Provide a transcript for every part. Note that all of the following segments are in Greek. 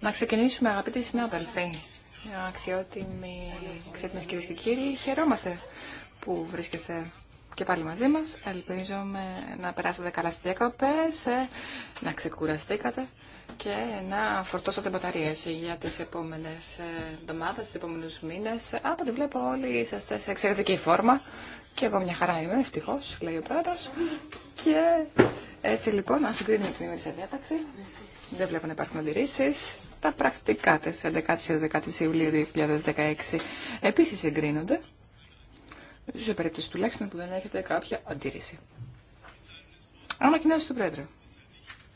Να ξεκινήσουμε αγαπητοί συνάδελφοι, αξιότιμοι, αξιότιμες κυρίες και κύριοι, χαιρόμαστε που βρίσκεστε και πάλι μαζί μα. Ελπίζομαι να περάσατε καλά στι διακοπές, ε, να ξεκουραστήκατε και να φορτώσατε μπαταρίε για τι επόμενε εβδομάδε, τις ε, επόμενου μήνε, Από ό,τι βλέπω όλοι είσαστε σε εξαιρετική φόρμα και εγώ μια χαρά είμαι, ευτυχώ, λέει ο πρόεδρο. Και έτσι λοιπόν, να συγκρίνουμε την ημερήσια διάταξη. Δεν βλέπω να υπάρχουν αντιρρήσει. Τα πρακτικά τη 11η και 12η Ιουλίου 2016 επίση εγκρίνονται. Σε περίπτωση τουλάχιστον που δεν έχετε κάποια αντίρρηση. Ανακοινώσει του Πρόεδρου.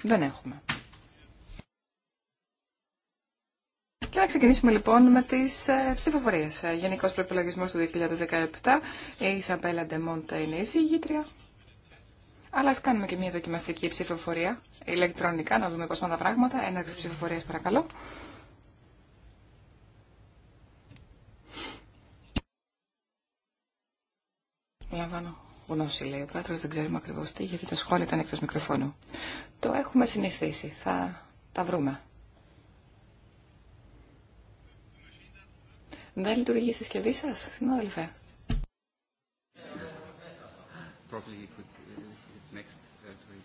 Δεν έχουμε. Και να ξεκινήσουμε λοιπόν με τι ε, ψηφοφορίε. Ε, Γενικό προπολογισμό του 2017. Η Ισαμπέλα Ντεμόντα είναι η συγγήτρια. Αλλά α κάνουμε και μια δοκιμαστική ψηφοφορία ηλεκτρονικά, να δούμε πώς πάνε τα πράγματα. Έναρξη ψηφοφορία παρακαλώ. Λαμβάνω γνώση, λέει ο πρόεδρο, δεν ξέρουμε ακριβώ τι, γιατί τα σχόλια ήταν εκτό μικροφώνου. Το έχουμε συνηθίσει. Θα τα βρούμε. Δεν λειτουργεί η συσκευή σα, συνάδελφε.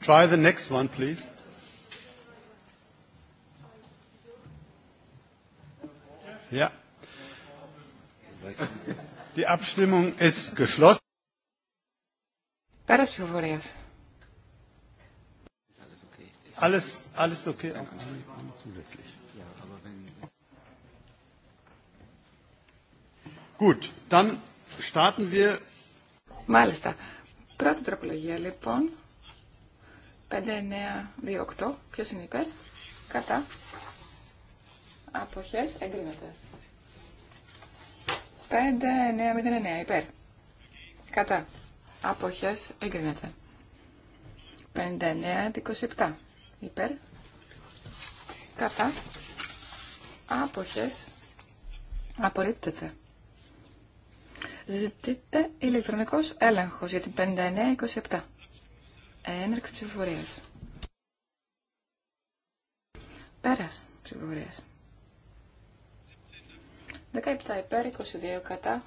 Try the next one, please. Ja. Die Abstimmung ist geschlossen. Πέρασε η Alles, alles okay. Zusätzlich. Gut, dann starten wir. Malesta. Πρώτη τροπολογία λοιπόν. 5-9-2-8. Ποιος είναι υπέρ. Κατά. Αποχές. Εγκρίνεται. 5-9-0-9. Υπέρ. Κατά. Αποχές. Εγκρίνεται. 5-9-27. Υπέρ. Κατά. Αποχές. Απορρίπτεται. Ζητείτε ηλεκτρονικός έλεγχος για την 5927. Έναρξη ψηφοφορίας. Πέρας ψηφοφορίας. 17 υπέρ, 22 κατά.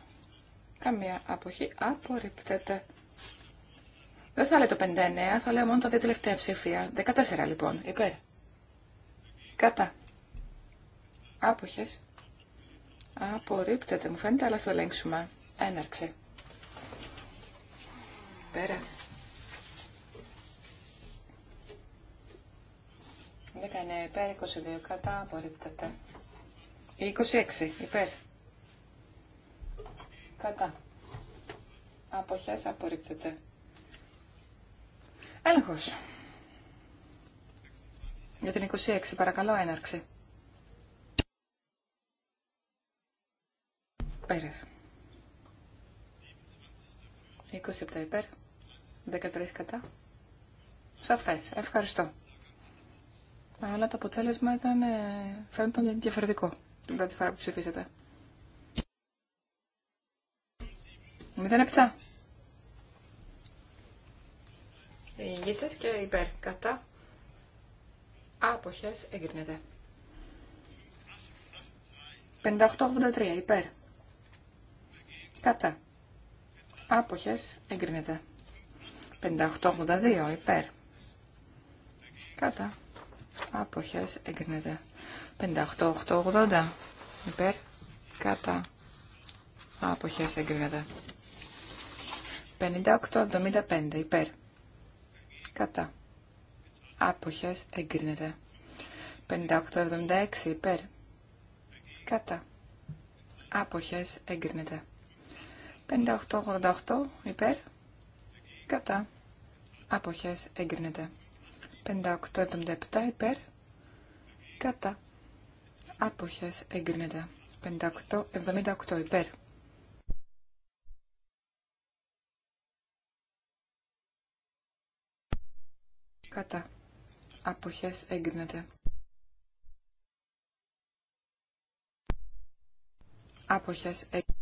Καμία αποχή απορρίπτεται. Δεν θα λέω το 59, θα λέω μόνο τα δύο τελευταία ψήφια. 14 λοιπόν, υπέρ. Κατά. Άποχες. Απορρίπτεται, μου φαίνεται, αλλά θα το ελέγξουμε. Έναρξη. Πέρας. 19 υπέρ, 22 κατά, απορρίπτεται. 26 υπέρ. Κατά. Αποχές απορρίπτεται. Έλεγχος. Για την 26, παρακαλώ, έναρξη. Πέρες. 27 υπέρ, 13 κατά. Σαφές. Ευχαριστώ αλλά το αποτέλεσμα ήταν, ε, φαίνονταν διαφορετικό την πρώτη φορά που ψηφίσατε. 07. Υγίτσες και υπέρ. Κατά. Άποχες εγκρίνεται. 58-83. Υπέρ. Κατά. Άποχες εγκρίνεται. 58-82. Υπέρ. Κατά αποχές εγκρίνεται. 80 υπέρ κατά αποχές εγκρίνεται. 58-75 υπέρ κατά αποχές εγκρίνεται. 58-76 υπέρ κατά αποχές εγκρίνεται. 58-88 υπέρ κατά αποχές εγκρίνεται. 5877 υπέρ κατά άποχες εγκρίνεται 5878 υπέρ κατά άποχες εγκρίνεται άποχες εγκρίνεται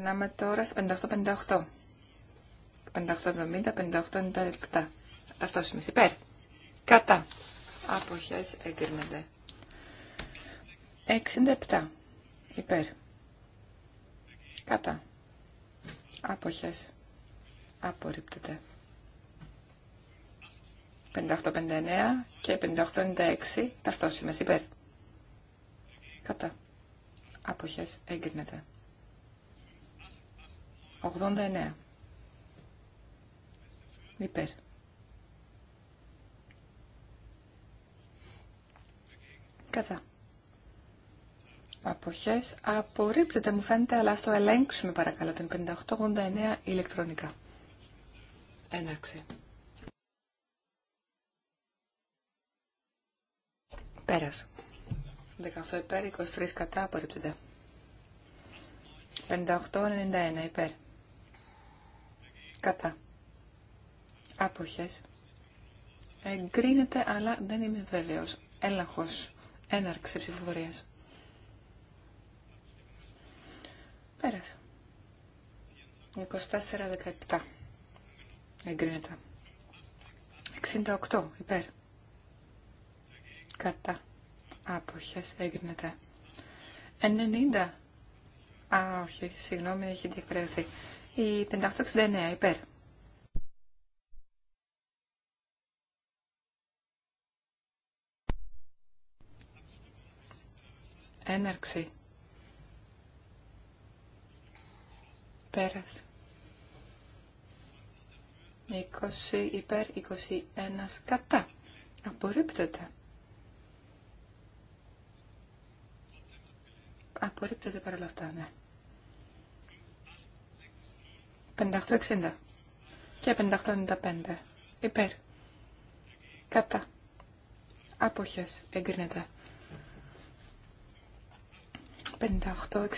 Περνάμε τώρα σε 58-58. 58-70, 58-97. Αυτό είναι υπέρ. Κατά. Αποχές εγκρίνεται. 67. Υπέρ. Κατά. Αποχές. Απορρίπτεται. 58-59 και 58-96 ταυτόσημες υπέρ. Κατά. Αποχές εγκρίνεται. 89. Υπέρ. Κατά. Αποχές απορρίπτεται μου φαίνεται, αλλά ας το ελέγξουμε παρακαλώ, την 5889 ηλεκτρονικά. Έναρξη. Πέρασε. 18 υπέρ, 23 κατά, απορρίπτεται. 5891 υπέρ. Κατά. Άποχες. Εγκρίνεται, αλλά δεν είμαι βέβαιος. Έλαχος. Έναρξη ψηφοφορίας. Πέρασε. 24-17. Εγκρίνεται. 68. Υπέρ. Κατά. Άποχες. Εγκρίνεται. 90. Α, όχι. Συγγνώμη, έχει διακρεωθεί. Η 5869 υπέρ. Έναρξη. Πέρας. 20 υπέρ, 21 κατά. Απορρίπτεται. Απορρίπτεται παρόλα αυτά, ναι. 58-60 και 58-95 υπέρ κατά άποχες εγκρίνεται 58-61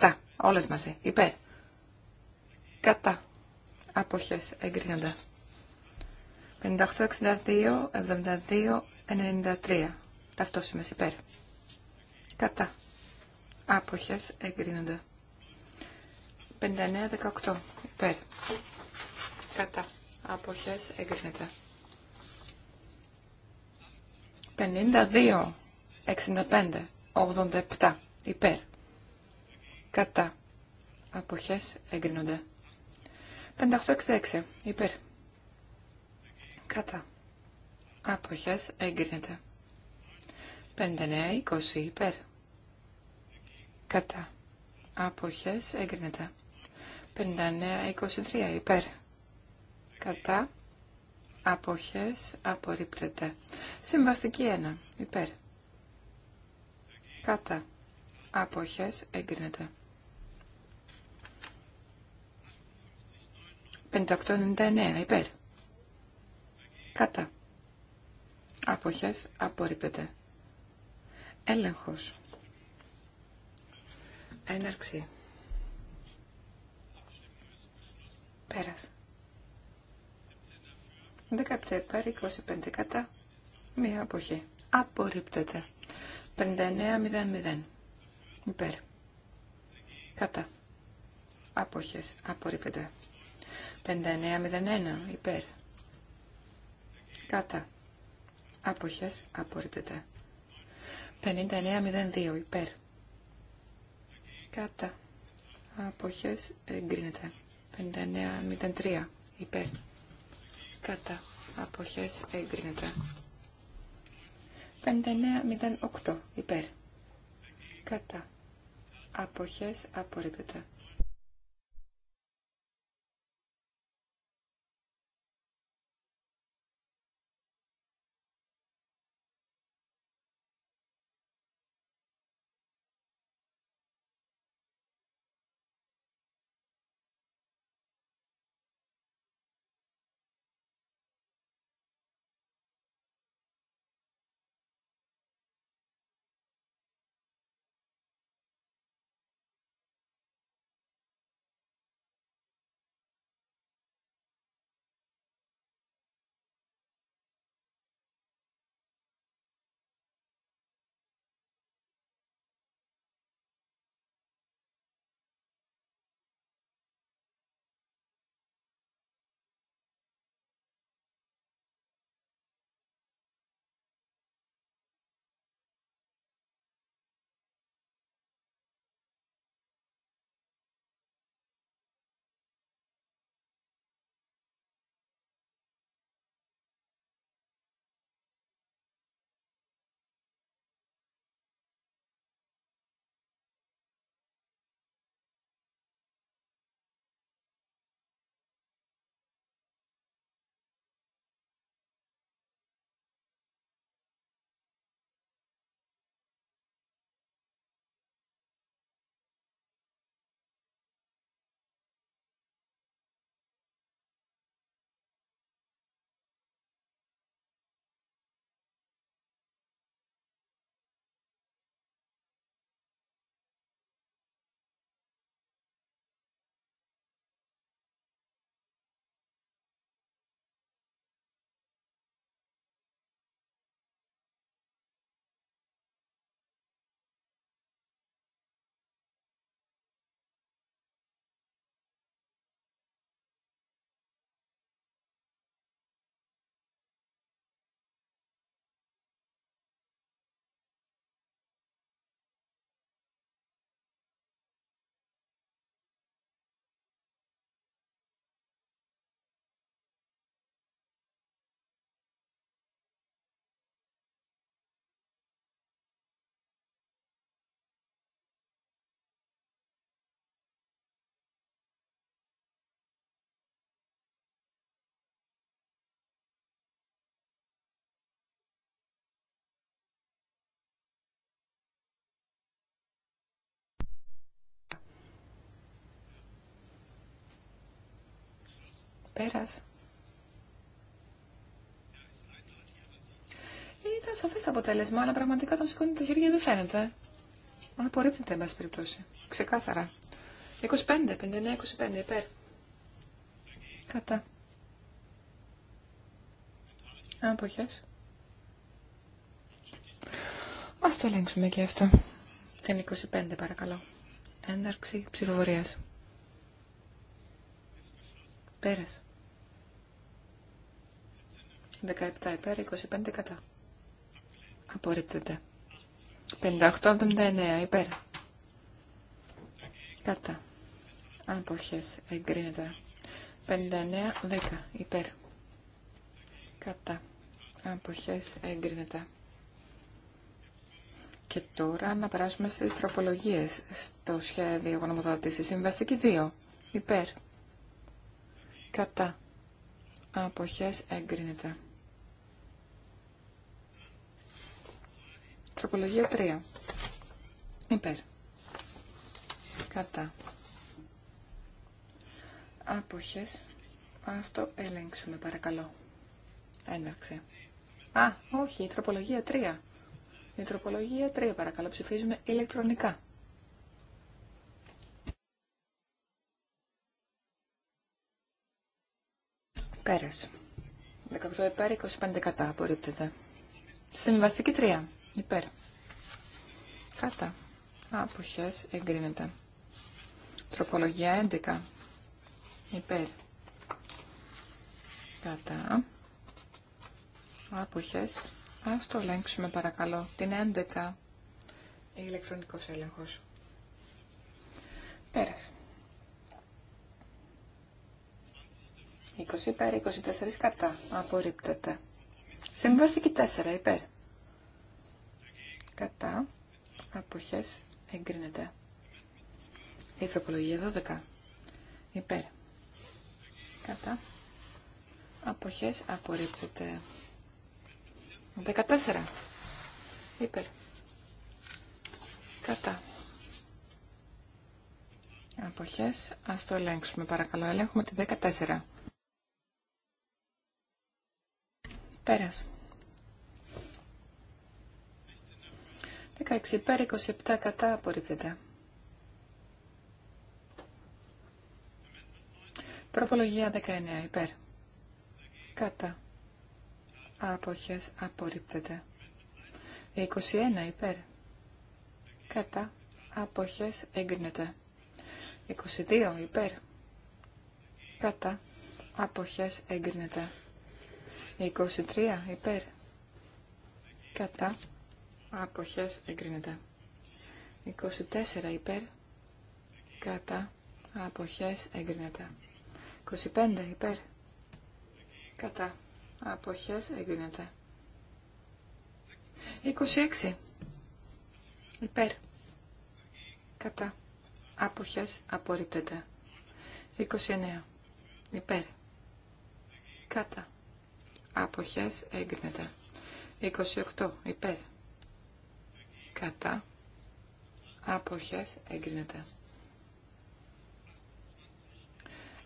71-94-17 όλες μαζί υπέρ κατά άποχες εγκρίνονται 58-62-72-93 ταυτόσιμες υπέρ κατά Άποχες εγκρίνονται. 59-18 υπέρ. Κατά. Άποχες εγκρίνεται. 52-65-87 υπέρ. Κατά. Αποχές εγκρίνονται. 58-66 υπέρ. Κατά. Αποχές εγκρίνεται. 59-20 υπέρ κατά αποχές εγκρίνεται 59-23 υπέρ κατά αποχές απορρίπτεται συμβαστική 1 υπέρ κατά αποχές εγκρίνεται 58-99 υπέρ κατά αποχές απορρίπτεται έλεγχος Έναρξη. Πέρας. 17 υπέρ, 25 κατά, μία αποχή. Απορρίπτεται. 59-0-0. Υπέρ. Κατά. Αποχές. Απορρίπτεται. 59-01. Υπέρ. Κατά. Αποχές. Απορρίπτεται. 59-02. Υπέρ. Κατά. Αποχές εγκρίνεται. 59.03. Υπέρ. Κατά. Αποχές εγκρίνεται. 59.08. Υπέρ. Κατά. Αποχές απορρίπτεται. Πέρας. Ήταν σαφές το αποτέλεσμα, αλλά πραγματικά τον σηκώνει τα χέρια δεν φαίνεται. Αλλά απορρίπτεται, εν πάση περιπτώσει. Ξεκάθαρα. 25, 59, 25, υπέρ. Κατά. Αποχές. Ας το ελέγξουμε και αυτό. Την 25 παρακαλώ. Έναρξη ψηφοφορίας. Πέρασε. 17 υπέρ, 25 κατά. Απορρίπτεται. 58-79 υπέρ. Κατά. Αποχές εγκρίνεται. 59-10 υπέρ. Κατά. Αποχές εγκρίνεται. Και τώρα να περάσουμε στις τροφολογίες στο σχέδιο γνωμοδότηση. Συμβαστική 2. Υπέρ. Κατά. Αποχές εγκρίνεται. Τροπολογία 3. Υπέρ. Κατά. Άποχες. Ας το ελέγξουμε παρακαλώ. Έναρξε. Α, όχι, η τροπολογία 3. Η τροπολογία 3 παρακαλώ ψηφίζουμε ηλεκτρονικά. Πέρασε. 18 υπέρ, 25 κατά απορρίπτεται. Συμβαστική 3. Υπέρ. Κατά. Άποχες εγκρίνεται. Τροπολογία 11. Υπέρ. Κατά. Άποχες. Ας το ελέγξουμε παρακαλώ. Την 11. Ηλεκτρονικός έλεγχος. Πέρασε. 20 υπέρ, 24 κατά. Απορρίπτεται. Συμβαστική 4 υπέρ. Κατά. Αποχές. Εγκρίνεται. Η τροπολογία 12. Υπέρ. Κατά. Αποχές. Απορρίπτεται. 14. Υπέρ. Κατά. Αποχές. Ας το ελέγξουμε παρακαλώ. Ελέγχουμε τη 14. Πέρας. 16 υπέρ, 27 κατά απορρίπτεται. Τροπολογία 19 υπέρ. Κατά. Άποχες απορρίπτεται. 21 υπέρ. Κατά. Άποχες έγκρινεται. 22 υπέρ. Κατά. Άποχες έγκρινεται. 23 υπέρ. Κατά αποχές εγκρίνεται. 24 υπέρ, κατά, αποχές εγκρίνεται. 25 υπέρ, κατά, αποχές εγκρίνεται. 26 υπέρ, κατά, αποχές απορρίπτεται. 29 υπέρ, κατά, αποχές εγκρίνεται. 28 υπέρ, κατά αποχές εγκρίνεται.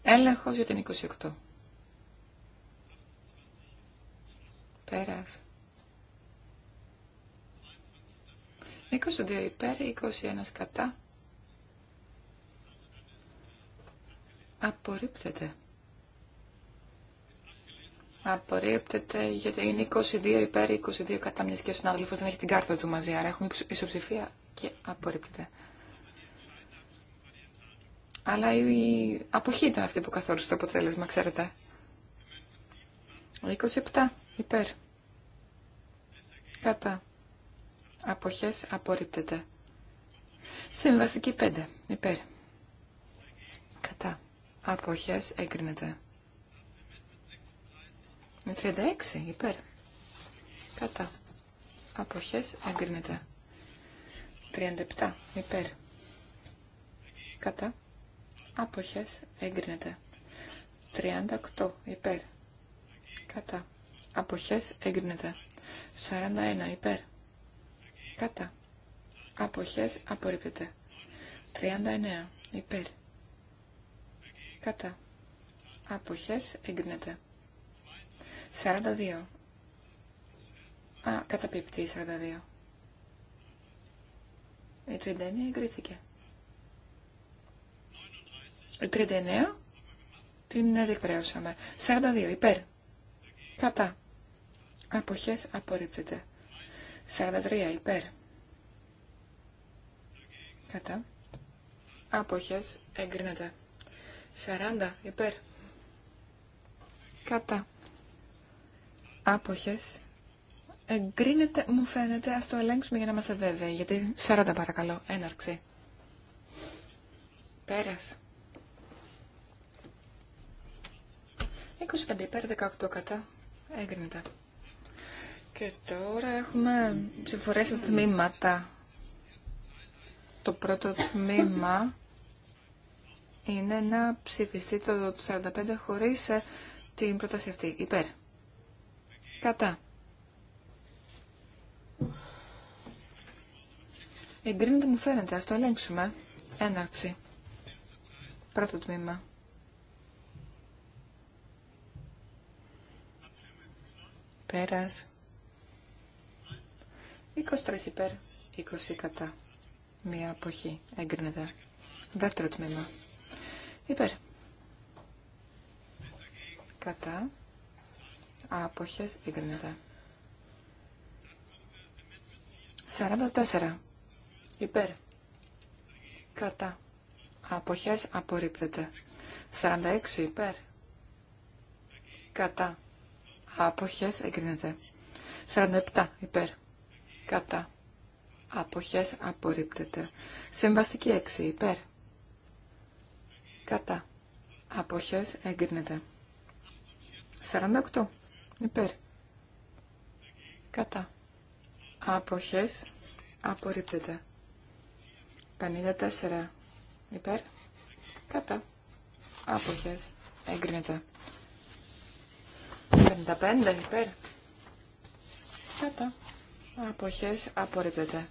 Έλεγχος για την 28. Πέρας. 22 υπέρ, 21 κατά. Απορρίπτεται. Απορρίπτεται γιατί είναι 22 υπέρ, 22 κατά μια και ο συνάδελφο δεν έχει την κάρτα του μαζί. Άρα έχουμε ισοψηφία και απορρίπτεται. Αλλά η αποχή ήταν αυτή που καθόρισε το αποτέλεσμα, ξέρετε. 27 υπέρ. Κατά. Αποχές απορρίπτεται. Συμβαστική 5 υπέρ. Κατά. Αποχές έγκρινεται. 36 υπέρ. Κατά. Αποχές εγκρίνεται. 37 υπέρ. Κατά. Αποχές εγκρίνεται. 38 υπέρ. Κατά. Αποχές εγκρίνεται. 41 υπέρ. Κατά. Αποχές απορρίπτεται. 39 υπέρ. Κατά. Αποχές εγκρίνεται. 42. Α, καταπίπτει 42. Η 39 εγκρίθηκε. Η 39 την διεκπαιρέωσαμε. 42 υπέρ. Κατά. Αποχές απορρίπτεται. 43 υπέρ. Κατά. Αποχές εγκρίνεται. 40 υπέρ. Κατά. Άποχες. Εγκρίνεται, μου φαίνεται, ας το ελέγξουμε για να είμαστε βέβαιοι, γιατί 40 παρακαλώ, έναρξη. Πέρας. 25 υπέρ, 18 κατά, έγκρινεται. Και τώρα έχουμε ψηφορές σε τμήματα. Το πρώτο τμήμα είναι να ψηφιστεί το 45 χωρίς ε, την πρόταση αυτή. Υπέρ. Κατά. Εγκρίνεται μου φαίνεται. Ας το ελέγξουμε. Έναρξη. Πρώτο τμήμα. Πέρας. 23 υπέρ, 20 κατά. Μία αποχή έγκρινεται. Δεύτερο τμήμα. Υπέρ. Κατά. Αποχές εγκρίνεται. 44. Υπέρ. Κατά. Αποχές απορρίπτεται. 46. Υπέρ. Κατά. Αποχές εγκρίνεται. 47. Υπέρ. Κατά. Αποχές απορρίπτεται. Συμβαστική 6. Υπέρ. Κατά. Αποχές εγκρίνεται. 48. Υπέρ. Κατά. Άποχες. Απορρίπτεται. 54. Υπέρ. Κατά. Άποχες. Έγκρινεται. 55. Υπέρ. Κατά. Αποχές απορρίπτεται.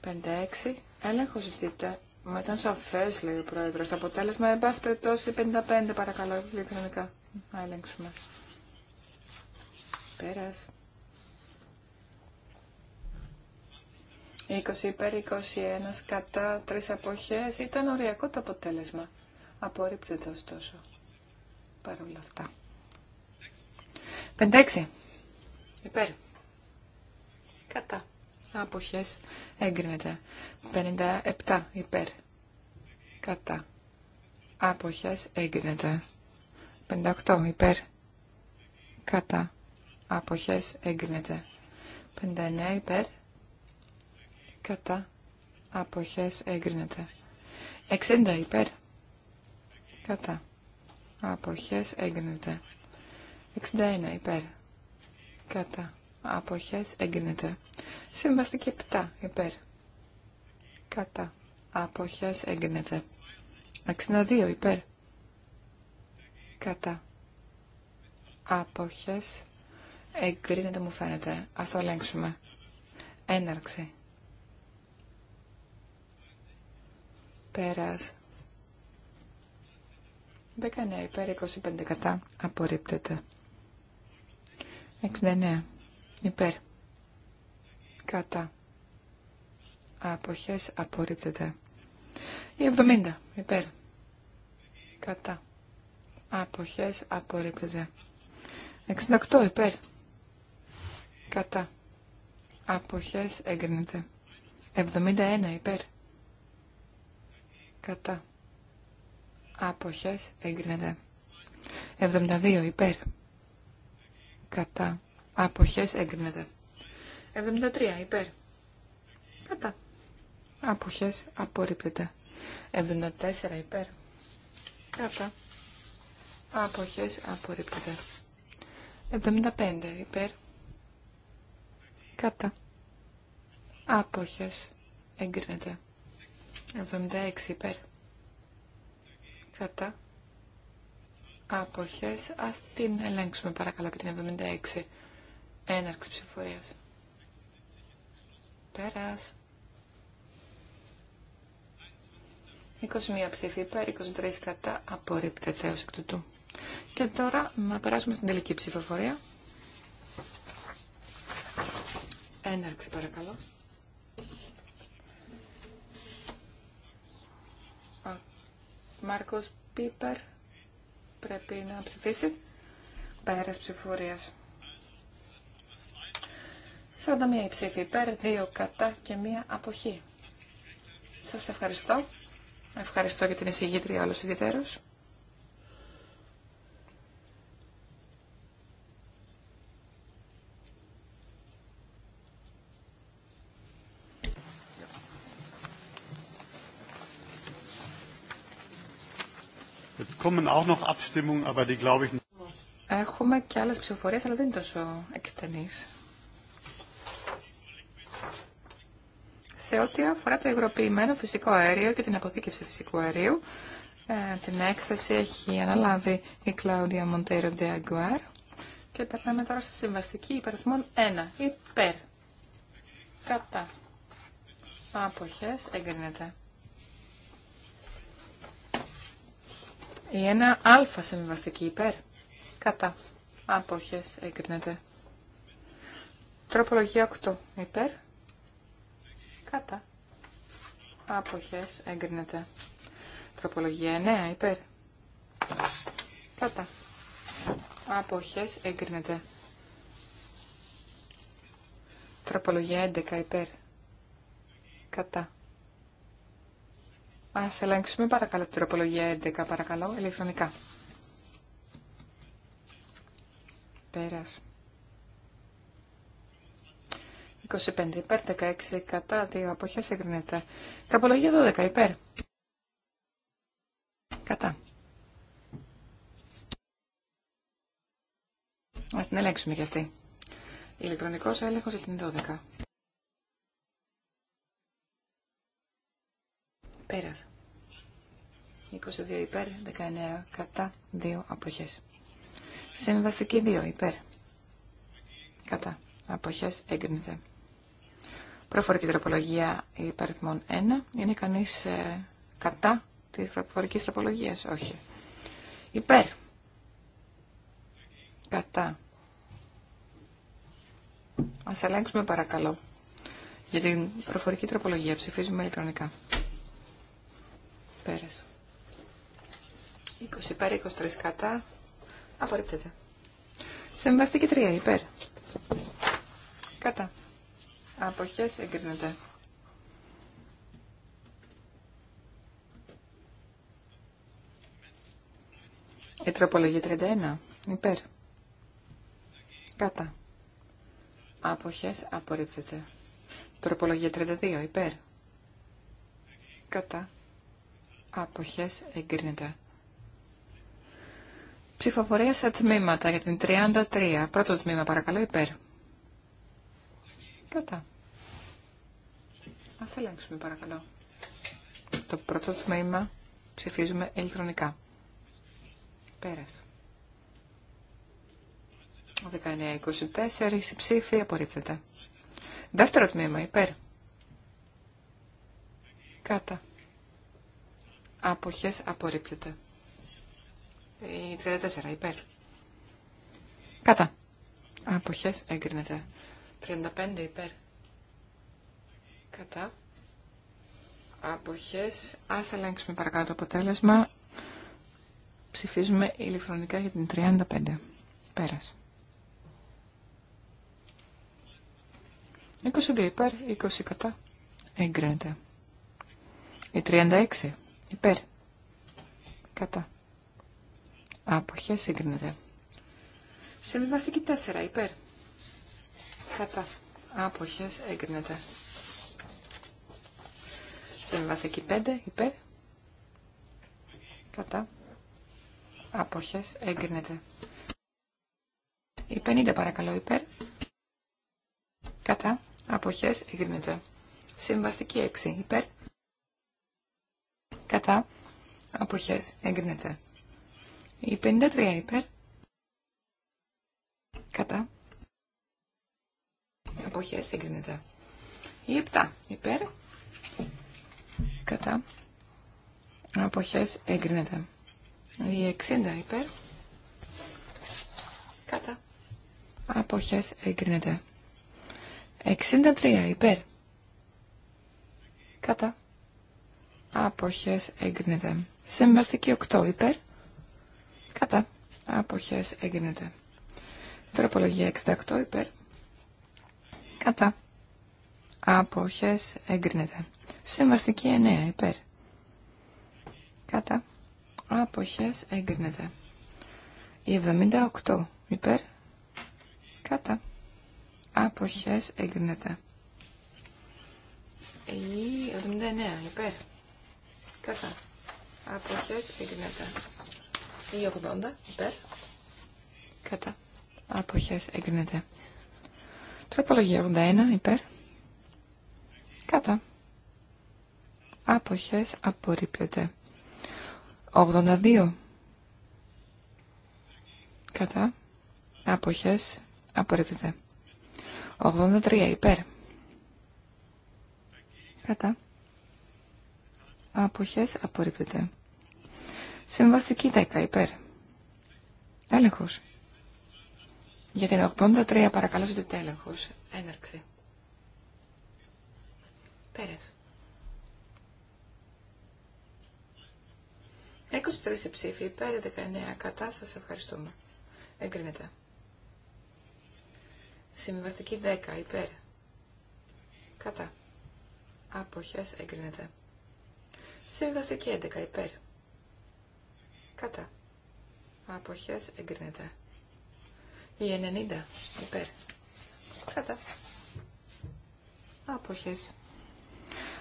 56. Έλεγχο ζητείται. Μα ήταν σαφές, λέει ο πρόεδρο Το αποτέλεσμα, εν πάση 55 παρακαλώ, ηλεκτρονικά. Να ελέγξουμε. 20 υπέρ 21 κατά 3 αποχές ήταν οριακό το αποτέλεσμα. Απορρίπτεται ωστόσο. Παρ' όλα αυτά. 56. Υπέρ. Κατά. Αποχές έγκρινεται. 57. Υπέρ. Κατά. Αποχές έγκρινεται. 58. Υπέρ. Κατά αποχές έγκρινεται. 59 υπέρ, κατά, αποχές έγκρινεται. 60 υπέρ, κατά, αποχές έγκρινεται. 61 υπέρ, κατά, αποχές έγκρινεται. Συμβαστική 7 υπέρ, κατά, αποχές έγκρινεται. 62 υπέρ, κατά, αποχές Εγκρίνεται μου φαίνεται. Ας το ελέγξουμε. Έναρξη. Πέρας. 19 υπέρ 25 κατά. Απορρίπτεται. 69 υπέρ. Κατά. Αποχές απορρίπτεται. 70 υπέρ. Κατά. Αποχές απορρίπτεται. 68 υπέρ. Κατά. Αποχές έγκρινεται. 71 υπέρ. Κατά. Αποχές έγκρινεται. 72 υπέρ. Κατά. Αποχές έγκρινεται. 73 υπέρ. Κατά. Αποχές απορρίπτεται. 74 υπέρ. Κατά. Αποχές απορρίπτεται. 75 υπέρ. Κατά. Άποχες. Εγκρίνεται. 76 υπέρ. Κατά. Άποχες. Ας την ελέγξουμε παρακαλώ και την 76. Έναρξη ψηφορίας. Πέρας. 21 ψήφι υπέρ, 23 κατά, απορρίπτεται έως εκ τούτου. Και τώρα να περάσουμε στην τελική ψηφοφορία. Έναρξη παρακαλώ. Ο Μάρκος Πίπερ πρέπει να ψηφίσει. Πέρας ψηφορίας. 41 ψήφοι υπέρ, 2 κατά και 1 αποχή. Σας ευχαριστώ. Ευχαριστώ για την εισηγήτρια όλος ιδιαίτερος. Έχουμε και άλλες ψηφοφορίες, αλλά δεν είναι τόσο εκτενείς. Σε ό,τι αφορά το υγροποιημένο φυσικό αέριο και την αποθήκευση φυσικού αερίου, ε, την έκθεση έχει αναλάβει η Κλάουδια Μοντέρο Αγκουάρ Και περνάμε τώρα στη συμβαστική υπερθμόν 1. Υπέρ. Κατά. Αποχές εγκρίνεται. Η ένα α συμβαστική υπέρ. Κατά. Απόχες εγκρίνεται. Τροπολογία 8 υπέρ. Κατά. Απόχες εγκρίνεται. Τροπολογία 9 υπέρ. Κατά. Απόχες εγκρίνεται. Τροπολογία 11 υπέρ. Κατά. Ας ελέγξουμε παρακαλώ την τροπολογία 11, παρακαλώ, ηλεκτρονικά. Πέρας. 25 υπέρ, 16 κατά, 2 αποχέ εγκρίνεται. Τροπολογία 12 υπέρ. Κατά. Ας την ελέγξουμε κι αυτή. Ηλεκτρονικός έλεγχος για την 12. Πέρας. 22 υπέρ, 19 κατά, 2 αποχές. Συμβαστική 2 υπέρ. Κατά. Αποχές έγκρινεται. Προφορική τροπολογία υπαριθμών 1. Είναι κανείς ε, κατά της προφορικής τροπολογία, Όχι. Υπέρ. Κατά. Ας ελέγξουμε παρακαλώ. Για την προφορική τροπολογία ψηφίζουμε ηλεκτρονικά. 20 υπέρ, 23 κατά. Απορρίπτεται. και 3 υπέρ. Κατά. Αποχές εγκρίνεται. Η τροπολογία 31. Υπέρ. Κατά. Άποχες απορρίπτεται. Τροπολογία 32. Υπέρ. Κατά αποχές εγκρίνεται. Ψηφοφορία σε τμήματα για την 33. Πρώτο τμήμα παρακαλώ υπέρ. Κατά. Ας ελέγξουμε παρακαλώ. Το πρώτο τμήμα ψηφίζουμε ηλεκτρονικά. Πέρασε. 19-24 ψήφι, απορρίπτεται. Δεύτερο τμήμα υπέρ. Κατά. Αποχές απορρίπτεται. Η 34 υπέρ. Κατά. Αποχές έγκρινεται. 35 υπέρ. Κατά. Αποχές. Ας ελέγξουμε παρακάτω το αποτέλεσμα. Ψηφίζουμε ηλεκτρονικά για την 35. Πέρασε. 22 υπέρ, 20 κατά. Εγκρίνεται. Η 36 Υπέρ. Κατά. Αποχέ, συγκρίνεται. Συμβιβαστική 4. Υπέρ. Κατά. Αποχές εγκρίνεται. Συμβιβαστική 5. Υπέρ. Κατά. Αποχέ, εγκρίνεται. Η 50 παρακαλώ υπέρ. Κατά. απόχέ, εγκρίνεται. Συμβαστική 6 υπέρ κατά αποχές εγκρίνεται. Η 53 υπέρ κατά αποχές εγκρίνεται. Η 7 υπέρ κατά αποχές εγκρίνεται. Η 60 υπέρ κατά αποχές εγκρίνεται. 63 υπέρ κατά αποχές εγκρίνεται. Συμβαστική 8 υπέρ, κατά, αποχές εγκρίνεται. Τροπολογία 68 υπέρ, κατά, αποχές εγκρίνεται. Συμβαστική 9 υπέρ, κατά, αποχές εγκρίνεται. 78 υπέρ, κατά, αποχές εγκρίνεται. Η 79 υπέρ. Κατά. Αποχές εγκρίνεται. Η 80 υπέρ. Κατά. Αποχές εγκρίνεται. Τροπολογία 81 υπέρ. Κατά. Αποχές απορρίπτεται. 82. Κατά. Αποχές απορρίπτεται. 83 υπέρ. Κατά αποχές απορρίπτεται. Συμβαστική 10 υπέρ. Έλεγχος. Για την 83 παρακαλώ στο τέλεχος. Έναρξη. Πέρας. 23 ψήφοι υπέρ 19 κατά. Σας ευχαριστούμε. Εγκρίνεται. Συμβαστική 10 υπέρ. Κατά. Αποχές εγκρίνεται και 11 υπέρ. Κατά. Αποχές εγκρίνεται. Η 90 υπέρ. Κατά. Αποχές.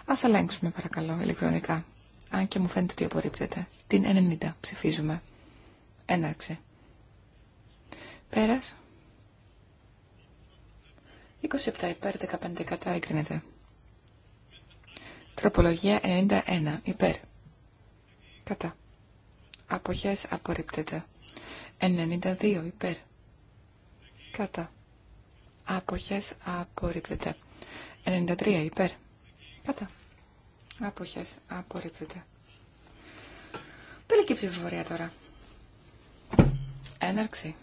Ας ελέγξουμε παρακαλώ ηλεκτρονικά. Αν και μου φαίνεται ότι απορρίπτεται. Την 90 ψηφίζουμε. Έναρξε Πέρας. 27 υπέρ 15 κατά εγκρίνεται. Τροπολογία 91. Υπέρ. Κατά. Αποχές απορρίπτεται. 92. Υπέρ. Κατά. Αποχές απορρίπτεται. 93. Υπέρ. Κατά. Αποχές απορρίπτεται. Τελική ψηφοφορία τώρα. Έναρξη.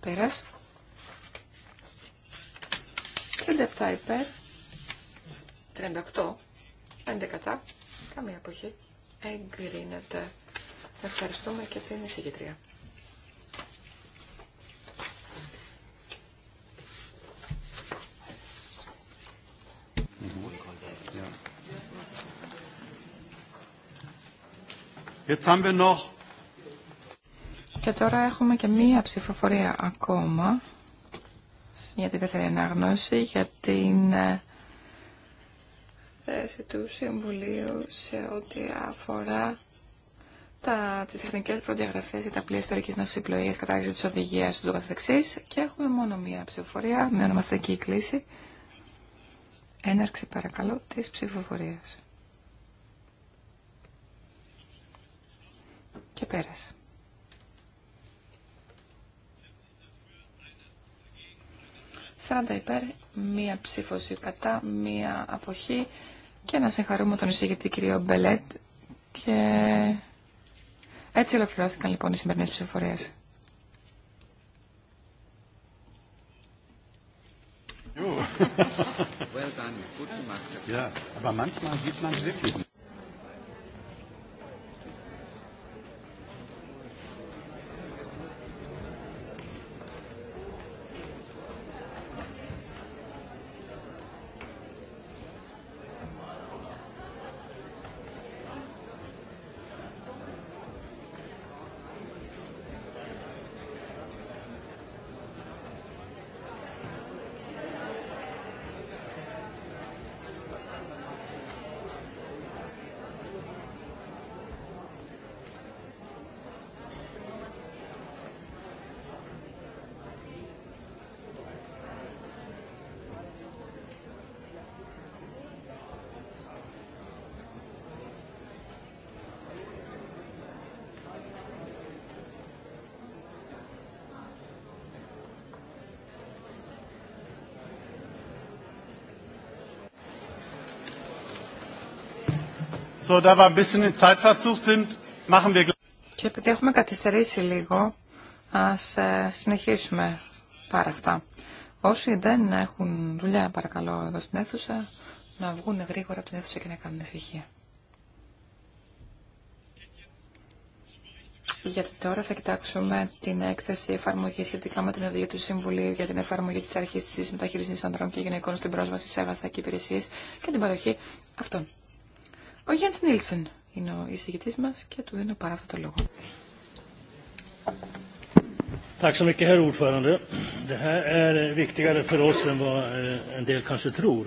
Πέρας. 37 υπέρ, 38, 5 κατά, καμία αποχή. Εγκρίνεται. Ευχαριστούμε και την εισηγητρία. Και τώρα έχουμε και μία ψηφοφορία ακόμα για τη δεύτερη ανάγνωση, για την ε, θέση του Συμβουλίου σε ό,τι αφορά τα, τις τεχνικές προδιαγραφές για τα πλοία ιστορικής ναυσιπλοείας, κατάργηση της οδηγίας του καθεξής και έχουμε μόνο μία ψηφοφορία με ονομαστική κλίση. Έναρξη παρακαλώ της ψηφοφορίας. Και πέρασε. 40 υπέρ, μία ψήφος κατά, μία αποχή και να συγχαρούμε τον εισηγητή κύριο Μπελέτ και έτσι ολοκληρώθηκαν λοιπόν οι σημερινές ψηφοφορίες. well done. Good aber manchmal sieht man wirklich. So, da ein bisschen in Zeitverzug sind, machen wir Και επειδή έχουμε καθυστερήσει λίγο, ας ε, συνεχίσουμε πάρα αυτά. Όσοι δεν έχουν δουλειά, παρακαλώ, εδώ στην αίθουσα, να βγουν γρήγορα από την αίθουσα και να κάνουν ησυχία. Γιατί τώρα θα κοιτάξουμε την έκθεση εφαρμογή σχετικά με την οδηγία του Συμβουλίου για την εφαρμογή τη αρχή τη μεταχείριση ανδρών και γυναικών στην πρόσβαση σε αγαθά και υπηρεσίε και την παροχή αυτών. Ο Γιάννη Νίλσον είναι ο εισηγητή μα και του δίνω παρά αυτό το λόγο. Tack så mycket, herr ordförande. Det här är viktigare för oss än eh,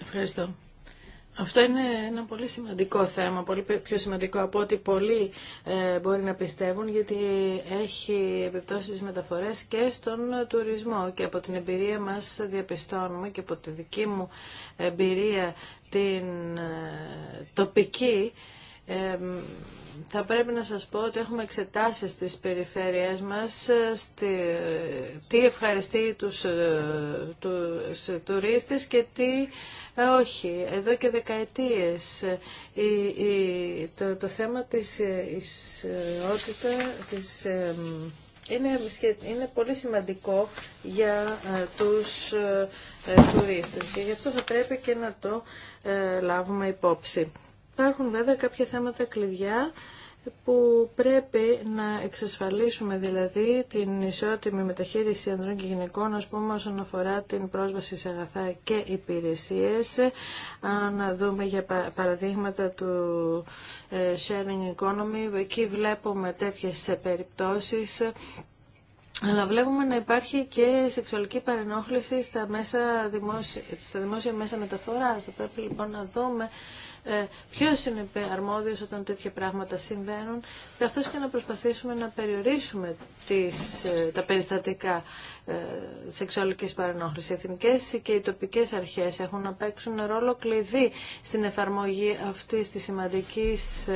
Ευχαριστώ. Αυτό είναι ένα πολύ σημαντικό θέμα, πολύ πιο σημαντικό από ό,τι πολλοί ε, μπορεί να πιστεύουν, γιατί έχει επιπτώσει στις μεταφορές και στον τουρισμό. Και από την εμπειρία μας διαπιστώνουμε και από τη δική μου εμπειρία την ε, τοπική, θα πρέπει να σας πω ότι έχουμε εξετάσει στις περιφέρειές μας ε, τι ευχαριστεί τους, ε, τους τουρίστες και τι ε, όχι. Εδώ και δεκαετίες το, το θέμα της ισότητα είναι, είναι πολύ σημαντικό για τους τουρίστες και γι' αυτό θα πρέπει και να το ε, λάβουμε υπόψη. Υπάρχουν βέβαια κάποια θέματα κλειδιά που πρέπει να εξασφαλίσουμε δηλαδή την ισότιμη μεταχείριση ανδρών και γυναικών ας πούμε όσον αφορά την πρόσβαση σε αγαθά και υπηρεσίες αν δούμε για παραδείγματα του ε, sharing economy εκεί βλέπουμε τέτοιες περιπτώσεις αλλά βλέπουμε να υπάρχει και σεξουαλική παρενόχληση στα, μέσα δημόσια, στα δημόσια μέσα μεταφοράς. Θα πρέπει λοιπόν να δούμε ε, Ποιο είναι αρμόδιο όταν τέτοια πράγματα συμβαίνουν, καθώ και να προσπαθήσουμε να περιορίσουμε τις, ε, τα περιστατικά ε, σεξουαλικής παρενόχληση. Οι εθνικές και οι τοπικές αρχές έχουν να παίξουν ρόλο κλειδί στην εφαρμογή αυτής της σημαντικής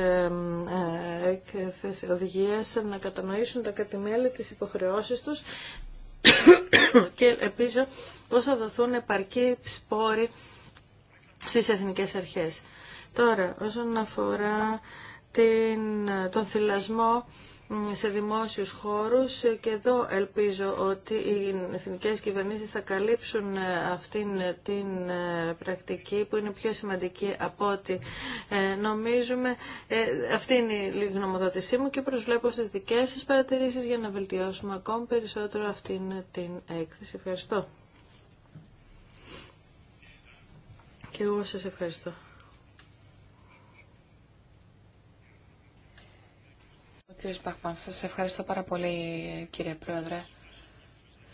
οδηγία, να κατανοήσουν τα κατημέλη τις υποχρεώσεις τους και επίσης πώς θα δοθούν επαρκή σπόροι στις εθνικές αρχές. Τώρα, όσον αφορά την, τον θυλασμό σε δημόσιους χώρους και εδώ ελπίζω ότι οι εθνικές κυβερνήσεις θα καλύψουν ε, αυτήν ε, την ε, πρακτική που είναι πιο σημαντική από ό,τι νομίζουμε. Αυτή είναι η γνωμοδότησή μου και προσβλέπω στις δικές σας παρατηρήσεις για να βελτιώσουμε ακόμη περισσότερο αυτήν την έκθεση. Ευχαριστώ. Και εγώ σας ευχαριστώ. Κύριε Σπαχμάν, σας ευχαριστώ πάρα πολύ κύριε Πρόεδρε.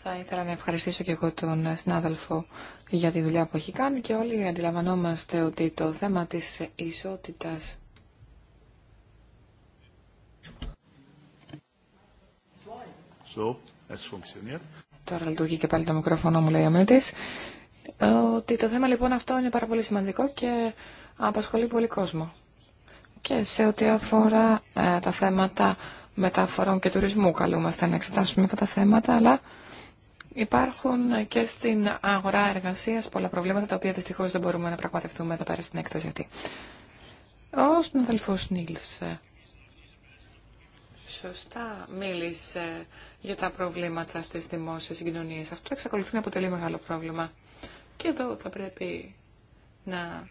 Θα ήθελα να ευχαριστήσω και εγώ τον συνάδελφο για τη δουλειά που έχει κάνει και όλοι αντιλαμβανόμαστε ότι το θέμα της ισότητας So, Τώρα λειτουργεί και πάλι το μικρόφωνο μου, λέει ο Ότι το θέμα λοιπόν αυτό είναι πάρα πολύ σημαντικό και απασχολεί πολύ κόσμο. Και σε ό,τι αφορά ε, τα θέματα μεταφορών και τουρισμού καλούμαστε να εξετάσουμε αυτά τα θέματα, αλλά υπάρχουν και στην αγορά εργασίας πολλά προβλήματα τα οποία δυστυχώς δεν μπορούμε να πραγματευτούμε εδώ πέρα στην έκταση αυτή. Ο συναδελφός Νίλς ε, σωστά μίλησε για τα προβλήματα στις δημόσιες συγκοινωνίες. Αυτό εξακολουθεί να αποτελεί μεγάλο πρόβλημα. Και εδώ θα πρέπει να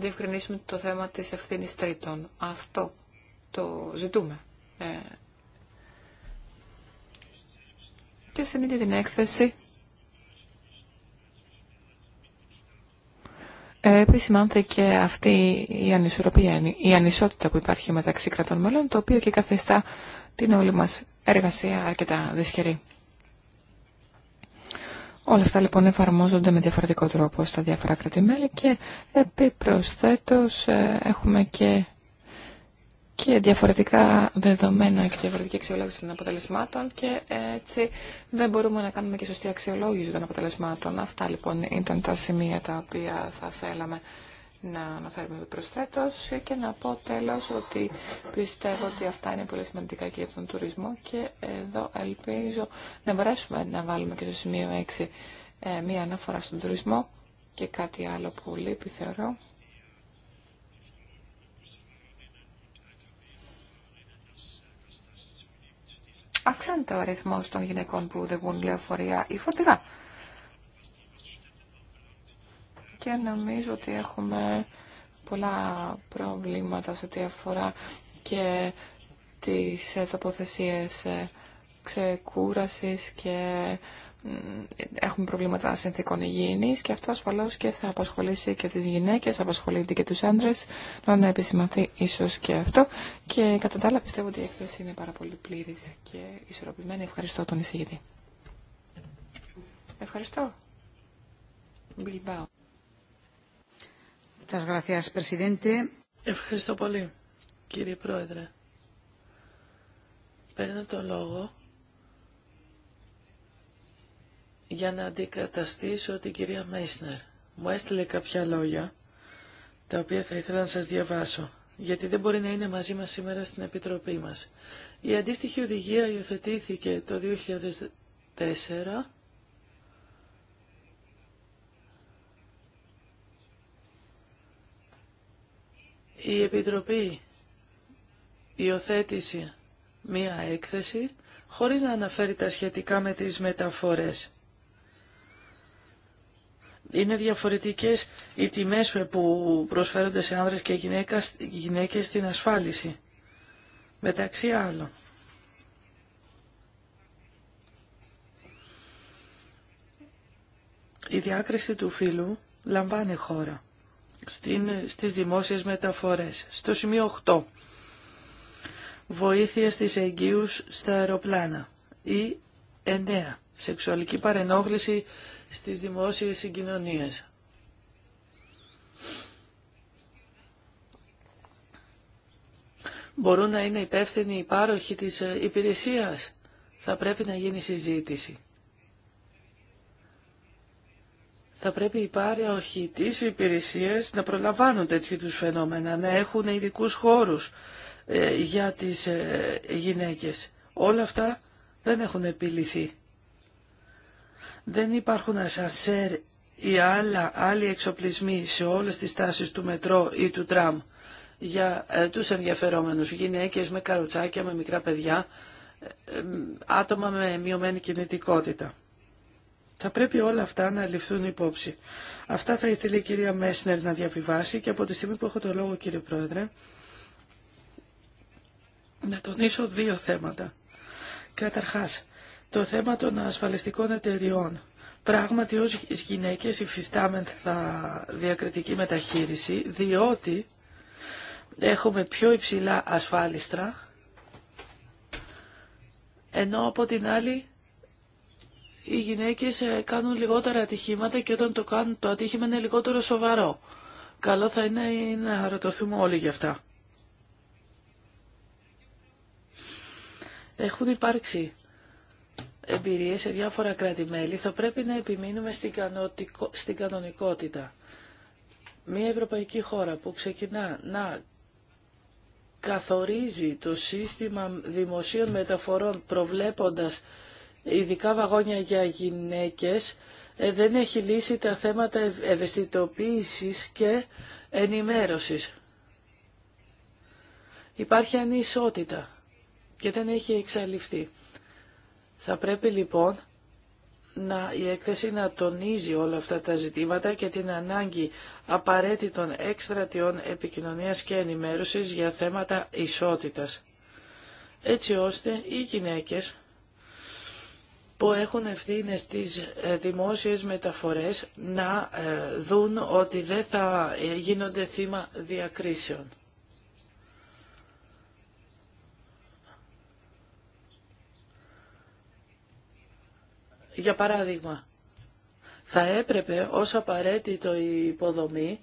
διευκρινίσουμε το θέμα της ευθύνη τρίτων. Αυτό το ζητούμε. Ε, και στην ίδια την έκθεση ε, επισημάνθηκε αυτή η ανισορροπία, η ανισότητα που υπάρχει μεταξύ κρατών μέλων, το οποίο και καθιστά την όλη μας εργασία αρκετά δυσχερή. Όλα αυτά λοιπόν εφαρμόζονται με διαφορετικό τρόπο στα διάφορα κρατημέλη και επιπροσθέτως ε, έχουμε και, και διαφορετικά δεδομένα και διαφορετική αξιολόγηση των αποτελεσμάτων και έτσι δεν μπορούμε να κάνουμε και σωστή αξιολόγηση των αποτελεσμάτων. Αυτά λοιπόν ήταν τα σημεία τα οποία θα θέλαμε να αναφέρουμε προσθέτως και να πω τέλος ότι πιστεύω ότι αυτά είναι πολύ σημαντικά και για τον τουρισμό και εδώ ελπίζω να μπορέσουμε να βάλουμε και στο σημείο 6 ε, μία αναφορά στον τουρισμό και κάτι άλλο που λείπει θεωρώ. Αυξάνεται ο αριθμό των γυναικών που οδηγούν λεωφορεία ή φορτηγά και νομίζω ότι έχουμε πολλά προβλήματα σε ό,τι αφορά και τις ε, τοποθεσίες ε, ξεκούρασης και έχουμε προβλήματα συνθήκων υγιεινής και αυτό ασφαλώς και θα απασχολήσει και τις γυναίκες, απασχολείται και τους άντρες να επισημαθεί ίσως και αυτό και κατά τα άλλα πιστεύω ότι η έκθεση είναι πάρα πολύ πλήρης και ισορροπημένη. Ευχαριστώ τον εισηγητή. Ευχαριστώ. Bilbao. Ευχαριστώ πολύ, κύριε Πρόεδρε. Παίρνω το λόγο για να αντικαταστήσω την κυρία Μέισνερ. Μου έστειλε κάποια λόγια, τα οποία θα ήθελα να σας διαβάσω, γιατί δεν μπορεί να είναι μαζί μας σήμερα στην Επιτροπή μας. Η αντίστοιχη οδηγία υιοθετήθηκε το 2004 Η Επιτροπή υιοθέτησε μία έκθεση χωρίς να αναφέρει τα σχετικά με τις μεταφορές. Είναι διαφορετικές οι τιμές που προσφέρονται σε άνδρες και γυναίκες στην ασφάλιση. Μεταξύ άλλων. Η διάκριση του φίλου λαμβάνει χώρα στην, στις δημόσιες μεταφορές. Στο σημείο 8. Βοήθεια στις εγγύους στα αεροπλάνα. Ή 9. Σεξουαλική παρενόχληση στις δημόσιες συγκοινωνίες. Μπορούν να είναι υπεύθυνοι οι πάροχοι της ε, υπηρεσίας. Θα πρέπει να γίνει συζήτηση. θα πρέπει οι πάροχοι τη υπηρεσία να προλαμβάνουν τέτοιου τους φαινόμενα, να έχουν ειδικού χώρους ε, για τις ε, γυναίκε. Όλα αυτά δεν έχουν επιληθεί. Δεν υπάρχουν ασανσέρ ή άλλα, άλλοι εξοπλισμοί σε όλες τις τάσεις του μετρό ή του τραμ για ε, τους ενδιαφερόμενους, γυναίκες με καροτσάκια, με μικρά παιδιά, άτομα με μειωμένη κινητικότητα. Θα πρέπει όλα αυτά να ληφθούν υπόψη. Αυτά θα ήθελε η κυρία Μέσνερ να διαβιβάσει και από τη στιγμή που έχω το λόγο κύριε Πρόεδρε να τονίσω δύο θέματα. Καταρχάς, το θέμα των ασφαλιστικών εταιριών. Πράγματι ως γυναίκες υφιστάμενθα διακριτική μεταχείριση διότι έχουμε πιο υψηλά ασφάλιστρα ενώ από την άλλη οι γυναίκες ε, κάνουν λιγότερα ατυχήματα και όταν το κάνουν το ατύχημα είναι λιγότερο σοβαρό. Καλό θα είναι να ρωτωθούμε όλοι γι' αυτά. Έχουν υπάρξει εμπειρίες σε διάφορα κράτη-μέλη. Θα πρέπει να επιμείνουμε στην κανονικότητα. Μία ευρωπαϊκή χώρα που ξεκινά να καθορίζει το σύστημα δημοσίων μεταφορών προβλέποντας ειδικά βαγόνια για γυναίκες ε, δεν έχει λύσει τα θέματα ευαισθητοποίησης και ενημέρωσης. Υπάρχει ανισότητα και δεν έχει εξαλειφθεί. Θα πρέπει λοιπόν να, η έκθεση να τονίζει όλα αυτά τα ζητήματα και την ανάγκη απαραίτητων έξτρατιών επικοινωνίας και ενημέρωσης για θέματα ισότητας, έτσι ώστε οι γυναίκες που έχουν ευθύνε στις ε, δημόσιες μεταφορές να ε, δουν ότι δεν θα ε, γίνονται θύμα διακρίσεων. Για παράδειγμα, θα έπρεπε ως απαραίτητο η υποδομή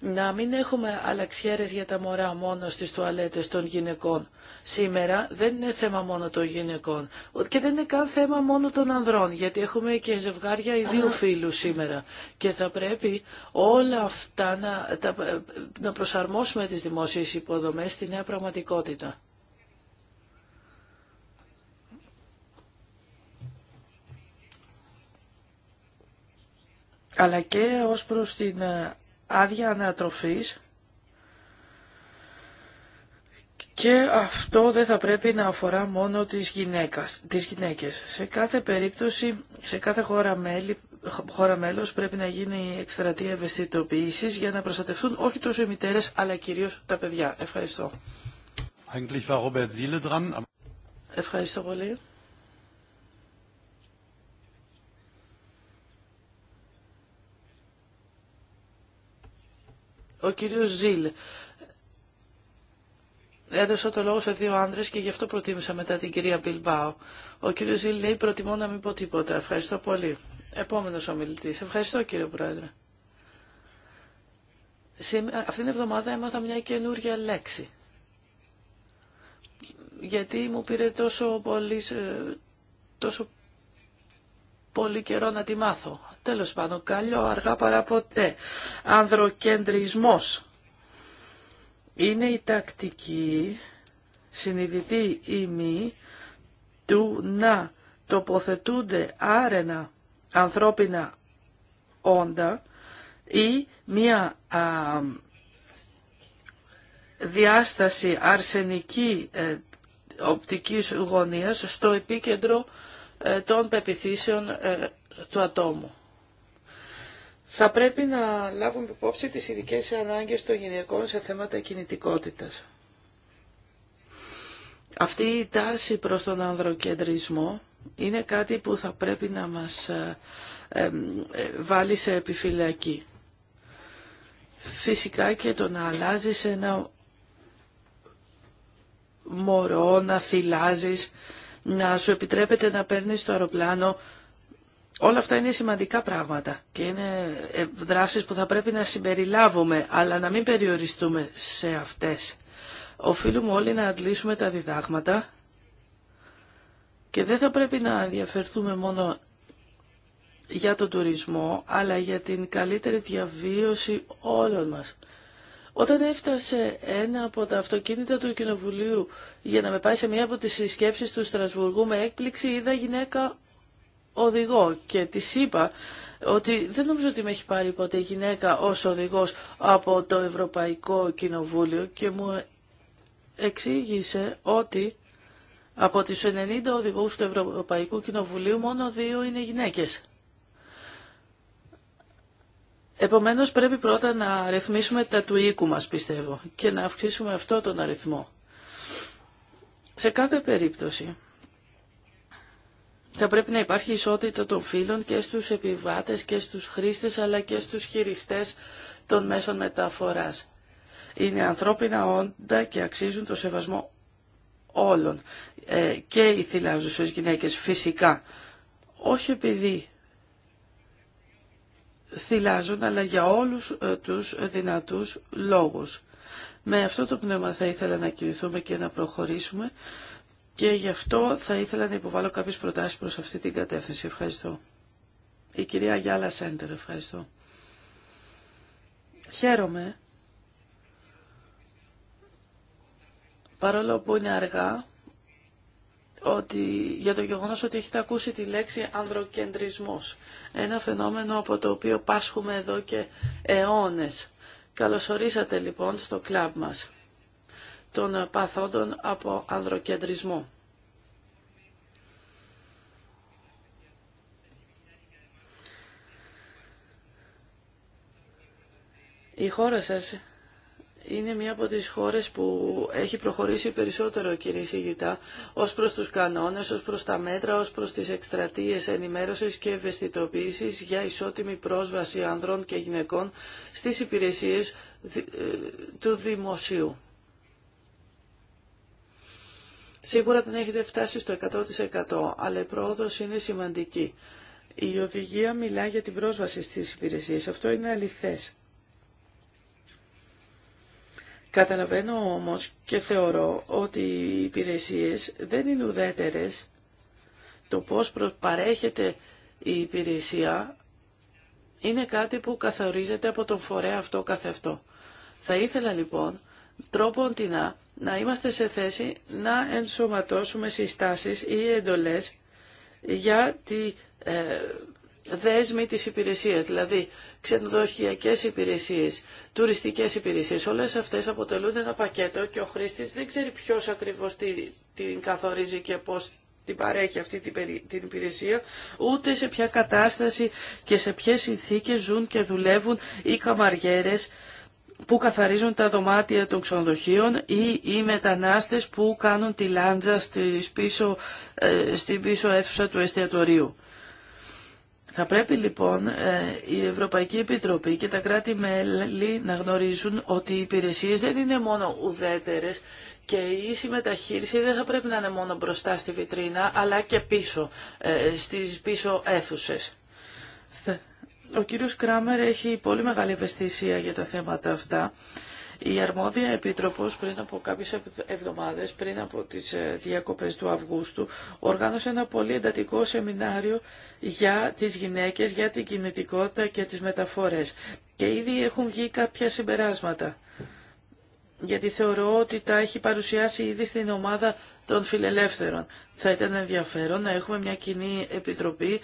να μην έχουμε αλλαξιέρες για τα μωρά μόνο στις τουαλέτες των γυναικών. Σήμερα δεν είναι θέμα μόνο των γυναικών και δεν είναι καν θέμα μόνο των ανδρών γιατί έχουμε και ζευγάρια ιδίου φίλου σήμερα και θα πρέπει όλα αυτά να, να προσαρμόσουμε τις δημόσιες υποδομές στη νέα πραγματικότητα. αλλά και ως προς την ε, άδεια ανατροφής και αυτό δεν θα πρέπει να αφορά μόνο τις, γυναίκας, τις γυναίκες. Σε κάθε περίπτωση, σε κάθε χώρα, μέλη, μέλος πρέπει να γίνει η εκστρατεία ευαισθητοποίησης για να προστατευτούν όχι τόσο οι μητέρες αλλά κυρίως τα παιδιά. Ευχαριστώ. Ευχαριστώ πολύ. Ο κύριος Ζιλ έδωσε το λόγο σε δύο άνδρες και γι' αυτό προτίμησα μετά την κυρία Μπιλμπάου. Ο κύριος Ζιλ λέει προτιμώ να μην πω τίποτα. Ευχαριστώ πολύ. Επόμενος ομιλητής. Ευχαριστώ κύριε Πρόεδρε. Σήμερα, αυτήν την εβδομάδα έμαθα μια καινούργια λέξη. Γιατί μου πήρε τόσο πολύ, ε, τόσο πολύ καιρό να τη μάθω. Τέλος πάντων, καλό αργά παρά ποτέ. Ανδροκεντρισμός είναι η τακτική, συνειδητή ή μη, του να τοποθετούνται άρενα ανθρώπινα όντα ή μία διάσταση αρσενική ε, οπτικής γωνίας στο επίκεντρο ε, των πεπιθήσεων ε, του ατόμου. Θα πρέπει να λάβουμε υπόψη τις ειδικέ ανάγκες των γυναικών σε θέματα κινητικότητας. Αυτή η τάση προς τον ανδροκεντρισμό είναι κάτι που θα πρέπει να μας ε, βάλει σε επιφυλακή. Φυσικά και το να αλλάζεις ένα μωρό, να θυλάζεις, να σου επιτρέπεται να παίρνεις το αεροπλάνο. Όλα αυτά είναι σημαντικά πράγματα και είναι ε, δράσεις που θα πρέπει να συμπεριλάβουμε, αλλά να μην περιοριστούμε σε αυτές. Οφείλουμε όλοι να αντλήσουμε τα διδάγματα και δεν θα πρέπει να ενδιαφερθούμε μόνο για τον τουρισμό, αλλά για την καλύτερη διαβίωση όλων μας. Όταν έφτασε ένα από τα αυτοκίνητα του Κοινοβουλίου για να με πάει σε μία από τις συσκέψεις του Στρασβουργού, με έκπληξη είδα γυναίκα οδηγό και τη είπα ότι δεν νομίζω ότι με έχει πάρει ποτέ γυναίκα ως οδηγός από το Ευρωπαϊκό Κοινοβούλιο και μου εξήγησε ότι από τις 90 οδηγούς του Ευρωπαϊκού Κοινοβουλίου μόνο δύο είναι γυναίκες. Επομένως πρέπει πρώτα να ρυθμίσουμε τα του οίκου μας πιστεύω και να αυξήσουμε αυτό τον αριθμό. Σε κάθε περίπτωση θα πρέπει να υπάρχει ισότητα των φύλων και στους επιβάτες και στους χρήστες αλλά και στους χειριστές των μέσων μεταφοράς. Είναι ανθρώπινα όντα και αξίζουν το σεβασμό όλων ε, και οι θυλάζουσες γυναίκες φυσικά. Όχι επειδή θυλάζουν, αλλά για όλους ε, τους δυνατούς λόγους. Με αυτό το πνεύμα θα ήθελα να κινηθούμε και να προχωρήσουμε και γι' αυτό θα ήθελα να υποβάλω κάποιες προτάσεις προς αυτή την κατεύθυνση. Ευχαριστώ. Η κυρία Γιάλα Σέντερ, ευχαριστώ. Χαίρομαι, παρόλο που είναι αργά, ότι, για το γεγονός ότι έχετε ακούσει τη λέξη ανδροκεντρισμός. Ένα φαινόμενο από το οποίο πάσχουμε εδώ και αιώνες. Καλωσορίσατε λοιπόν στο κλαμπ μας των παθόντων από ανδροκεντρισμό. Η χώρα σας είναι μία από τις χώρες που έχει προχωρήσει περισσότερο κύριε Σιγητά ως προς τους κανόνες, ως προς τα μέτρα, ως προς τις εκστρατείες ενημέρωσης και ευαισθητοποίησης για ισότιμη πρόσβαση ανδρών και γυναικών στις υπηρεσίες ε, του δημοσίου. Σίγουρα δεν έχετε φτάσει στο 100% αλλά η πρόοδος είναι σημαντική. Η οδηγία μιλά για την πρόσβαση στις υπηρεσίες. Αυτό είναι αληθές. Καταλαβαίνω όμως και θεωρώ ότι οι υπηρεσίες δεν είναι ουδέτερες το πώς παρέχεται η υπηρεσία είναι κάτι που καθορίζεται από τον φορέα αυτό αυτό. Θα ήθελα λοιπόν τρόπον την να είμαστε σε θέση να ενσωματώσουμε συστάσεις ή εντολές για τη ε, δέσμοι της υπηρεσίας, δηλαδή ξενοδοχειακές υπηρεσίες, τουριστικές υπηρεσίες, όλες αυτές αποτελούν ένα πακέτο και ο χρήστης δεν ξέρει ποιος ακριβώς την καθορίζει και πώς την παρέχει αυτή την υπηρεσία, ούτε σε ποια κατάσταση και σε ποιες συνθήκες ζουν και δουλεύουν οι καμαριέρες που καθαρίζουν τα δωμάτια των ξενοδοχείων ή οι μετανάστες που κάνουν τη λάντζα πίσω, ε, στην πίσω αίθουσα του εστιατορίου. Θα πρέπει λοιπόν ε, η Ευρωπαϊκή Επιτροπή και τα κράτη-μέλη να γνωρίζουν ότι οι υπηρεσίες δεν είναι μόνο ουδέτερες και η ίση μεταχείριση δεν θα πρέπει να είναι μόνο μπροστά στη βιτρίνα αλλά και πίσω, ε, στις πίσω αίθουσες. Ο κύριος Κράμερ έχει πολύ μεγάλη ευαισθησία για τα θέματα αυτά η αρμόδια επίτροπος πριν από κάποιε εβδομάδες, πριν από τις ε, διακοπές του Αυγούστου, οργάνωσε ένα πολύ εντατικό σεμινάριο για τις γυναίκες, για την κινητικότητα και τις μεταφορές. Και ήδη έχουν βγει κάποια συμπεράσματα. Γιατί θεωρώ ότι τα έχει παρουσιάσει ήδη στην ομάδα των φιλελεύθερων. Θα ήταν ενδιαφέρον να έχουμε μια κοινή επιτροπή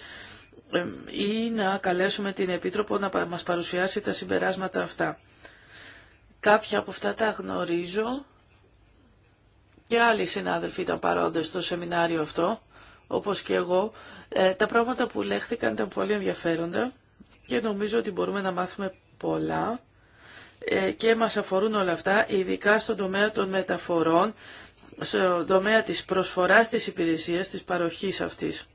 ή να καλέσουμε την Επίτροπο να μας παρουσιάσει τα συμπεράσματα αυτά. Κάποια από αυτά τα γνωρίζω και άλλοι συνάδελφοι ήταν παρόντες στο σεμινάριο αυτό, όπως και εγώ. Ε, τα πράγματα που λέχθηκαν ήταν πολύ ενδιαφέροντα και νομίζω ότι μπορούμε να μάθουμε πολλά ε, και μας αφορούν όλα αυτά, ειδικά στον τομέα των μεταφορών, στον τομέα της προσφοράς της υπηρεσίας, της παροχής αυτής.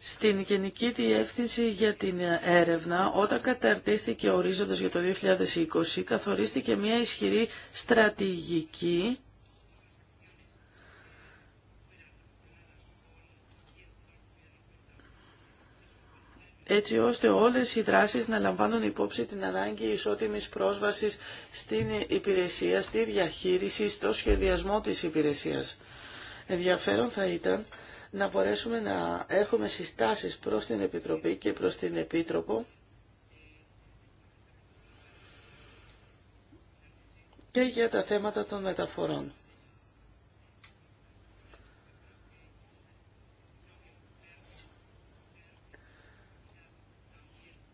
Στην Γενική Διεύθυνση για την Έρευνα, όταν καταρτίστηκε ο ορίζοντας για το 2020, καθορίστηκε μια ισχυρή στρατηγική έτσι ώστε όλες οι δράσεις να λαμβάνουν υπόψη την ανάγκη ισότιμης πρόσβασης στην υπηρεσία, στη διαχείριση, στο σχεδιασμό της υπηρεσίας. Ενδιαφέρον θα ήταν να μπορέσουμε να έχουμε συστάσεις προς την Επιτροπή και προς την Επίτροπο και για τα θέματα των μεταφορών.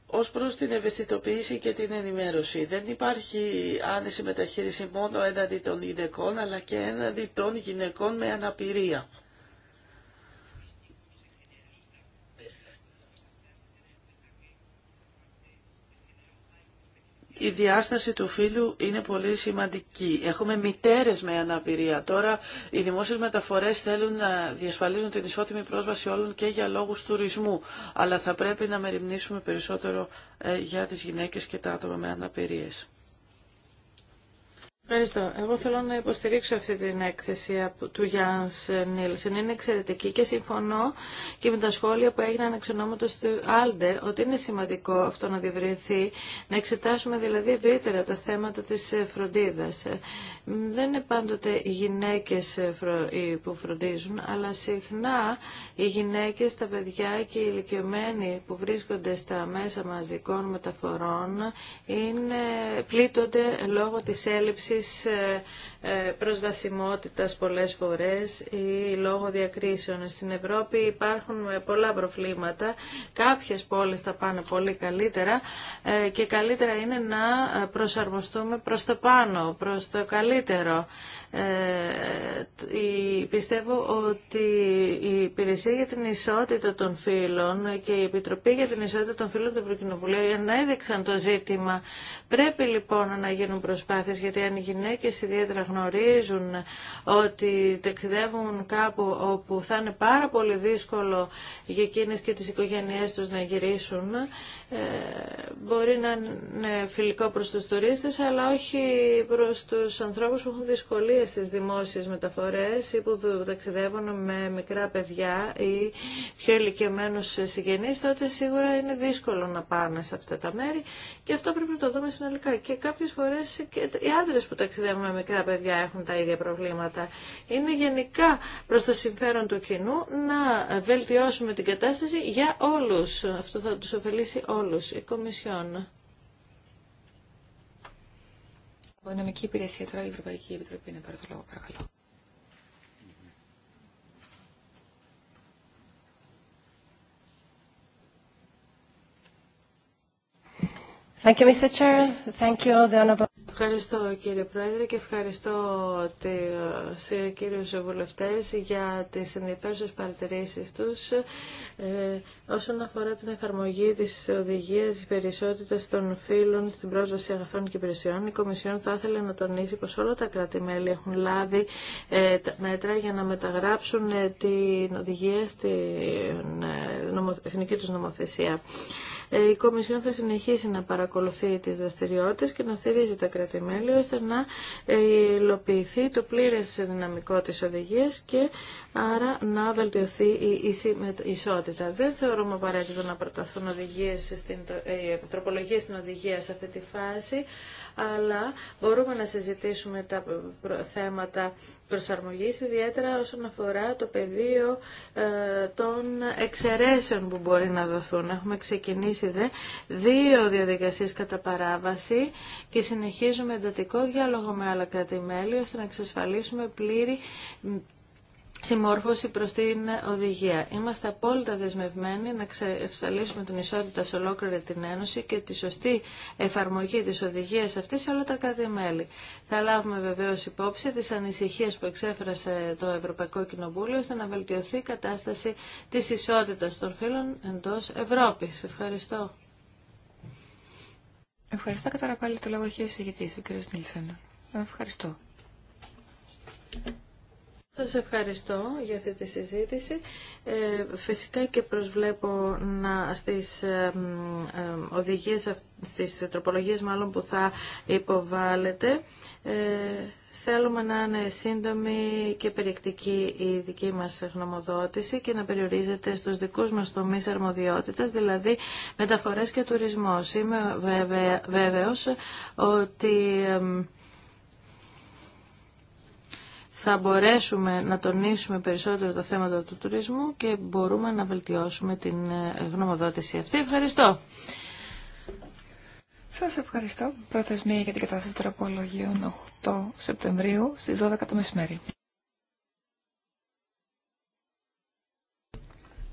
ως προς την ευαισθητοποίηση και την ενημέρωση. Δεν υπάρχει άνεση μεταχείριση μόνο έναντι των γυναικών, αλλά και έναντι των γυναικών με αναπηρία. η διάσταση του φίλου είναι πολύ σημαντική. Έχουμε μητέρες με αναπηρία. Τώρα οι δημόσιες μεταφορές θέλουν να διασφαλίζουν την ισότιμη πρόσβαση όλων και για λόγους τουρισμού. Αλλά θα πρέπει να μεριμνήσουμε περισσότερο ε, για τις γυναίκες και τα άτομα με αναπηρίες. Ευχαριστώ. Εγώ θέλω να υποστηρίξω αυτή την έκθεση του Γιάνν Νίλσεν. Είναι εξαιρετική και συμφωνώ και με τα σχόλια που έγιναν εξ ονόματο του Άλντε ότι είναι σημαντικό αυτό να διευρυνθεί, να εξετάσουμε δηλαδή ευρύτερα τα θέματα τη φροντίδα. Δεν είναι πάντοτε οι γυναίκε που φροντίζουν, αλλά συχνά οι γυναίκε, τα παιδιά και οι ηλικιωμένοι που βρίσκονται στα μέσα μαζικών μεταφορών είναι, πλήττονται λόγω τη έλλειψη. Ε, ε, προσβασιμότητας πολλές φορές ή λόγω διακρίσεων. Στην Ευρώπη υπάρχουν ε, πολλά προβλήματα. Κάποιες πόλεις θα πάνε πολύ καλύτερα και καλύτερα είναι να προσαρμοστούμε προς το πάνω, προς το καλύτερο. Ε, πιστεύω ότι η Υπηρεσία για την Ισότητα των Φύλων και η Επιτροπή για την Ισότητα των Φύλων του Ευρωκοινοβουλίου ανέδειξαν το ζήτημα. Πρέπει λοιπόν να γίνουν προσπάθειες, γιατί αν οι γυναίκες ιδιαίτερα γνωρίζουν ότι ταξιδεύουν κάπου όπου θα είναι πάρα πολύ δύσκολο για εκείνες και τις οικογένειές τους να γυρίσουν, ε, μπορεί να είναι φιλικό προς τους τουρίστες, αλλά όχι προς τους ανθρώπους που έχουν δυσκολίε στις τις δημόσιες μεταφορές ή που ταξιδεύουν με μικρά παιδιά ή πιο ηλικιωμένους συγγενείς, τότε σίγουρα είναι δύσκολο να πάνε σε αυτά τα μέρη και αυτό πρέπει να το δούμε συνολικά. Και κάποιες φορές και οι άντρες που ταξιδεύουν με μικρά παιδιά έχουν τα ίδια προβλήματα. Είναι γενικά προς το συμφέρον του κοινού να βελτιώσουμε την κατάσταση για όλους. Αυτό θα τους ωφελήσει όλους, η Κομισιόν. Οικονομική Υπηρεσία τώρα η Ευρωπαϊκή Επιτροπή να πάρει το λόγο, παρακαλώ. Ευχαριστώ κύριε Πρόεδρε και ευχαριστώ τους κύριους βουλευτές για τις ενδιαφέρουσες παρατηρήσεις τους ε, όσον αφορά την εφαρμογή της οδηγίας περισσότητας των φύλων στην πρόσβαση αγαθών και υπηρεσιών. Η Κομισιόν θα ήθελε να τονίσει πως όλα τα κράτη-μέλη έχουν λάβει ε, μέτρα για να μεταγράψουν ε, την οδηγία στην ε, εθνική τους νομοθεσία. Ε, η Κομισιόν θα συνεχίσει να παρακολουθεί τις δραστηριότητες και να στηρίζει τα κρατημέλη ώστε να ε, υλοποιηθεί το πλήρες δυναμικό της οδηγίας και άρα να βελτιωθεί η ισότητα. Δεν θεωρούμε απαραίτητο να προταθούν οδηγίες στην, ε, τροπολογίες στην οδηγία σε αυτή τη φάση, αλλά μπορούμε να συζητήσουμε τα θέματα προσαρμογής, ιδιαίτερα όσον αφορά το πεδίο ε, των εξαιρέσεων που μπορεί να δοθούν. Έχουμε ξεκινήσει δε, δύο διαδικασίες κατά παράβαση και συνεχίζουμε εντατικό διάλογο με άλλα κράτη-μέλη ώστε να εξασφαλίσουμε πλήρη συμμόρφωση προς την οδηγία. Είμαστε απόλυτα δεσμευμένοι να εξασφαλίσουμε την ισότητα σε ολόκληρη την Ένωση και τη σωστή εφαρμογή της οδηγίας αυτής σε όλα τα κράτη-μέλη. Θα λάβουμε βεβαίως υπόψη τις ανησυχίες που εξέφρασε το Ευρωπαϊκό Κοινοβούλιο ώστε να βελτιωθεί η κατάσταση της ισότητας των φύλων εντός Ευρώπης. Ευχαριστώ. Ευχαριστώ και τώρα πάλι το λόγο έχει ο συγητής, ο κ. Νίλσεν. Ευχαριστώ. Σας ευχαριστώ για αυτή τη συζήτηση. Ε, φυσικά και προσβλέπω να, στις ε, ε, οδηγίες, στις τροπολογίες μάλλον που θα υποβάλλετε. Ε, θέλουμε να είναι σύντομη και περιεκτική η δική μας γνωμοδότηση και να περιορίζεται στους δικούς μας τομείς αρμοδιότητας, δηλαδή μεταφορές και τουρισμός. Είμαι βέβαιος ότι θα μπορέσουμε να τονίσουμε περισσότερο τα θέματα του τουρισμού και μπορούμε να βελτιώσουμε την ε, γνωμοδότηση αυτή. Ευχαριστώ. Σα ευχαριστώ. Προθεσμία για την κατάσταση τροπολογίων 8 Σεπτεμβρίου στι 12 το μεσημέρι.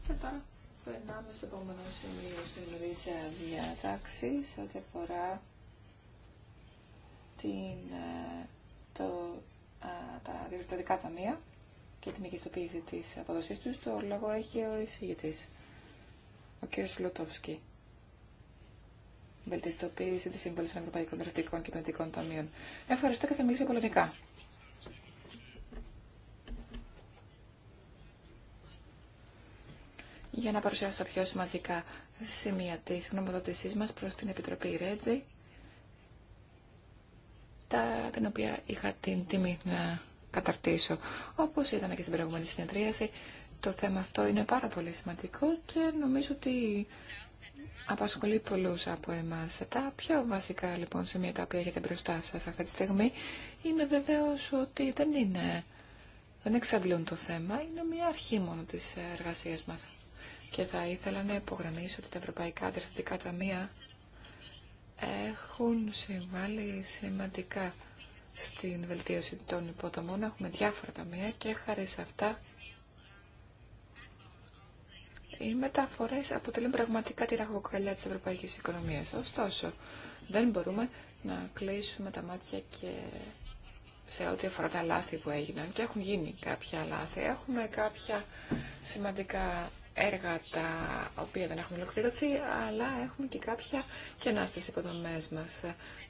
Και τώρα περνάμε στο επόμενο σημείο στην ρίζα διατάξη ό,τι αφορά την, ε, το τα διευθυντικά ταμεία και τη μεγιστοποίηση τη αποδοσή του, το λόγο έχει ο εισηγητή, ο κ. Λουτόφσκι. Βελτιστοποίηση τη συμβολή των Ευρωπαϊκών Δραστικών και Παιδικών Ταμείων. Ευχαριστώ και θα μιλήσω πολιτικά. Για να παρουσιάσω τα πιο σημαντικά σημεία τη γνωμοδότησή μα προ την Επιτροπή Ρέτζη τα, την οποία είχα την τιμή να καταρτήσω. Όπως είδαμε και στην προηγούμενη συνεδρίαση, το θέμα αυτό είναι πάρα πολύ σημαντικό και νομίζω ότι απασχολεί πολλούς από εμάς. Τα πιο βασικά λοιπόν σημεία τα οποία έχετε μπροστά σας αυτή τη στιγμή είναι βεβαίως ότι δεν είναι... Δεν εξαντλούν το θέμα, είναι μια αρχή μόνο της εργασίας μας. Και θα ήθελα να υπογραμμίσω ότι τα ευρωπαϊκά αντιστατικά ταμεία έχουν συμβάλει σημαντικά στην βελτίωση των υποδομών. Έχουμε διάφορα ταμεία και χάρη αυτά οι μεταφορές αποτελούν πραγματικά τη ραχοκοκαλιά της ευρωπαϊκής οικονομίας. Ωστόσο, δεν μπορούμε να κλείσουμε τα μάτια και σε ό,τι αφορά τα λάθη που έγιναν και έχουν γίνει κάποια λάθη. Έχουμε κάποια σημαντικά έργα τα οποία δεν έχουν ολοκληρωθεί, αλλά έχουμε και κάποια κενά στις υποδομές μας,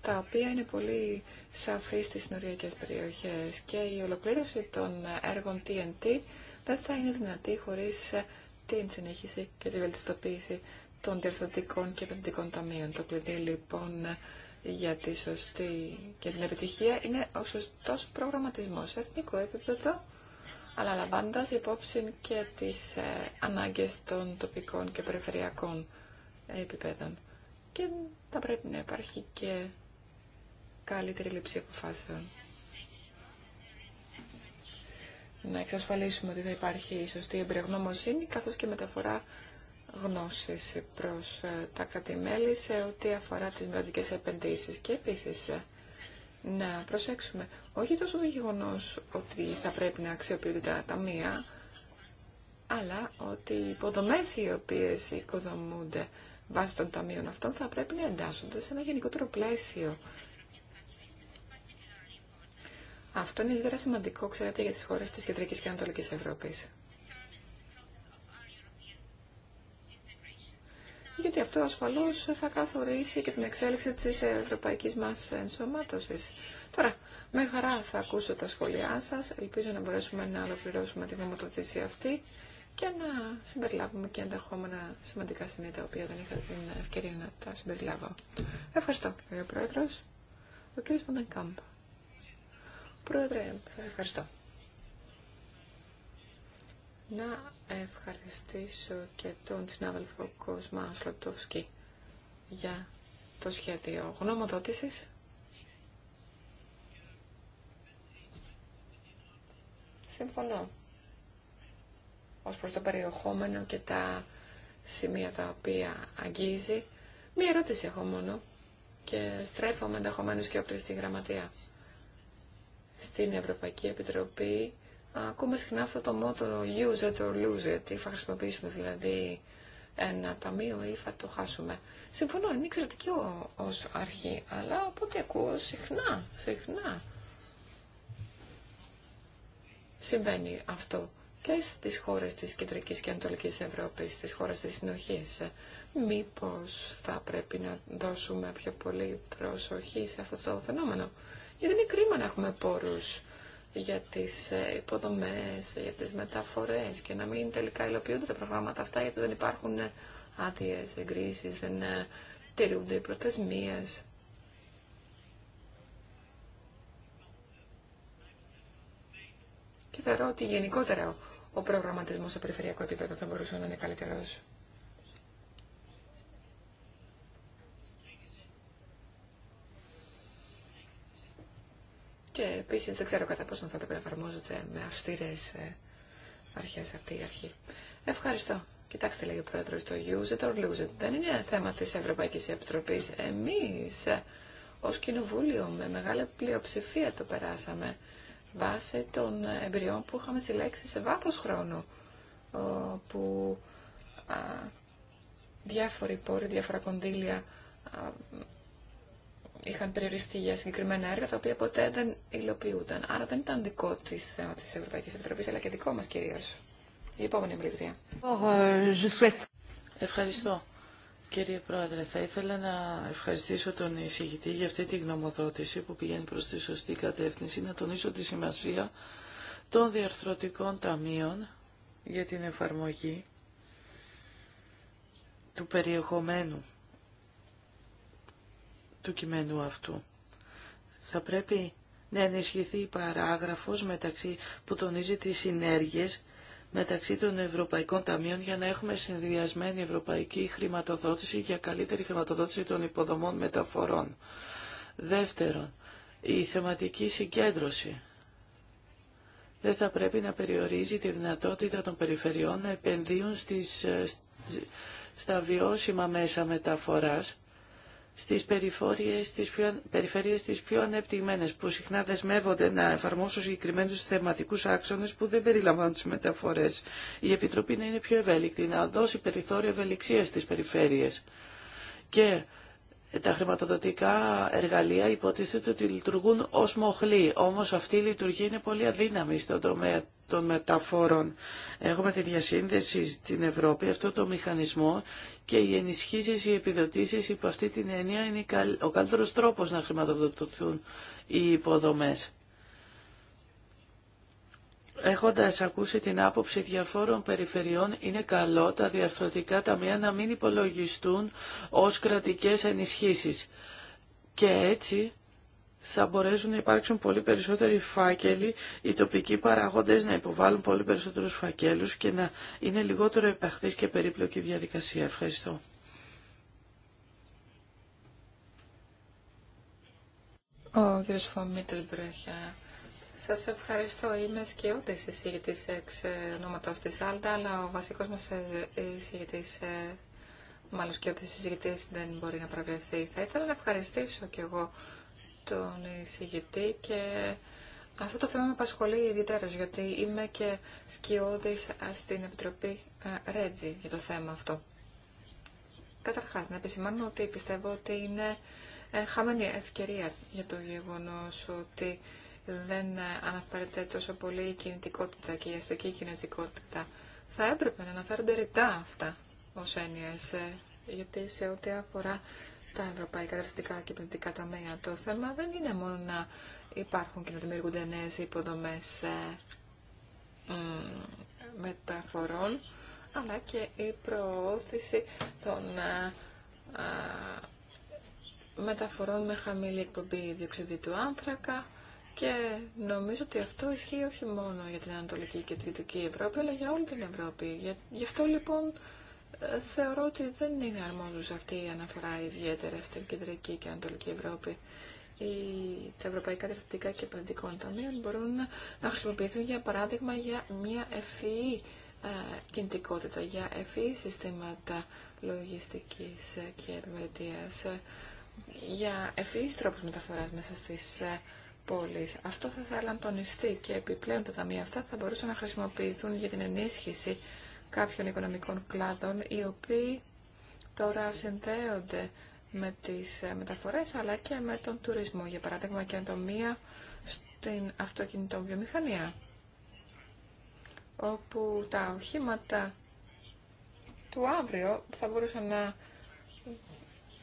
τα οποία είναι πολύ σαφή στις νοριακές περιοχές και η ολοκλήρωση των έργων TNT δεν θα είναι δυνατή χωρίς την συνέχιση και τη βελτιστοποίηση των διαρθρωτικών και επενδυτικών ταμείων. Το κλειδί λοιπόν για τη σωστή και την επιτυχία είναι ο σωστός προγραμματισμός σε εθνικό επίπεδο αλλά λαμβάνοντας υπόψη και τις ε, ανάγκες των τοπικών και περιφερειακών ε, επίπεδων. Και θα πρέπει να υπάρχει και καλύτερη λήψη αποφάσεων. Να εξασφαλίσουμε ότι θα υπάρχει η σωστή εμπειρογνωμοσύνη καθώς και μεταφορά γνώσης προς ε, τα κρατημέλη σε ό,τι αφορά τις μελλοντικές επενδύσεις. Και επίσης να προσέξουμε όχι τόσο το γεγονό ότι θα πρέπει να αξιοποιούνται τα ταμεία, αλλά ότι οι υποδομέ οι οποίε οικοδομούνται βάσει των ταμείων αυτών θα πρέπει να εντάσσονται σε ένα γενικότερο πλαίσιο. Αυτό είναι ιδιαίτερα σημαντικό, ξέρετε, για τι χώρε τη Κεντρική και Ανατολική Ευρώπη. Γιατί αυτό ασφαλώς θα καθορίσει και την εξέλιξη της ευρωπαϊκής μας ενσωμάτωσης. Τώρα, με χαρά θα ακούσω τα σχόλιά σας. Ελπίζω να μπορέσουμε να ολοκληρώσουμε τη γνωμοτοτήση αυτή και να συμπεριλάβουμε και ενδεχόμενα σημαντικά σημεία τα οποία δεν είχα την ευκαιρία να τα συμπεριλάβω. Ευχαριστώ, κύριε Πρόεδρος. Ο κύριος Μοντανκάμπ. Πρόεδρε, σας ευχαριστώ. Να ευχαριστήσω και τον συνάδελφο Κοσμά Σλοτοφσκι για το σχέδιο γνωμοδότησης. συμφωνώ ως προς το περιεχόμενο και τα σημεία τα οποία αγγίζει. Μία ερώτηση έχω μόνο και στρέφομαι ενδεχομένω και όπλη στη γραμματεία. Στην Ευρωπαϊκή Επιτροπή ακούμε συχνά αυτό το μότο use it or lose it, ή θα χρησιμοποιήσουμε δηλαδή ένα ταμείο ή θα το χάσουμε. Συμφωνώ, είναι εξαιρετική ως αρχή, αλλά από ό,τι ακούω συχνά, συχνά συμβαίνει αυτό και στις χώρες της Κεντρικής και Ανατολικής Ευρώπης, στις χώρες της συνοχής. Μήπως θα πρέπει να δώσουμε πιο πολύ προσοχή σε αυτό το φαινόμενο. Γιατί είναι κρίμα να έχουμε πόρους για τις ε, υποδομές, για τις μεταφορές και να μην τελικά υλοποιούνται τα προγράμματα αυτά γιατί δεν υπάρχουν άδειε εγκρίσεις, δεν ε, τηρούνται οι προθεσμίες. Και θεωρώ ότι γενικότερα ο προγραμματισμό σε περιφερειακό επίπεδο θα μπορούσε να είναι καλύτερο. Και επίση δεν ξέρω κατά πόσο θα πρέπει να εφαρμόζονται με αυστηρέ ε, αρχέ αυτή η αρχή. Ευχαριστώ. Κοιτάξτε, λέει ο πρόεδρο, το use it or lose it δεν είναι θέμα τη Ευρωπαϊκή Επιτροπή. Εμεί ε, ω κοινοβούλιο με μεγάλη πλειοψηφία το περάσαμε βάσει των εμπειριών που είχαμε συλλέξει σε βάθος χρόνου, που διάφοροι πόροι, διάφορα κονδύλια είχαν περιοριστεί για συγκεκριμένα έργα τα οποία ποτέ δεν υλοποιούνταν. Άρα δεν ήταν δικό τη θέμα της Ευρωπαϊκή Επιτροπής αλλά και δικό μα κυρίω. Η επόμενη εμπειρία. Ε, Ευχαριστώ. Κύριε Πρόεδρε, θα ήθελα να ευχαριστήσω τον εισηγητή για αυτή τη γνωμοδότηση που πηγαίνει προς τη σωστή κατεύθυνση, να τονίσω τη σημασία των διαρθρωτικών ταμείων για την εφαρμογή του περιεχομένου του κειμένου αυτού. Θα πρέπει να ενισχυθεί η παράγραφος μεταξύ που τονίζει τις συνέργειες μεταξύ των Ευρωπαϊκών Ταμείων για να έχουμε συνδυασμένη ευρωπαϊκή χρηματοδότηση για καλύτερη χρηματοδότηση των υποδομών μεταφορών. Δεύτερον, η θεματική συγκέντρωση δεν θα πρέπει να περιορίζει τη δυνατότητα των περιφερειών να επενδύουν στις, ε, στα βιώσιμα μέσα μεταφοράς στις περιφέρειες, στις πιο, περιφέρειες τις πιο ανεπτυγμένες που συχνά δεσμεύονται να εφαρμόσουν συγκεκριμένου θεματικούς άξονες που δεν περιλαμβάνουν τις μεταφορές. Η Επιτροπή να είναι πιο ευέλικτη, να δώσει περιθώριο ευελιξίας στις περιφέρειες. Και τα χρηματοδοτικά εργαλεία υποτίθεται ότι λειτουργούν ως μοχλή, όμως αυτή η λειτουργία είναι πολύ αδύναμη στον τομέα των μεταφόρων. Έχουμε τη διασύνδεση στην Ευρώπη, αυτό το μηχανισμό και οι ενισχύσεις, οι επιδοτήσεις υπό αυτή την έννοια είναι ο καλύτερος τρόπος να χρηματοδοτηθούν οι υποδομές. Έχοντας ακούσει την άποψη διαφόρων περιφερειών, είναι καλό τα διαρθρωτικά ταμεία να μην υπολογιστούν ως κρατικές ενισχύσεις. Και έτσι θα μπορέσουν να υπάρξουν πολύ περισσότεροι φάκελοι, οι τοπικοί παραγόντες να υποβάλουν πολύ περισσότερους φακέλους και να είναι λιγότερο επαχθής και περίπλοκη διαδικασία. Ευχαριστώ. Ο κ. Σας ευχαριστώ. Είμαι σκιώτης εισηγητής εξ ονόματος της Άλτα, αλλά ο βασικός μας εισηγητής, ε, μάλλον σκιώτης εισηγητής δεν μπορεί να προβλεφθεί. Θα ήθελα να ευχαριστήσω κι εγώ τον εισηγητή και αυτό το θέμα με απασχολεί ιδιαίτερα γιατί είμαι και σκιώδη στην Επιτροπή ε, Ρέτζι για το θέμα αυτό. Καταρχά να επισημάνω ότι πιστεύω ότι είναι ε, χαμένη ευκαιρία για το γεγονός ότι δεν αναφέρεται τόσο πολύ η κινητικότητα και η αστική κινητικότητα. Θα έπρεπε να αναφέρονται ρητά αυτά ως έννοιες, ε, γιατί σε ό,τι αφορά τα ευρωπαϊκά δραστικά και τα ταμεία, το θέμα δεν είναι μόνο να υπάρχουν και να δημιουργούνται νέες υποδομές ε, μεταφορών, αλλά και η προώθηση των ε, μεταφορών με χαμηλή εκπομπή διοξιδίου του άνθρακα, και νομίζω ότι αυτό ισχύει όχι μόνο για την Ανατολική και την Δυτική Ευρώπη, αλλά για όλη την Ευρώπη. Για, γι' αυτό λοιπόν ε, θεωρώ ότι δεν είναι αρμόζουσα αυτή η αναφορά ιδιαίτερα στην Κεντρική και Ανατολική Ευρώπη. Οι, τα ευρωπαϊκά διευθυντικά και επενδυτικών ταμείων μπορούν να χρησιμοποιηθούν για παράδειγμα για μια ευφυή ε, κινητικότητα, για ευφυή συστήματα λογιστικής ε, και επιμελητίας, για ευφυείς τρόπους μεταφοράς μέσα στις αυτό θα ήθελα τονιστεί και επιπλέον τα ταμεία αυτά θα μπορούσαν να χρησιμοποιηθούν για την ενίσχυση κάποιων οικονομικών κλάδων οι οποίοι τώρα συνδέονται με τις ε, μεταφορές αλλά και με τον τουρισμό. Για παράδειγμα και μια στην αυτοκινητοβιομηχανία όπου τα οχήματα του αύριο θα μπορούσαν να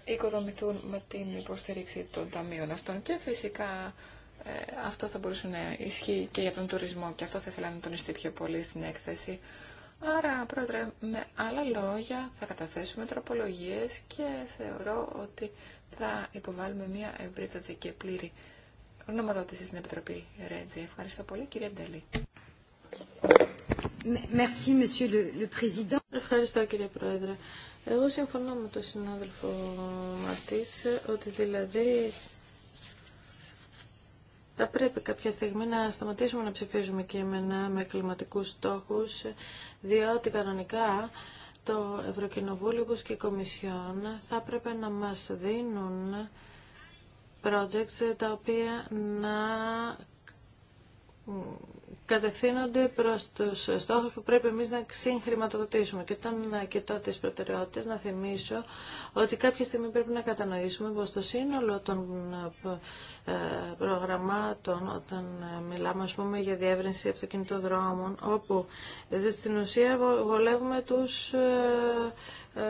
οικοδομηθούν με την υποστήριξη των ταμείων αυτών και φυσικά αυτό θα μπορούσε να ισχύει και για τον τουρισμό και αυτό θα ήθελα να τονιστεί πιο πολύ στην έκθεση. Άρα, πρόεδρε, με άλλα λόγια θα καταθέσουμε τροπολογίες και θεωρώ ότι θα υποβάλουμε μια ευρύτατη και πλήρη γνωματότηση στην Επιτροπή Ρέτζη. Ευχαριστώ πολύ, κύριε Ντέλη. Ευχαριστώ, κύριε Πρόεδρε. Εγώ συμφωνώ με τον συνάδελφο Ματής ότι δηλαδή θα πρέπει κάποια στιγμή να σταματήσουμε να ψηφίζουμε κείμενα με κλιματικούς στόχους, διότι κανονικά το Ευρωκοινοβούλιο όπως και η Κομισιόν θα έπρεπε να μας δίνουν projects τα οποία να κατευθύνονται προς τους στόχους που πρέπει εμείς να συγχρηματοδοτήσουμε. Και όταν κοιτώ τις προτεραιότητες, να θυμίσω ότι κάποια στιγμή πρέπει να κατανοήσουμε πως το σύνολο των ε, προγραμμάτων, όταν μιλάμε ας πούμε, για διεύρυνση αυτοκινητοδρόμων, όπου στην ουσία βολεύουμε τους ε, ε,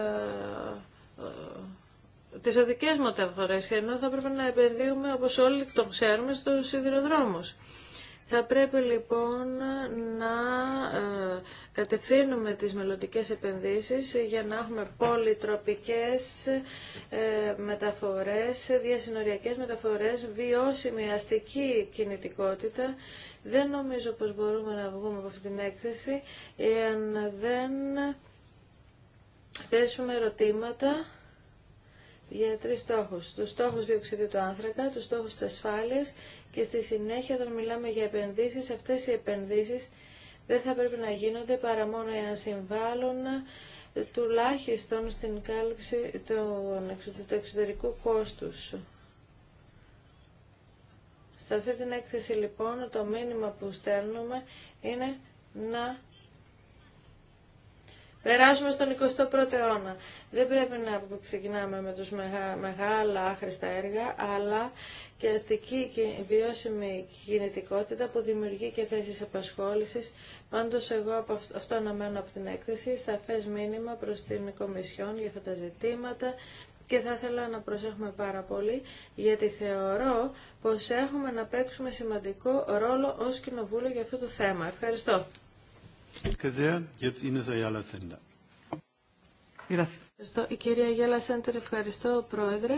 τις οδικές μεταφορές, ενώ θα πρέπει να επενδύουμε, όπως όλοι το ξέρουμε, στους σιδηροδρόμους. Θα πρέπει λοιπόν να ε, κατευθύνουμε τις μελλοντικέ επενδύσεις για να έχουμε πολυτροπικές ε, μεταφορές, διασυνοριακές μεταφορές, βιώσιμη αστική κινητικότητα. Δεν νομίζω πως μπορούμε να βγούμε από αυτή την έκθεση εάν δεν θέσουμε ερωτήματα για τρεις στόχους. Τους στόχους διοξιδίου του άνθρακα, τους στόχους της ασφάλειας και στη συνέχεια όταν μιλάμε για επενδύσεις, αυτές οι επενδύσεις δεν θα πρέπει να γίνονται παρά μόνο εάν συμβάλλουν ε, τουλάχιστον στην κάλυψη του εξωτερικού κόστους. Σε αυτή την έκθεση λοιπόν το μήνυμα που στέλνουμε είναι να Περάσουμε στον 21ο αιώνα. Δεν πρέπει να ξεκινάμε με τους μεγάλα άχρηστα έργα, αλλά και αστική και βιώσιμη κινητικότητα που δημιουργεί και θέσεις απασχόλησης. Πάντως εγώ από αυτό αναμένω από την έκθεση, σαφές μήνυμα προς την Κομισιόν για αυτά τα ζητήματα και θα ήθελα να προσέχουμε πάρα πολύ, γιατί θεωρώ πως έχουμε να παίξουμε σημαντικό ρόλο ως Κοινοβούλιο για αυτό το θέμα. Ευχαριστώ. Ευχαριστώ. Η κυρία Γιάλα Σέντερ, ευχαριστώ, Πρόεδρε.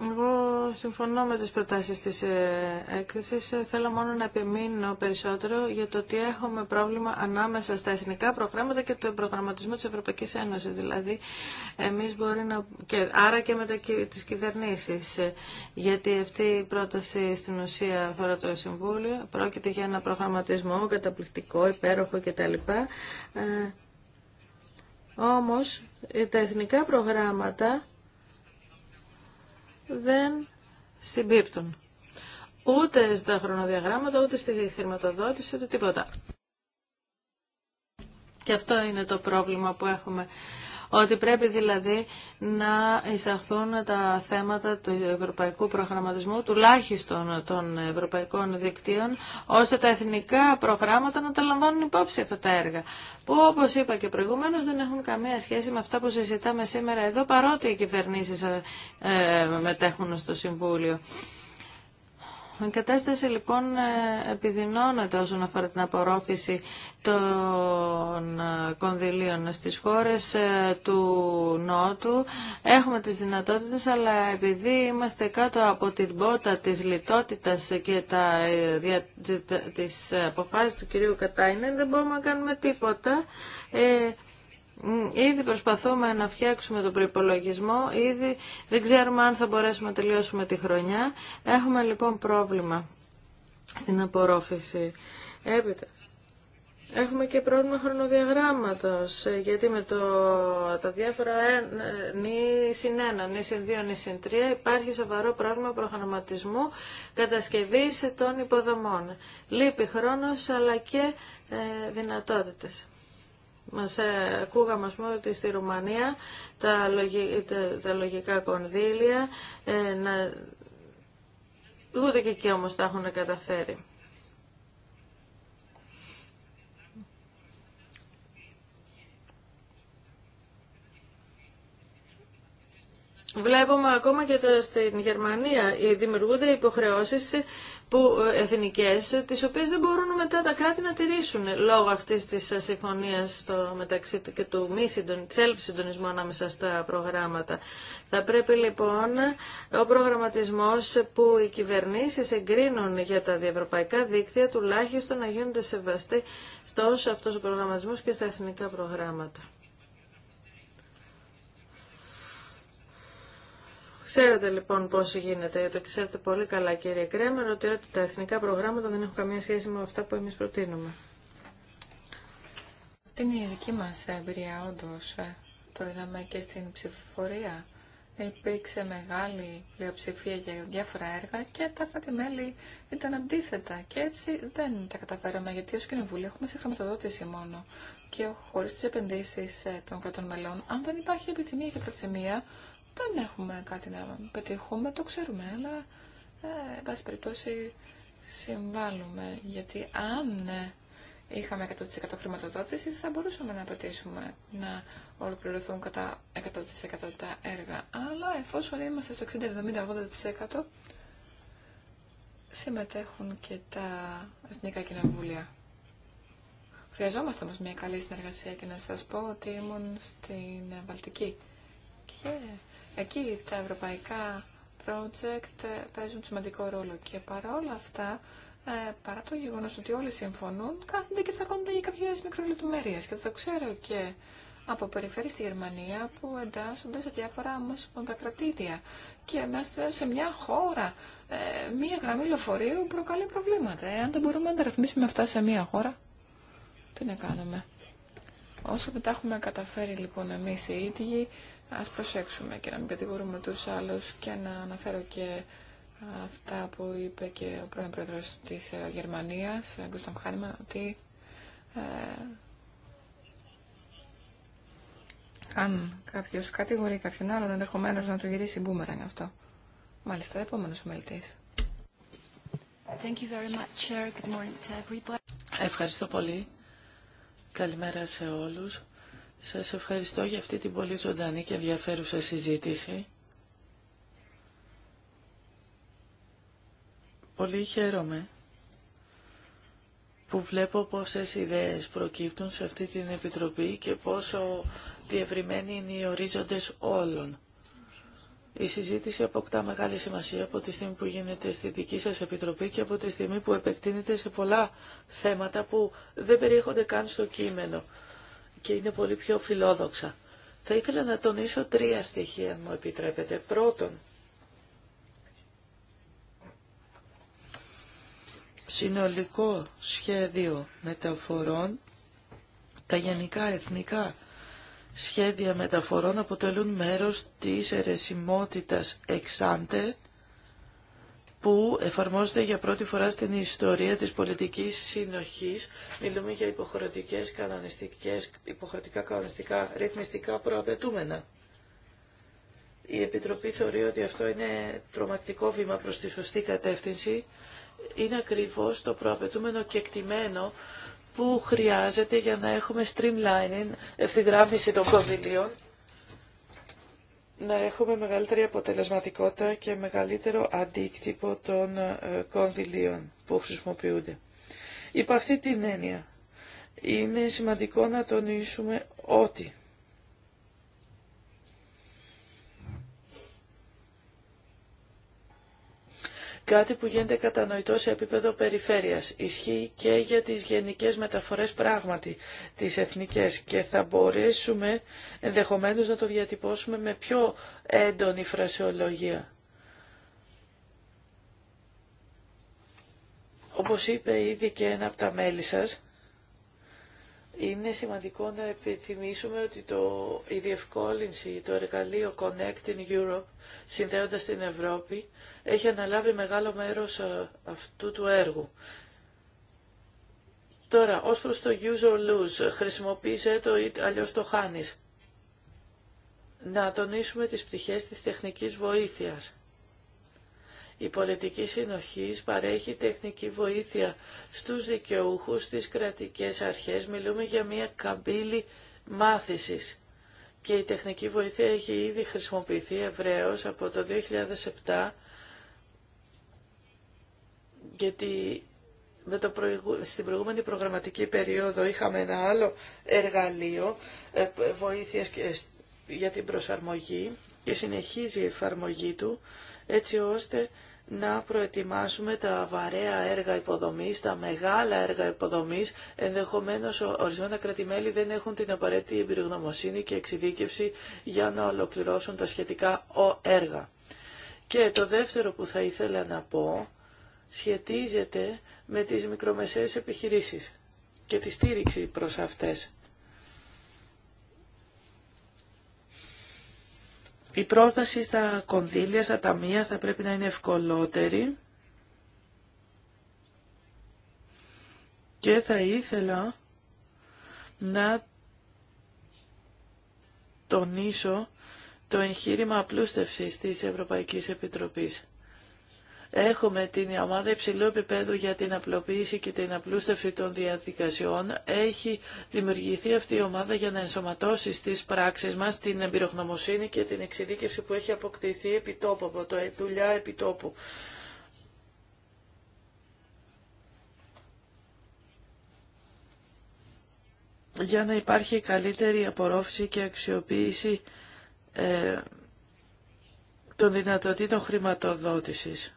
Εγώ συμφωνώ με τις προτάσεις της ε, έκθεσης. Θέλω μόνο να επιμείνω περισσότερο για το ότι έχουμε πρόβλημα ανάμεσα στα εθνικά προγράμματα και το προγραμματισμό της Ευρωπαϊκής Ένωσης. Δηλαδή, εμείς μπορεί να... Και, άρα και με τα, τις κυβερνήσεις. Γιατί αυτή η πρόταση στην ουσία αφορά το Συμβούλιο. Πρόκειται για ένα προγραμματισμό καταπληκτικό, υπέροχο κτλ. Ε, όμως, τα εθνικά προγράμματα δεν συμπίπτουν. Ούτε στα χρονοδιαγράμματα, ούτε στη χρηματοδότηση, ούτε τίποτα. Και αυτό είναι το πρόβλημα που έχουμε ότι πρέπει δηλαδή να εισαχθούν τα θέματα του ευρωπαϊκού προγραμματισμού, τουλάχιστον των ευρωπαϊκών δικτύων, ώστε τα εθνικά προγράμματα να τα λαμβάνουν υπόψη αυτά τα έργα. Που όπως είπα και προηγουμένως δεν έχουν καμία σχέση με αυτά που συζητάμε σήμερα εδώ, παρότι οι κυβερνήσεις ε, ε, μετέχουν στο Συμβούλιο. Η κατάσταση λοιπόν ε, επιδεινώνεται όσον αφορά την απορρόφηση των ε, κονδυλίων στις χώρες ε, του Νότου. Έχουμε τις δυνατότητες, αλλά επειδή είμαστε κάτω από την πότα της λιτότητας και τα, τις αποφάσεις του κυρίου Κατάινεν, δεν μπορούμε να κάνουμε τίποτα. Ήδη προσπαθούμε να φτιάξουμε τον προπολογισμό, ήδη δεν ξέρουμε αν θα μπορέσουμε να τελειώσουμε τη χρονιά. Έχουμε λοιπόν πρόβλημα στην απορρόφηση. Έπειτα. Έχουμε και πρόβλημα χρονοδιαγράμματος, γιατί με το, τα διάφορα νη συν 1, νη συν 2, νη συν 3 υπάρχει σοβαρό πρόβλημα προγραμματισμού κατασκευής των υποδομών. Λείπει χρόνος αλλά και ε, δυνατότητες μα ε, ακούγαμε, ας πούμε, ότι στη Ρουμανία τα, λογικά κονδύλια ε, να... Ούτε και εκεί όμως τα έχουν καταφέρει. Βλέπουμε ακόμα και στην Γερμανία ε, δημιουργούνται υποχρεώσει ε, ε, εθνικέ τι οποίε δεν μπορούν μετά τα κράτη να τηρήσουν λόγω αυτή τη συμφωνία μεταξύ του και του μη συντονισμού ανάμεσα στα προγράμματα. Θα πρέπει λοιπόν ο προγραμματισμό που οι κυβερνήσει εγκρίνουν για τα διευρωπαϊκά δίκτυα τουλάχιστον να γίνονται σεβαστοί στο όσο αυτός ο προγραμματισμό και στα εθνικά προγράμματα. Ξέρετε λοιπόν πώ γίνεται, το ξέρετε πολύ καλά κύριε Κρέμερ, ότι τα εθνικά προγράμματα δεν έχουν καμία σχέση με αυτά που εμεί προτείνουμε. Αυτή είναι η δική μα εμπειρία όντω. Ε, το είδαμε και στην ψηφοφορία. Υπήρξε μεγάλη πλειοψηφία για διάφορα έργα και τα κράτη-μέλη ήταν αντίθετα. Και έτσι δεν τα καταφέραμε, γιατί ω Κοινοβούλιο έχουμε χρηματοδότηση μόνο. Και χωρί τι επενδύσει ε, των κρατών μελών, αν δεν υπάρχει επιθυμία και προθυμία, δεν έχουμε κάτι να πετύχουμε, το ξέρουμε, αλλά ε, εν πάση περιπτώσει συμβάλλουμε. Γιατί αν ε, είχαμε 100% χρηματοδότηση θα μπορούσαμε να απαιτήσουμε να ολοκληρωθούν κατά 100% τα έργα. Αλλά εφόσον είμαστε στο 60-70-80% συμμετέχουν και τα Εθνικά Κοινοβούλια. Χρειαζόμαστε όμως μια καλή συνεργασία και να σας πω ότι ήμουν στην Βαλτική και Εκεί τα ευρωπαϊκά project παίζουν σημαντικό ρόλο και παρόλα αυτά, ε, παρά το γεγονός ότι όλοι συμφωνούν, κάθονται και τσακώνονται για κάποιες μικρολεπτομέρειες και το ξέρω και από περιφέρει στη Γερμανία που εντάσσονται σε διάφορα μοσπονδακρατήδια και μέσα σε μια χώρα ε, μια γραμμή λεωφορείου προκαλεί προβλήματα. Εάν δεν μπορούμε να τα ρυθμίσουμε αυτά σε μια χώρα, τι να κάνουμε. Όσο δεν τα έχουμε καταφέρει λοιπόν εμείς οι ίδιοι, Ας προσέξουμε και να μην κατηγορούμε τους άλλους και να αναφέρω και αυτά που είπε και ο πρώην πρόεδρος της ε, Γερμανίας, Γκούσταμ ε, Χάνιμαν, ότι ε, αν κάποιος κατηγορεί κάποιον άλλον, ενδεχομένω να του γυρίσει μπούμεραν αυτό. Μάλιστα, επόμενος ομιλητής. Thank you very much, Good morning to everybody. Ευχαριστώ πολύ. Καλημέρα σε όλους. Σας ευχαριστώ για αυτή την πολύ ζωντανή και ενδιαφέρουσα συζήτηση. Πολύ χαίρομαι που βλέπω πόσες ιδέες προκύπτουν σε αυτή την Επιτροπή και πόσο διευρυμένοι είναι οι ορίζοντες όλων. Η συζήτηση αποκτά μεγάλη σημασία από τη στιγμή που γίνεται στη δική σας Επιτροπή και από τη στιγμή που επεκτείνεται σε πολλά θέματα που δεν περιέχονται καν στο κείμενο και είναι πολύ πιο φιλόδοξα. Θα ήθελα να τονίσω τρία στοιχεία, αν μου επιτρέπετε. Πρώτον, συνολικό σχέδιο μεταφορών, τα γενικά εθνικά σχέδια μεταφορών αποτελούν μέρος της αιρεσιμότητας εξάντε που εφαρμόζεται για πρώτη φορά στην ιστορία της πολιτικής συνοχής. Μιλούμε για υποχρεωτικές, κανονιστικές, υποχρεωτικά κανονιστικά ρυθμιστικά προαπαιτούμενα. Η Επιτροπή θεωρεί ότι αυτό είναι τρομακτικό βήμα προς τη σωστή κατεύθυνση. Είναι ακριβώς το προαπαιτούμενο κεκτημένο που χρειάζεται για να έχουμε streamlining, ευθυγράμμιση των κονδυλίων να έχουμε μεγαλύτερη αποτελεσματικότητα και μεγαλύτερο αντίκτυπο των ε, κονδυλίων που χρησιμοποιούνται. Υπ' αυτή την έννοια είναι σημαντικό να τονίσουμε ότι Κάτι που γίνεται κατανοητό σε επίπεδο περιφέρειας. Ισχύει και για τις γενικές μεταφορές πράγματι, τις εθνικές. Και θα μπορέσουμε ενδεχομένως να το διατυπώσουμε με πιο έντονη φρασιολογία. Όπως είπε ήδη και ένα από τα μέλη σας, είναι σημαντικό να επιθυμίσουμε ότι το, η διευκόλυνση, το εργαλείο Connecting Europe, συνδέοντας την Ευρώπη, έχει αναλάβει μεγάλο μέρος ε, αυτού του έργου. Τώρα, ως προς το use or lose, χρησιμοποίησε το ή αλλιώς το χάνεις. Να τονίσουμε τις πτυχές της τεχνικής βοήθειας. Η πολιτική συνοχής παρέχει τεχνική βοήθεια στους δικαιούχους, στις κρατικές αρχές. Μιλούμε για μια καμπύλη μάθησης και η τεχνική βοήθεια έχει ήδη χρησιμοποιηθεί ευρέως από το 2007 γιατί με το στην προηγούμενη προγραμματική περίοδο είχαμε ένα άλλο εργαλείο ε, βοήθειας για την προσαρμογή και συνεχίζει η εφαρμογή του έτσι ώστε να προετοιμάσουμε τα βαρέα έργα υποδομής, τα μεγάλα έργα υποδομής. Ενδεχομένως ορισμένα κρατημέλη δεν έχουν την απαραίτητη εμπειρογνωμοσύνη και εξειδίκευση για να ολοκληρώσουν τα σχετικά έργα. Και το δεύτερο που θα ήθελα να πω σχετίζεται με τις μικρομεσαίες επιχειρήσεις και τη στήριξη προς αυτές. Η πρόταση στα κονδύλια, στα ταμεία θα πρέπει να είναι ευκολότερη και θα ήθελα να τονίσω το εγχείρημα απλούστευσης της Ευρωπαϊκής Επιτροπής. Έχουμε την ομάδα υψηλού επίπεδου για την απλοποίηση και την απλούστευση των διαδικασιών. Έχει δημιουργηθεί αυτή η ομάδα για να ενσωματώσει στις πράξεις μας την εμπειρογνωμοσύνη και την εξειδίκευση που έχει αποκτηθεί επιτόπου, από το ε, δουλειά επιτόπου. για να υπάρχει καλύτερη απορρόφηση και αξιοποίηση ε, των δυνατοτήτων χρηματοδότησης.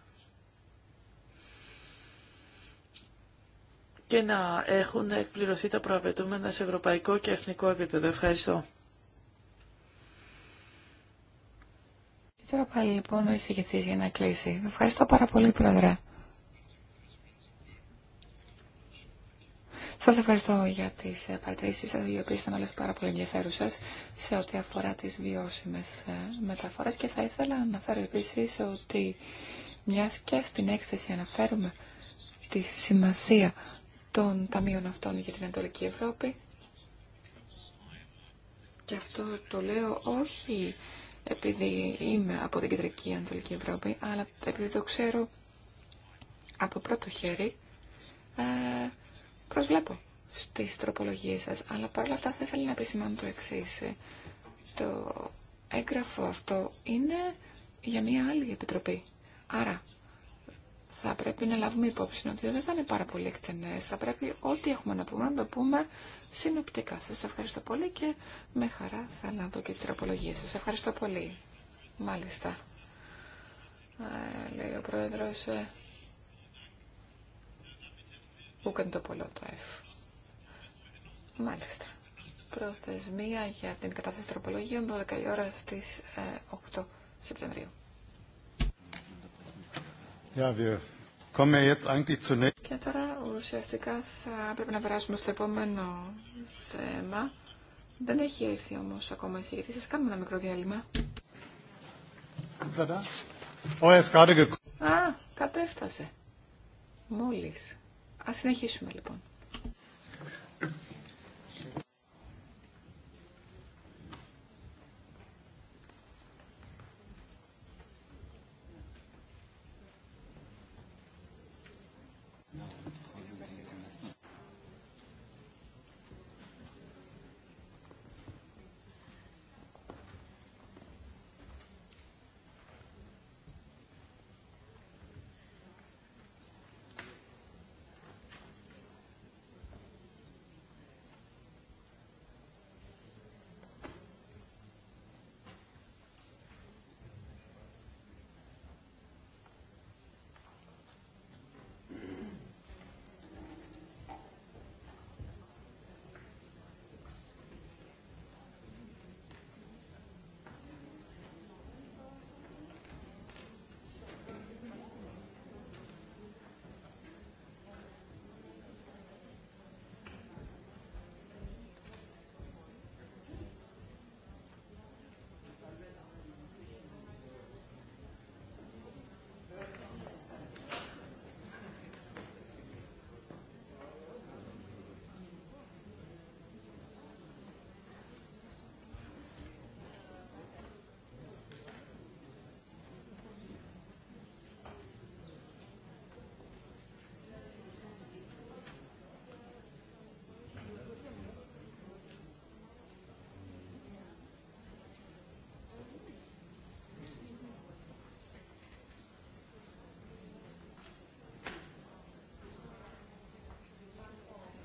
και να έχουν εκπληρωθεί τα προαπαιτούμενα σε ευρωπαϊκό και εθνικό επίπεδο. Ευχαριστώ. Και τώρα πάλι λοιπόν ο εισηγητής για να κλείσει. Ευχαριστώ πάρα πολύ Πρόεδρε. Σας ευχαριστώ για τις ε, παρατηρήσεις σας, οι οποίες ήταν όλες πάρα πολύ ενδιαφέρουσες σε ό,τι αφορά τις βιώσιμες ε, μεταφορές και θα ήθελα να αναφέρω επίσης ότι μιας και στην έκθεση αναφέρουμε τη σημασία των ταμείων αυτών για την Ανατολική Ευρώπη. Και αυτό το λέω όχι επειδή είμαι από την Κεντρική Ανατολική Ευρώπη, αλλά επειδή το ξέρω από πρώτο χέρι, ε, προσβλέπω στις τροπολογίες σας. Αλλά παρόλα αυτά θα ήθελα να επισημάνω το εξή. Το έγγραφο αυτό είναι για μια άλλη επιτροπή. Άρα θα πρέπει να λάβουμε υπόψη ότι δεν θα είναι πάρα πολύ εκτενέ. Θα πρέπει ό,τι έχουμε να πούμε να το πούμε συνοπτικά. Σα ευχαριστώ πολύ και με χαρά θα λάβω και τι τροπολογίε Σα ευχαριστώ πολύ. Μάλιστα. Ε, λέει ο πρόεδρο. ε, ούκαν το πολλό το F. Μάλιστα. Προθεσμία για την κατάθεση τροπολογίων 12 η ώρα στις 8 ε, Σεπτεμβρίου. Και τώρα ουσιαστικά θα πρέπει να περάσουμε στο επόμενο θέμα. Δεν έχει έρθει όμω ακόμα η συζήτηση. Σα κάνουμε ένα μικρό διάλειμμα. Er oh, er Α, κατέφτασε. Μόλι. Α συνεχίσουμε λοιπόν.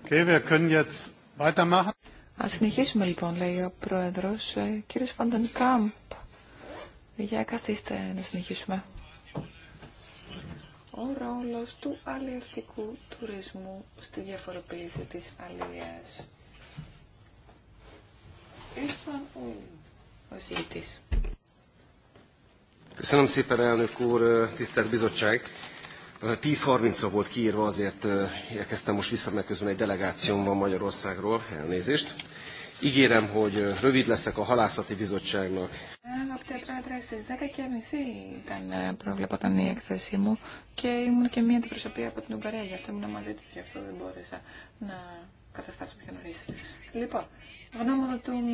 Okay, wir können jetzt weitermachen. Ας συνεχίσουμε λοιπόν, λέει ο Πρόεδρος, ε, κύριος Φαντανικάμπ. Για καθίστε να συνεχίσουμε. Ο ρόλος του αλλιευτικού τουρισμού στη διαφοροποίηση της αλληλείας. Ήρθαν ο εισηγητής. Köszönöm szépen, elnök úr, tisztelt bizottság! 10.30-ra volt kiírva, azért érkeztem most vissza, mert közben egy delegációm van Magyarországról, elnézést. Ígérem, hogy rövid leszek a halászati bizottságnak. Από την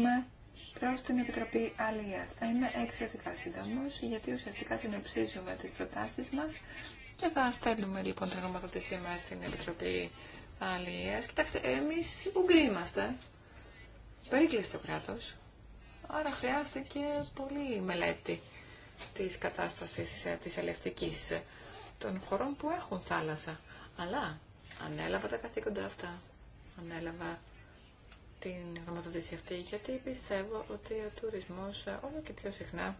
προς την Επιτροπή Αλίας. Θα είμαι εξαιρετικά σύντομος, γιατί ουσιαστικά συνοψίζουμε τις προτάσεις μας και θα στέλνουμε λοιπόν την γνωματοδότησή μα στην Επιτροπή Αλληλεία. Κοιτάξτε, εμεί Ουγγροί είμαστε. Περίκλειστο κράτο. Άρα χρειάστηκε πολύ μελέτη της κατάσταση ε, της ελευτικής των χωρών που έχουν θάλασσα. Αλλά ανέλαβα τα καθήκοντα αυτά. Ανέλαβα την γνωματοδότηση αυτή γιατί πιστεύω ότι ο τουρισμός ε, όλο και πιο συχνά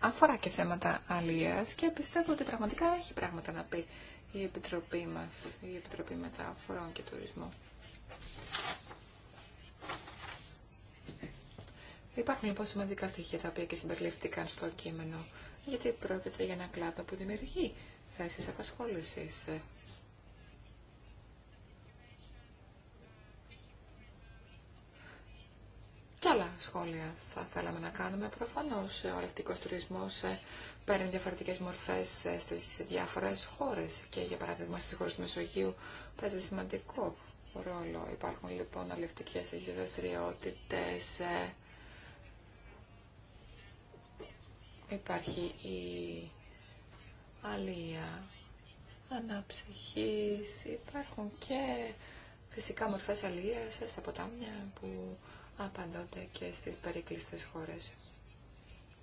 αφορά και θέματα αλλίας και πιστεύω ότι πραγματικά έχει πράγματα να πει η Επιτροπή μας, η Επιτροπή Μεταφορών και Τουρισμού. Υπάρχουν λοιπόν σημαντικά στοιχεία τα οποία και συμπεριληφθήκαν στο κείμενο, γιατί πρόκειται για ένα κλάδο που δημιουργεί θέσεις απασχόλησης Και άλλα σχόλια θα θέλαμε να κάνουμε. προφανώ. ο αλευτικός τουρισμό ε, παίρνει διαφορετικέ μορφέ ε, στι διάφορε χώρε και για παράδειγμα στι χώρε του Μεσογείου παίζει σημαντικό ρόλο. Υπάρχουν λοιπόν αλευτικές δραστηριότητε. Ε. Υπάρχει η αλία αναψυχής. Υπάρχουν και φυσικά μορφές αλίας στα ποτάμια που απαντώνται και στις περικλειστές χώρες.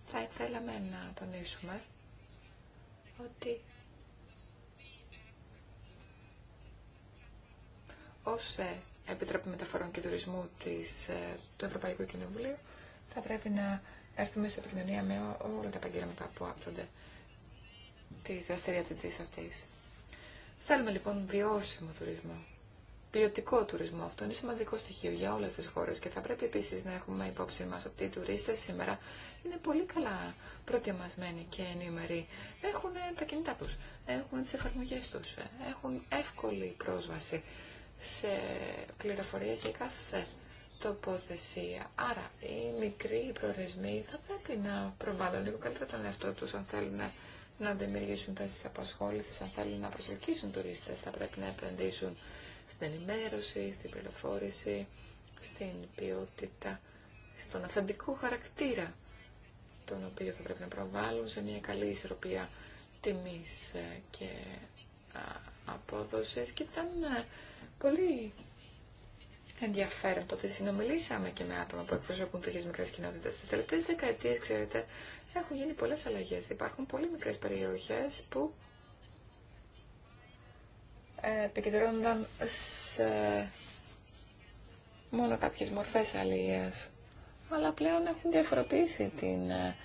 Θα ήθελαμε να τονίσουμε ότι ως ε, Επιτροπή Μεταφορών και Τουρισμού της, ε, του Ευρωπαϊκού Κοινοβουλίου θα πρέπει να έρθουμε σε επικοινωνία με όλα τα επαγγέλματα που άπτονται τη δραστηριότητα της αυτής. Θέλουμε λοιπόν βιώσιμο τουρισμό ποιοτικό τουρισμό. Αυτό είναι σημαντικό στοιχείο για όλε τι χώρε και θα πρέπει επίση να έχουμε υπόψη μα ότι οι τουρίστε σήμερα είναι πολύ καλά προετοιμασμένοι και ενήμεροι. Έχουν τα κινητά του, έχουν τι εφαρμογέ του. έχουν εύκολη πρόσβαση σε πληροφορίε για κάθε τοποθεσία. Άρα οι μικροί προορισμοί θα πρέπει να προβάλλουν λίγο καλύτερα τον εαυτό του. αν θέλουν να δημιουργήσουν θέσει απασχόληση, αν θέλουν να προσελκύσουν τουρίστε, θα πρέπει να επενδύσουν στην ενημέρωση, στην πληροφόρηση, στην ποιότητα, στον αυθεντικό χαρακτήρα τον οποίο θα πρέπει να προβάλλουν σε μια καλή ισορροπία τιμής ε, και απόδοσης και ήταν ε, πολύ ενδιαφέρον το ότι συνομιλήσαμε και με άτομα που εκπροσωπούν τέτοιες μικρές κοινότητες... ...στις τελευταίε δεκαετίες, ξέρετε, έχουν γίνει πολλές αλλαγέ. Υπάρχουν πολύ μικρές περιοχές που επικεντρώνονταν σε μόνο κάποιες μορφές αλληλείας. Αλλά πλέον έχουν διαφοροποιήσει την ε,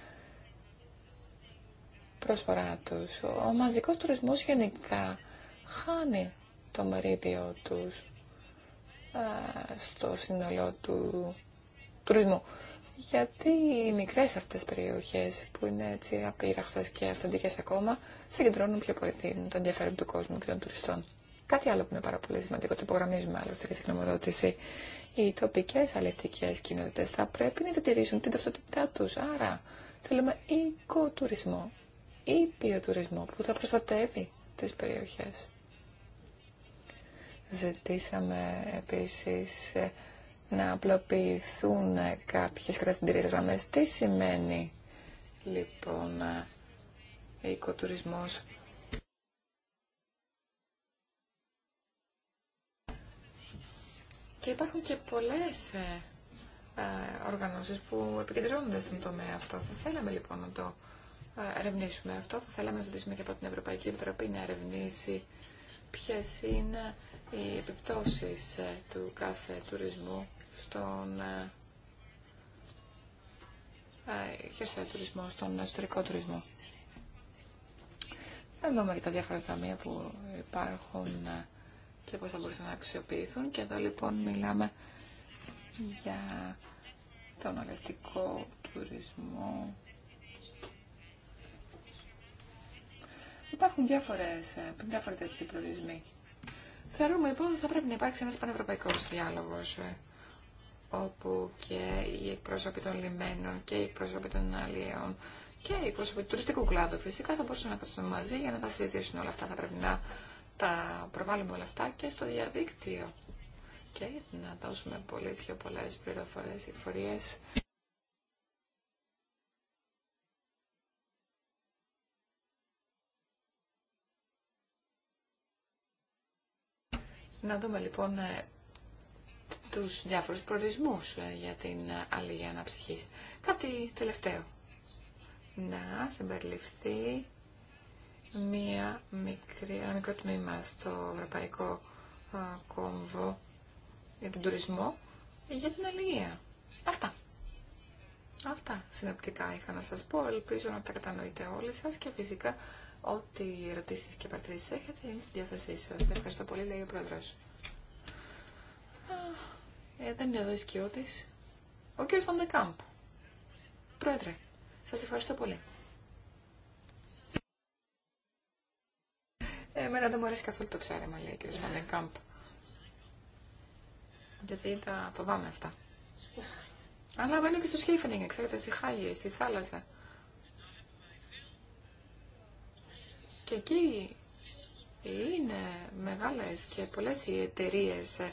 προσφορά τους. Ο μαζικός τουρισμός γενικά χάνει το μερίδιο τους ε, στο σύνολό του τουρισμού. Γιατί οι μικρές αυτές περιοχές που είναι έτσι απείραχτες και αυθεντικές ακόμα συγκεντρώνουν πιο πολύ το ενδιαφέρον του κόσμου και των τουριστών. Κάτι άλλο που είναι πάρα πολύ σημαντικό, το υπογραμμίζουμε άλλωστε και στην νομοδότηση. Οι τοπικέ αλληλευτικέ κοινότητε θα πρέπει να διατηρήσουν την ταυτότητά του. Άρα θέλουμε οικοτουρισμό, τουρισμό που θα προστατεύει τι περιοχέ. Ζητήσαμε επίση ε, να απλοποιηθούν κάποιε κατευθυντήριε γραμμέ. Τι σημαίνει λοιπόν ε, οικοτουρισμός Και υπάρχουν και πολλές ε, ε, οργανώσεις που επικεντρώνονται στον τομέα αυτό. Θα θέλαμε λοιπόν να το ε, ερευνήσουμε αυτό. Θα θέλαμε να ζητήσουμε και από την Ευρωπαϊκή Επιτροπή να ερευνήσει ποιες είναι οι επιπτώσεις ε, του κάθε τουρισμού στον χερσαίο τουρισμό, στον εσωτερικό τουρισμό. Θα δούμε και τα διάφορα ταμεία που υπάρχουν και πώς θα μπορούσαν να αξιοποιηθούν. Και εδώ λοιπόν μιλάμε για τον αλληλευτικό τουρισμό. Υπάρχουν διάφορες, ε, διάφορες τέτοιοι προορισμοί. Θεωρούμε λοιπόν ότι θα πρέπει να υπάρξει ένας πανευρωπαϊκός διάλογος ε, όπου και οι εκπρόσωποι των λιμένων και οι εκπρόσωποι των αλλιών και οι εκπρόσωποι του τουριστικού κλάδου φυσικά θα μπορούσαν να καθίσουν μαζί για να τα συζητήσουν όλα αυτά. Θα πρέπει να τα προβάλλουμε όλα αυτά και στο διαδίκτυο και να δώσουμε πολύ πιο πολλές πληροφορίες, εφορίες. Να δούμε λοιπόν ε, τους διάφορους προορισμούς ε, για την ε, αλληλεία αναψυχής. Κάτι τελευταίο. Να συμπεριληφθεί μία μικρή, ένα μικρό τμήμα στο Ευρωπαϊκό Κόμβο για τον τουρισμό για την αλληλεία. Αυτά. Αυτά συνοπτικά είχα να σας πω. Ελπίζω να τα κατανοείτε όλοι σας και φυσικά ό,τι ερωτήσεις και παρατηρήσεις έχετε είναι στη διάθεσή σας. Ευχαριστώ πολύ, λέει ο Πρόεδρος. Ε, δεν είναι εδώ η σκιώτης. Ο κ. Φοντεκάμπ. Πρόεδρε, σας ευχαριστώ πολύ. Εμένα δεν μου αρέσει καθόλου το ψάρεμα, λέει ο κ. Γιατί τα φοβάμαι αυτά. Αλλά βαίνει και στο Σχίφενιγκ, ξέρετε, στη Χάγη, στη θάλασσα. Και εκεί είναι μεγάλες και πολλές οι εταιρείε ε,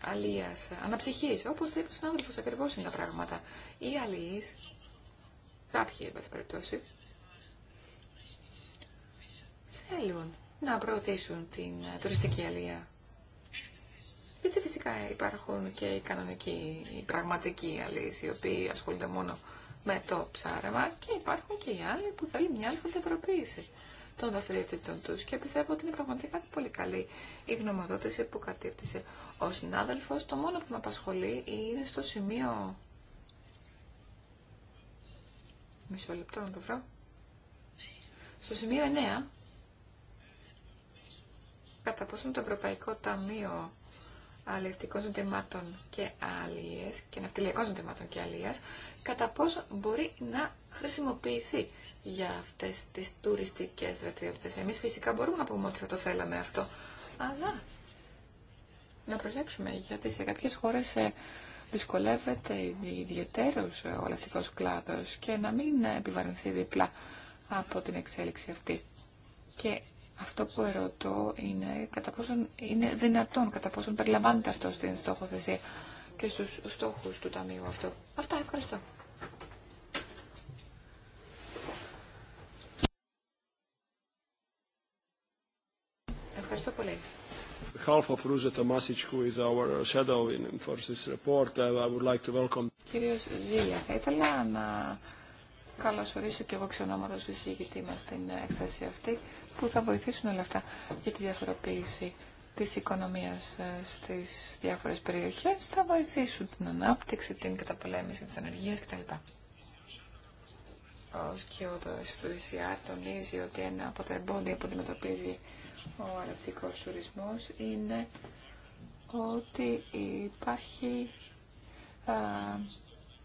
αλίας, αναψυχής. Όπως το είπε ο συνάδελφος, ακριβώς είναι τα πράγματα. Οι αλίες, κάποιοι, εν πάση περιπτώσει, θέλουν ε, λοιπόν, να προωθήσουν την ε, τουριστική αλία. Γιατί φυσικά υπάρχουν και οι κανονικοί, οι πραγματικοί αλίες, οι οποίοι ασχολούνται μόνο με το ψάρεμα και υπάρχουν και οι άλλοι που θέλουν μια άλλη των δραστηριοτήτων τους και πιστεύω ότι είναι πραγματικά πολύ καλή η γνωμοδότηση που κατήρτισε ο συνάδελφος. Το μόνο που με απασχολεί είναι στο σημείο... Μισό λεπτό να το βρω. Στο σημείο 9 κατά πόσο το Ευρωπαϊκό Ταμείο αλληλευτικών ζητημάτων και Αλίες και ναυτιλιακών ζητημάτων και αλλίες, κατά πόσο μπορεί να χρησιμοποιηθεί για αυτές τις τουριστικές δραστηριότητες. Εμείς φυσικά μπορούμε να πούμε ότι θα το θέλαμε αυτό, αλλά να προσέξουμε γιατί σε κάποιες χώρες ε, δυσκολεύεται ιδιαιτέρως ο αλληλευτικός κλάδος και να μην επιβαρυνθεί διπλά από την εξέλιξη αυτή. Και αυτό που ερωτώ είναι κατά πόσον είναι δυνατόν, κατά πόσον περιλαμβάνεται αυτό στην στόχοθεσία και στους στόχους του Ταμείου αυτό. Αυτά, ευχαριστώ. Ευχαριστώ πολύ. Κύριος Ζήλια, θα ήθελα να καλωσορίσω και εγώ ξενόματος του εισηγητή μας στην ε, έκθεση αυτή που θα βοηθήσουν όλα αυτά για τη διαφοροποίηση της οικονομίας ε, στις διάφορες περιοχές, θα βοηθήσουν την ανάπτυξη, την καταπολέμηση της ανεργίας κτλ. Ο σκιώδος του ΙΣΙΑΡ τονίζει ότι ένα από τα εμπόδια που αντιμετωπίζει ο αραβικός τουρισμός είναι ότι υπάρχει α, ε,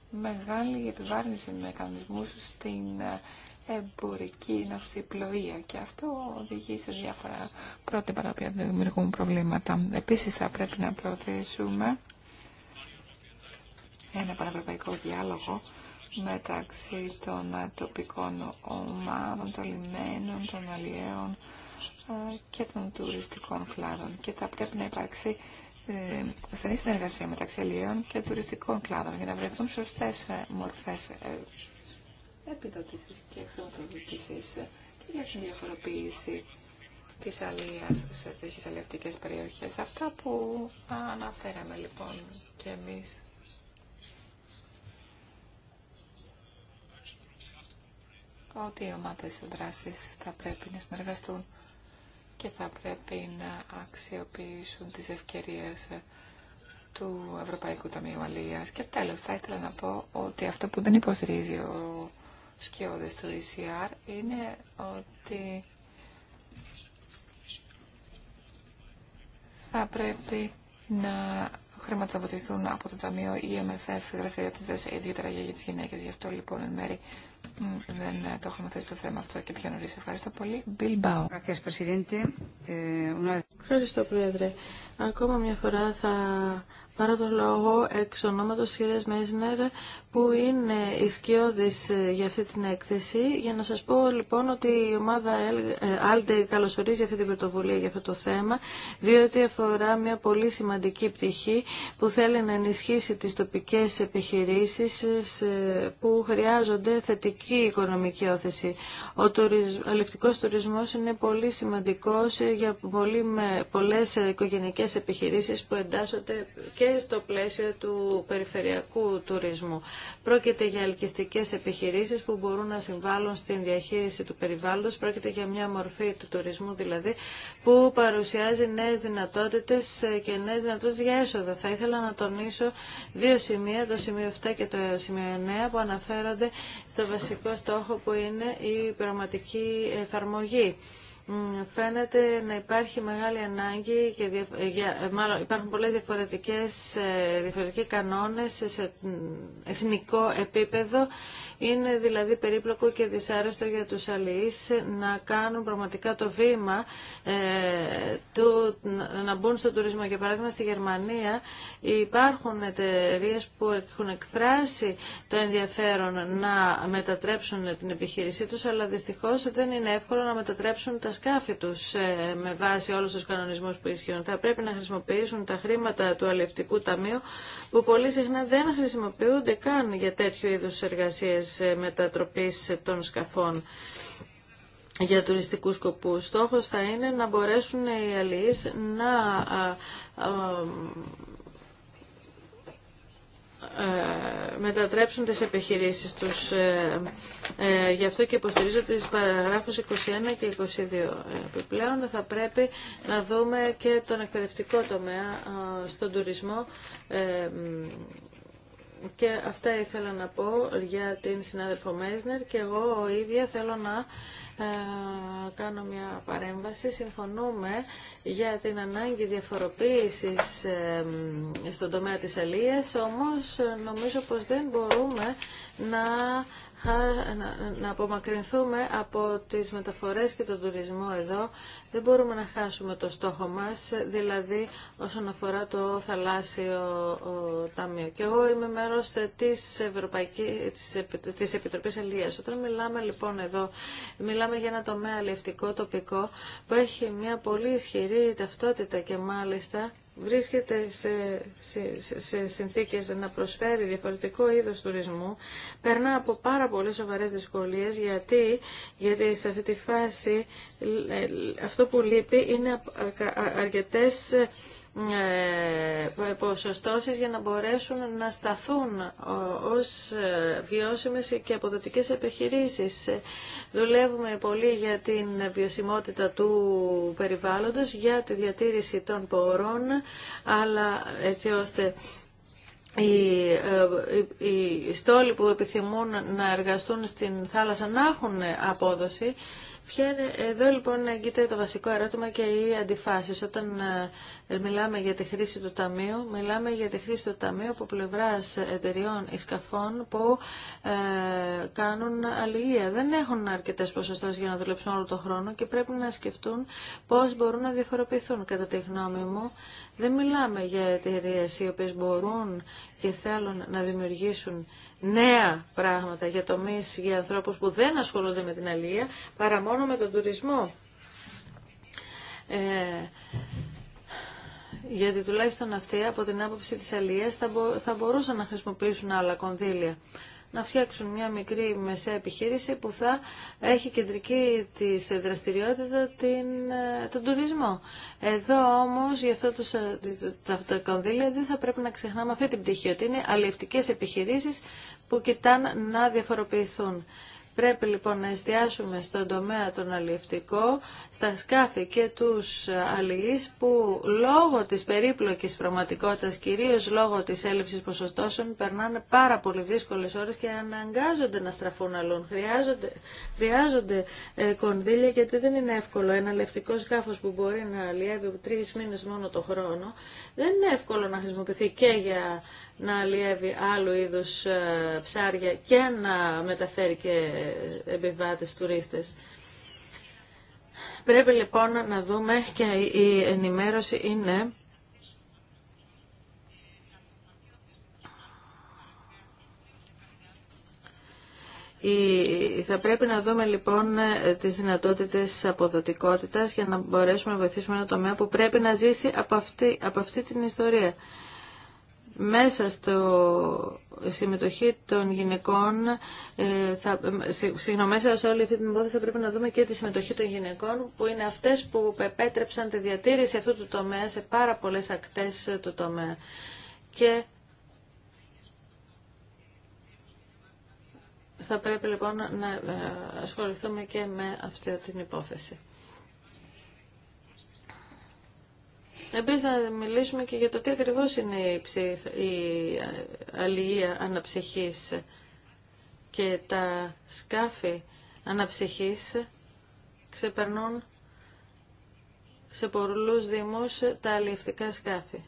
μεγάλη επιβάρυνση με κανονισμούς στην ε, εμπορική ναυσιπλοεία και αυτό οδηγεί σε διάφορα πρότυπα τα οποία δημιουργούν προβλήματα. Επίσης θα πρέπει να προωθήσουμε ένα πανευρωπαϊκό διάλογο μεταξύ των τοπικών ομάδων, των λιμένων, των αλλιέων ε, και των τουριστικών κλάδων. Και θα πρέπει να υπάρξει ε, στενή συνεργασία μεταξύ αλλιέων και τουριστικών κλάδων για να βρεθούν σωστές ε, μορφές επιδοτήσεις και χρηματοδοτήσεις και για την διαφοροποίηση της αλίας σε τέτοιες αλλιευτικές περιοχές. Αυτά που αναφέραμε λοιπόν και εμείς. Ότι οι ομάδες δράσης θα πρέπει να συνεργαστούν και θα πρέπει να αξιοποιήσουν τις ευκαιρίες του Ευρωπαϊκού Ταμείου Αλίας. Και τέλος, θα ήθελα να πω ότι αυτό που δεν υποστηρίζει ο σκιώδες του ECR είναι ότι θα πρέπει να χρηματοδοτηθούν από το Ταμείο EMFF δραστηριότητε ιδιαίτερα για τι γυναίκε. Γι' αυτό λοιπόν εν μέρη δεν ε, το έχουμε θέσει το θέμα αυτό και πιο νωρί. Ευχαριστώ πολύ. Ε, Ευχαριστώ, Πρόεδρε. Ακόμα μια φορά θα Πάρω το λόγο εξ ονόματος της Μέσνερ που είναι ισκιώδης ε, για αυτή την έκθεση. Για να σας πω λοιπόν ότι η ομάδα ε, Άλντε καλωσορίζει αυτή την πρωτοβουλία για αυτό το θέμα διότι αφορά μια πολύ σημαντική πτυχή που θέλει να ενισχύσει τις τοπικές επιχειρήσεις ε, που χρειάζονται θετική οικονομική όθεση. Ο αλευτικός τουρισμός είναι πολύ σημαντικός για πολλέ πολλές οικογενειακές επιχειρήσεις που εντάσσονται και στο πλαίσιο του περιφερειακού τουρισμού. Πρόκειται για ελκυστικές επιχειρήσεις που μπορούν να συμβάλλουν στην διαχείριση του περιβάλλοντος. Πρόκειται για μια μορφή του τουρισμού δηλαδή που παρουσιάζει νέες δυνατότητες και νέες δυνατότητες για έσοδα. Θα ήθελα να τονίσω δύο σημεία, το σημείο 7 και το σημείο 9 που αναφέρονται στο βασικό στόχο που είναι η πραγματική εφαρμογή. Φαίνεται να υπάρχει μεγάλη ανάγκη και ε, για, ε, μάλλον υπάρχουν πολλές διαφορετικές, ε, διαφορετικοί κανόνες σε εθνικό επίπεδο είναι δηλαδή περίπλοκο και δυσάρεστο για τους αλληλείς να κάνουν πραγματικά το βήμα ε, να μπουν στο τουρισμό. Για παράδειγμα στη Γερμανία υπάρχουν εταιρείε που έχουν εκφράσει το ενδιαφέρον να μετατρέψουν την επιχείρησή τους, αλλά δυστυχώς δεν είναι εύκολο να μετατρέψουν τα σκάφη τους ε, με βάση όλους τους κανονισμούς που ισχύουν. Θα πρέπει να χρησιμοποιήσουν τα χρήματα του αλληλευτικού ταμείου που πολύ συχνά δεν χρησιμοποιούνται καν για τέτοιου είδους εργασίες ε, μετατροπής των σκαφών για τουριστικούς σκοπούς. Στόχος θα είναι να μπορέσουν οι αλληλείς να ε, μετατρέψουν τις επιχειρήσεις τους. Ε, γι' αυτό και υποστηρίζω τις παραγράφους 21 και 22. Επιπλέον θα πρέπει να δούμε και τον εκπαιδευτικό τομέα στον τουρισμό και αυτά ήθελα να πω για την συνάδελφο Μέσνερ και εγώ ίδια θέλω να ε, κάνω μια παρέμβαση. Συμφωνούμε για την ανάγκη διαφοροποίησης ε, στον τομέα της αλίας, όμως νομίζω πως δεν μπορούμε να να απομακρυνθούμε από τις μεταφορές και τον τουρισμό εδώ. Δεν μπορούμε να χάσουμε το στόχο μας, δηλαδή όσον αφορά το θαλάσσιο ταμείο. Και εγώ είμαι μέρος της, Ευρωπαϊκής, της Επιτροπής Αλληλείας. Όταν μιλάμε λοιπόν εδώ, μιλάμε για ένα τομέα αλληλευτικό τοπικό που έχει μια πολύ ισχυρή ταυτότητα και μάλιστα βρίσκεται σε, σε, συνθήκες να προσφέρει διαφορετικό είδος τουρισμού, περνά από πάρα πολλές σοβαρές δυσκολίες, γιατί, γιατί σε αυτή τη φάση αυτό που λείπει είναι αρκετές ε, ε, ποσοστώσεις για να μπορέσουν να σταθούν ως ε, βιώσιμες και αποδοτικές επιχειρήσεις. Δουλεύουμε πολύ για την βιωσιμότητα του περιβάλλοντος, για τη διατήρηση των πορών, αλλά έτσι ώστε οι, οι στόλοι που επιθυμούν να εργαστούν στην θάλασσα να έχουν απόδοση εδώ λοιπόν αγγείται το βασικό ερώτημα και οι αντιφάσεις. Όταν ε, μιλάμε για τη χρήση του ταμείου, μιλάμε για τη χρήση του ταμείου από πλευράς εταιριών ή σκαφών που ε, κάνουν αλληλεία. Δεν έχουν αρκετές ποσοστές για να δουλέψουν όλο τον χρόνο και πρέπει να σκεφτούν πώς μπορούν να διαφοροποιηθούν. Κατά τη γνώμη μου, δεν μιλάμε για εταιρείε οι οποίες μπορούν και θέλουν να δημιουργήσουν νέα πράγματα για τομείς για ανθρώπους που δεν ασχολούνται με την αλληλεία παρά μόνο με τον τουρισμό. Ε, γιατί τουλάχιστον αυτοί από την άποψη της αλληλείας θα, θα μπορούσαν να χρησιμοποιήσουν άλλα κονδύλια να φτιάξουν μια μικρή μεσαία επιχείρηση που θα έχει κεντρική της δραστηριότητα την, ε, τον τουρισμό. Εδώ όμως για αυτό το, τα, κονδύλια δεν θα πρέπει να ξεχνάμε αυτή την πτυχή ότι είναι αλληλευτικές επιχειρήσεις που κοιτάνε να διαφοροποιηθούν. Πρέπει λοιπόν να εστιάσουμε στον τομέα τον αλληλευτικό, στα σκάφη και τους αλληλείς που λόγω της περίπλοκης πραγματικότητας, κυρίως λόγω της έλλειψης ποσοστώσεων, περνάνε πάρα πολύ δύσκολες ώρες και αναγκάζονται να στραφούν αλλούν. Χρειάζονται, χρειάζονται ε, κονδύλια γιατί δεν είναι εύκολο ένα αλληλευτικό σκάφος που μπορεί να αλληλεύει τρει μήνες μόνο το χρόνο. Δεν είναι εύκολο να χρησιμοποιηθεί και για να αλλιεύει άλλου είδους ε, ψάρια και να μεταφέρει και επιβάτες τουρίστες. Πρέπει λοιπόν να δούμε και η ενημέρωση είναι... Θα πρέπει να δούμε λοιπόν ε, τις δυνατότητες αποδοτικότητας για να μπορέσουμε να βοηθήσουμε ένα τομέα που πρέπει να ζήσει από αυτή, από αυτή την ιστορία μέσα στο συμμετοχή των γυναικών, ε, θα, ε, σε όλη αυτή την υπόθεση θα πρέπει να δούμε και τη συμμετοχή των γυναικών, που είναι αυτές που επέτρεψαν τη διατήρηση αυτού του τομέα σε πάρα πολλές ακτές του τομέα. Και θα πρέπει λοιπόν να ε, ασχοληθούμε και με αυτή την υπόθεση. Επίσης να μιλήσουμε και για το τι ακριβώς είναι η, ε, αλληλεία αναψυχής και τα σκάφη αναψυχής ξεπερνούν σε πολλούς δήμους τα αλληλευτικά σκάφη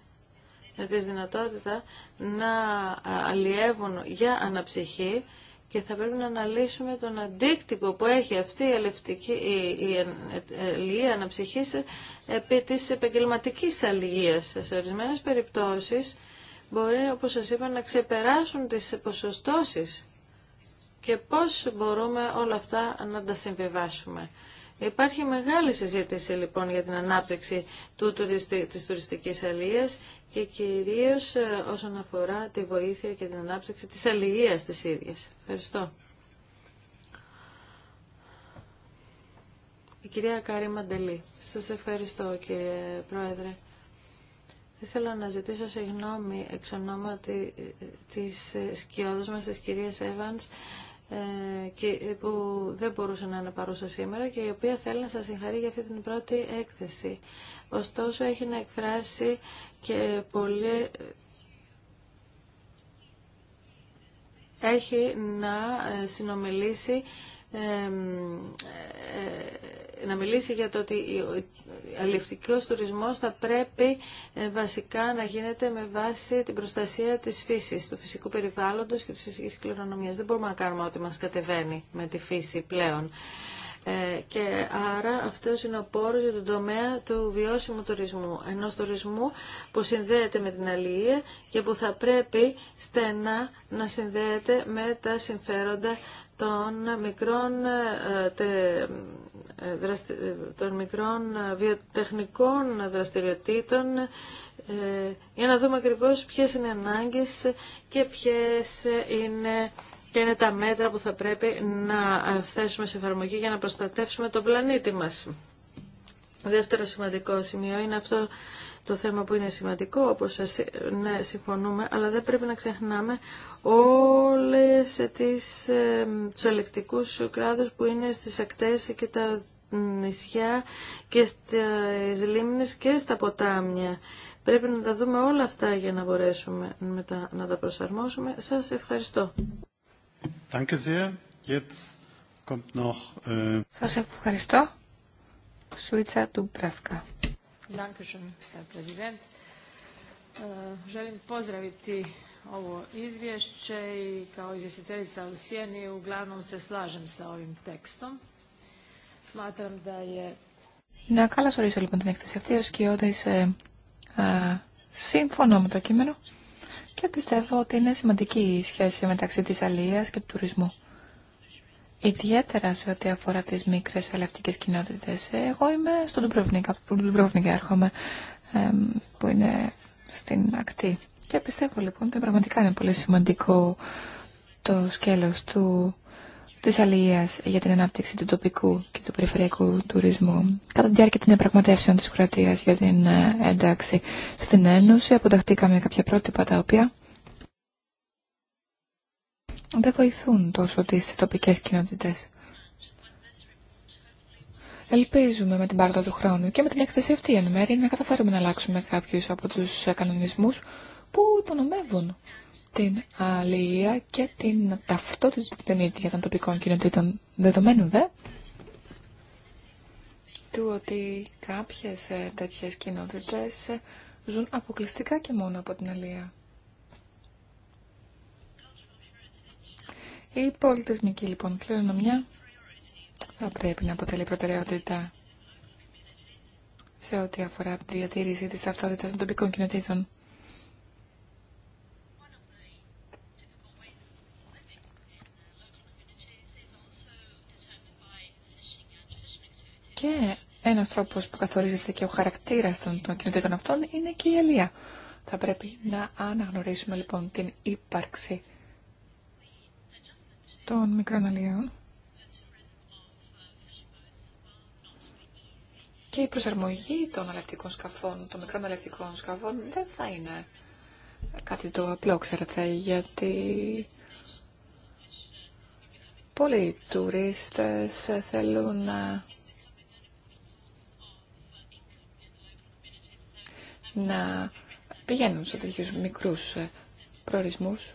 με τη δυνατότητα να αλλιεύουν για αναψυχή και θα πρέπει να αναλύσουμε τον αντίκτυπο που έχει αυτή η αλληλεία η, η, αναψυχής επί της επαγγελματικής αλληλείας. Σε ορισμένες περιπτώσεις μπορεί, όπως σας είπα, να ξεπεράσουν τις ποσοστώσεις και πώς μπορούμε όλα αυτά να τα συμβιβάσουμε. Υπάρχει μεγάλη συζήτηση λοιπόν για την ανάπτυξη του, της τουριστικής αλίας και κυρίως ε, όσον αφορά τη βοήθεια και την ανάπτυξη της αλληλείας της ίδιας. Ευχαριστώ. Η κυρία Κάρη Μαντελή. Σας ευχαριστώ κύριε Πρόεδρε. Ήθελα να ζητήσω συγγνώμη εξ ονόματι ε, της ε, σκιώδους μας της κυρίας Εύανς ε, ε, που δεν μπορούσε να είναι παρούσα σήμερα και η οποία θέλει να σας συγχαρεί για αυτή την πρώτη έκθεση. Ωστόσο έχει να εκφράσει και πολύ... έχει να ε, συνομιλήσει να μιλήσει για το ότι ο αλληλευτικός τουρισμός θα πρέπει ε, βασικά να γίνεται με βάση την προστασία της φύσης, του φυσικού περιβάλλοντος και της φυσικής κληρονομίας. Δεν μπορούμε να κάνουμε ό,τι μας κατεβαίνει με τη φύση πλέον. Ε, και άρα αυτός είναι ο πόρος για τον τομέα του βιώσιμου τουρισμού, ενός τουρισμού που συνδέεται με την αλληλεία και που θα πρέπει στενά να συνδέεται με τα συμφέροντα των μικρών ε, των μικρών βιοτεχνικών δραστηριοτήτων ε, για να δούμε ακριβώς ποιες είναι οι ανάγκες και ποιες είναι και είναι τα μέτρα που θα πρέπει να θέσουμε σε εφαρμογή για να προστατεύσουμε τον πλανήτη μας. Δεύτερο σημαντικό σημείο είναι αυτό το θέμα που είναι σημαντικό, όπως σας, ναι, συμφωνούμε, αλλά δεν πρέπει να ξεχνάμε όλες τις, ε, ελεκτικούς που είναι στις ακτές και τα νησιά και στις λίμνες και στα ποτάμια. Πρέπει να τα δούμε όλα αυτά για να μπορέσουμε μετά να τα προσαρμόσουμε. Σας ευχαριστώ. Äh, Σας ευχαριστώ. Σουίτσα του Μπραφκα. Äh, želim pozdraviti ovo izvješće i kao izvjestiteljica u Sjeni uglavnom se να καλωσορίσω λοιπόν την έκθεση αυτή ως κοιόντας ε, ε, σύμφωνο με το κείμενο και πιστεύω ότι είναι σημαντική η σχέση μεταξύ της αλληλείας και του τουρισμού. Ιδιαίτερα σε ό,τι αφορά τις μικρές αλλαυτικές κοινότητες. Ε, εγώ είμαι στον Ντουμπροβνίκα, από τον Ντουμπροβνίκα έρχομαι, ε, που είναι στην ακτή. Και πιστεύω λοιπόν ότι πραγματικά είναι πολύ σημαντικό το σκέλος του της Αλίας για την ανάπτυξη του τοπικού και του περιφερειακού τουρισμού. Κατά τη διάρκεια των διαπραγματεύσεων της Κροατίας για την ε, ένταξη στην Ένωση, αποδεχτήκαμε κάποια πρότυπα τα οποία δεν βοηθούν τόσο τις τοπικές κοινότητες. Ελπίζουμε με την πάρτα του χρόνου και με την έκθεση αυτή εν μέρει να καταφέρουμε να αλλάξουμε κάποιους από τους ε, κανονισμούς που υπονομεύουν την αλληλεία και την ταυτότητα την ίδια των τοπικών κοινοτήτων δεδομένου δε του ότι κάποιες ε, τέτοιες κοινότητες ε, ζουν αποκλειστικά και μόνο από την αλληλεία. Η πολιτισμική λοιπόν κληρονομιά θα πρέπει να αποτελεί προτεραιότητα σε ό,τι αφορά τη διατήρηση της ταυτότητας των τοπικών κοινοτήτων. Και ένας τρόπος που καθορίζεται και ο χαρακτήρας των, των κοινοτήτων αυτών είναι και η αλία. Θα πρέπει να αναγνωρίσουμε λοιπόν την ύπαρξη των μικρών αλλιών. Και η προσαρμογή των αλευτικών σκαφών, των μικρών αλευτικών σκαφών δεν θα είναι κάτι το απλό, ξέρετε, γιατί πολλοί τουρίστες θέλουν να να πηγαίνουν σε τέτοιους μικρούς ε, προορισμούς.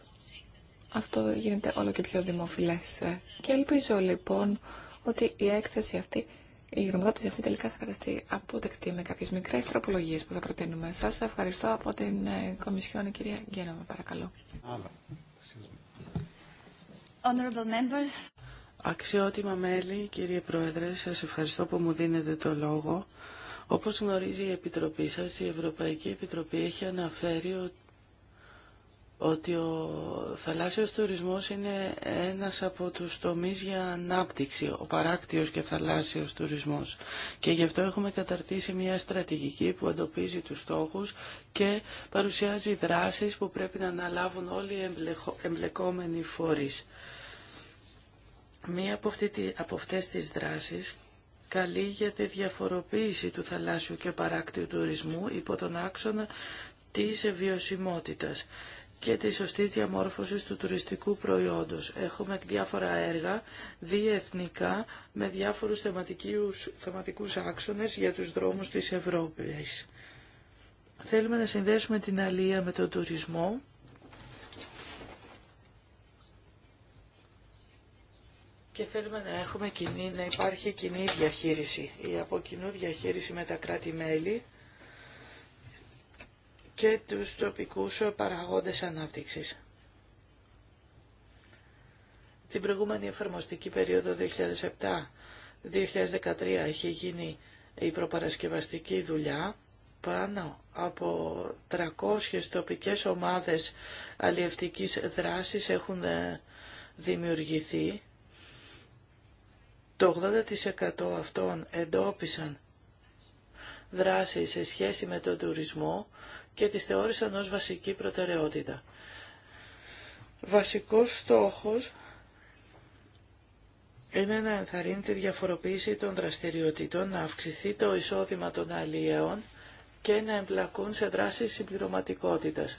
Αυτό γίνεται όλο και πιο δημοφιλές. Ε. Και ελπίζω λοιπόν ότι η έκθεση αυτή, η γνωμοδότηση αυτή τελικά θα καταστεί αποδεκτή με κάποιες μικρές τροπολογίες που θα προτείνουμε. Σας ευχαριστώ από την ε, Κομισιόν, κυρία Γκένοβα, παρακαλώ. Αξιότιμα μέλη, κύριε Πρόεδρε, σας ευχαριστώ που μου δίνετε το λόγο. Όπως γνωρίζει η Επιτροπή σας, η Ευρωπαϊκή Επιτροπή έχει αναφέρει ότι ο θαλάσσιος τουρισμός είναι ένας από τους τομείς για ανάπτυξη, ο παράκτιος και θαλάσσιος τουρισμός. Και γι' αυτό έχουμε καταρτήσει μια στρατηγική που εντοπίζει τους στόχους και παρουσιάζει δράσεις που πρέπει να αναλάβουν όλοι οι εμπλεκόμενοι φορείς. Μία από, από αυτές τις δράσεις καλή για τη διαφοροποίηση του θαλάσσιου και παράκτιου τουρισμού υπό τον άξονα της βιωσιμότητας και της σωστής διαμόρφωσης του τουριστικού προϊόντος. Έχουμε διάφορα έργα διεθνικά με διάφορους θεματικούς, θεματικούς άξονες για τους δρόμους της Ευρώπης. Θέλουμε να συνδέσουμε την αλία με τον τουρισμό και θέλουμε να έχουμε κοινή, να υπάρχει κοινή διαχείριση, η από κοινού διαχείριση με τα κράτη-μέλη και τους τοπικούς παραγόντες ανάπτυξης. Την προηγούμενη εφαρμοστική περίοδο 2007-2013 έχει γίνει η προπαρασκευαστική δουλειά πάνω από 300 τοπικές ομάδες αλλιευτικής δράσης έχουν ε, δημιουργηθεί το 80% αυτών εντόπισαν δράση σε σχέση με τον τουρισμό και τις θεώρησαν ως βασική προτεραιότητα. Βασικός στόχος είναι να ενθαρρύνει τη διαφοροποίηση των δραστηριοτήτων, να αυξηθεί το εισόδημα των αλλιέων και να εμπλακούν σε δράσεις συμπληρωματικότητας,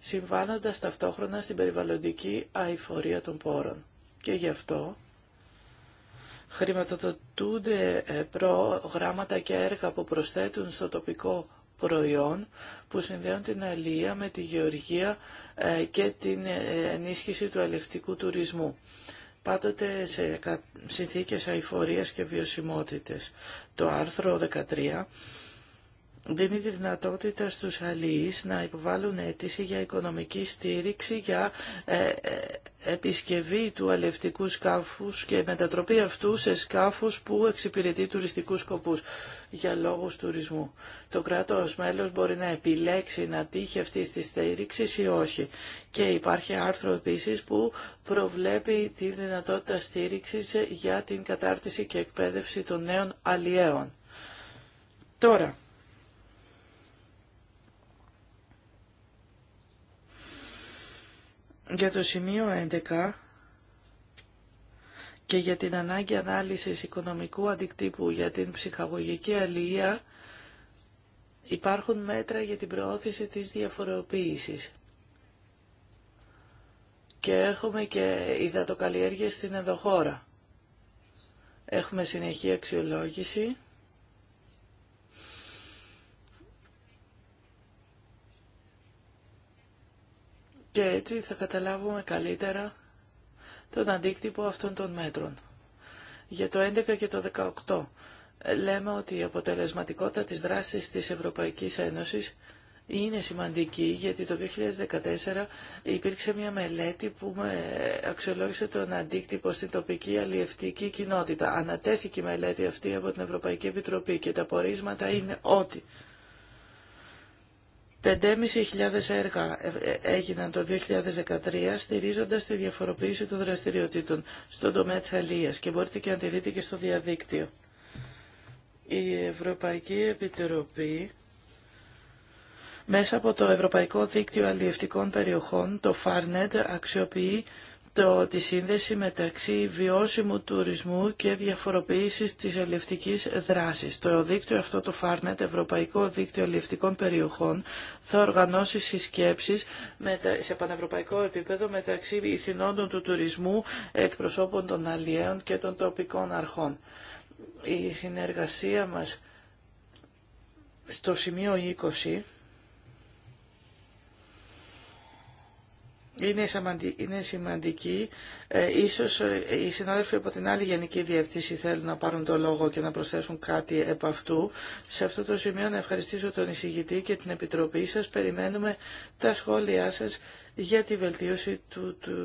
συμβάλλοντας ταυτόχρονα στην περιβαλλοντική αηφορία των πόρων. Και γι' αυτό χρηματοδοτούνται ε, προγράμματα και έργα που προσθέτουν στο τοπικό προϊόν που συνδέουν την αλληλεία με τη γεωργία ε, και την ε, ενίσχυση του αλληλευτικού τουρισμού πάντοτε σε συνθήκες αηφορίας και βιωσιμότητες. Το άρθρο 13 δίνει τη δυνατότητα στους αλληλείς να υποβάλουν αίτηση για οικονομική στήριξη για ε, ε, επισκευή του αλευτικού σκάφους και μετατροπή αυτού σε σκάφους που εξυπηρετεί τουριστικούς σκοπούς για λόγους τουρισμού. Το κράτος μέλος μπορεί να επιλέξει να τύχει αυτή τη στήριξη ή όχι. Και υπάρχει άρθρο επίσης που προβλέπει τη δυνατότητα στήριξης για την κατάρτιση και εκπαίδευση των νέων αλλιέων. Τώρα, Για το σημείο 11 και για την ανάγκη ανάλυσης οικονομικού αντικτύπου για την ψυχαγωγική αλληλεία υπάρχουν μέτρα για την προώθηση της διαφοροποίησης. Και έχουμε και υδατοκαλλιέργεια στην Εδοχώρα. Έχουμε συνεχή αξιολόγηση και έτσι θα καταλάβουμε καλύτερα τον αντίκτυπο αυτών των μέτρων. Για το 11 και το 18 λέμε ότι η αποτελεσματικότητα της δράσης της Ευρωπαϊκής Ένωσης είναι σημαντική γιατί το 2014 υπήρξε μια μελέτη που με αξιολόγησε τον αντίκτυπο στην τοπική αλλιευτική κοινότητα. Ανατέθηκε η μελέτη αυτή από την Ευρωπαϊκή Επιτροπή και τα πορίσματα είναι ότι 5.500 έργα ε, ε, έγιναν το 2013 στηρίζοντας τη διαφοροποίηση των δραστηριοτήτων στον τομέα της αλίας και μπορείτε και να τη δείτε και στο διαδίκτυο. Η Ευρωπαϊκή Επιτροπή μέσα από το Ευρωπαϊκό Δίκτυο Αλλιευτικών Περιοχών, το FARNET, αξιοποιεί το, τη σύνδεση μεταξύ βιώσιμου τουρισμού και διαφοροποίησης της αλληλευτικής δράσης. Το δίκτυο αυτό το Farnet, Ευρωπαϊκό Δίκτυο Αλληλευτικών Περιοχών, θα οργανώσει συσκέψεις σε πανευρωπαϊκό επίπεδο μεταξύ ηθινόντων του τουρισμού, εκπροσώπων των αλλιέων και των τοπικών αρχών. Η συνεργασία μας στο σημείο 20 είναι σημαντική. Ε, ίσως ε, οι συνάδελφοι από την άλλη Γενική Διευθύνση θέλουν να πάρουν το λόγο και να προσθέσουν κάτι επ' αυτού. Σε αυτό το σημείο να ευχαριστήσω τον εισηγητή και την Επιτροπή σας. Περιμένουμε τα σχόλιά σας για τη βελτίωση του, του,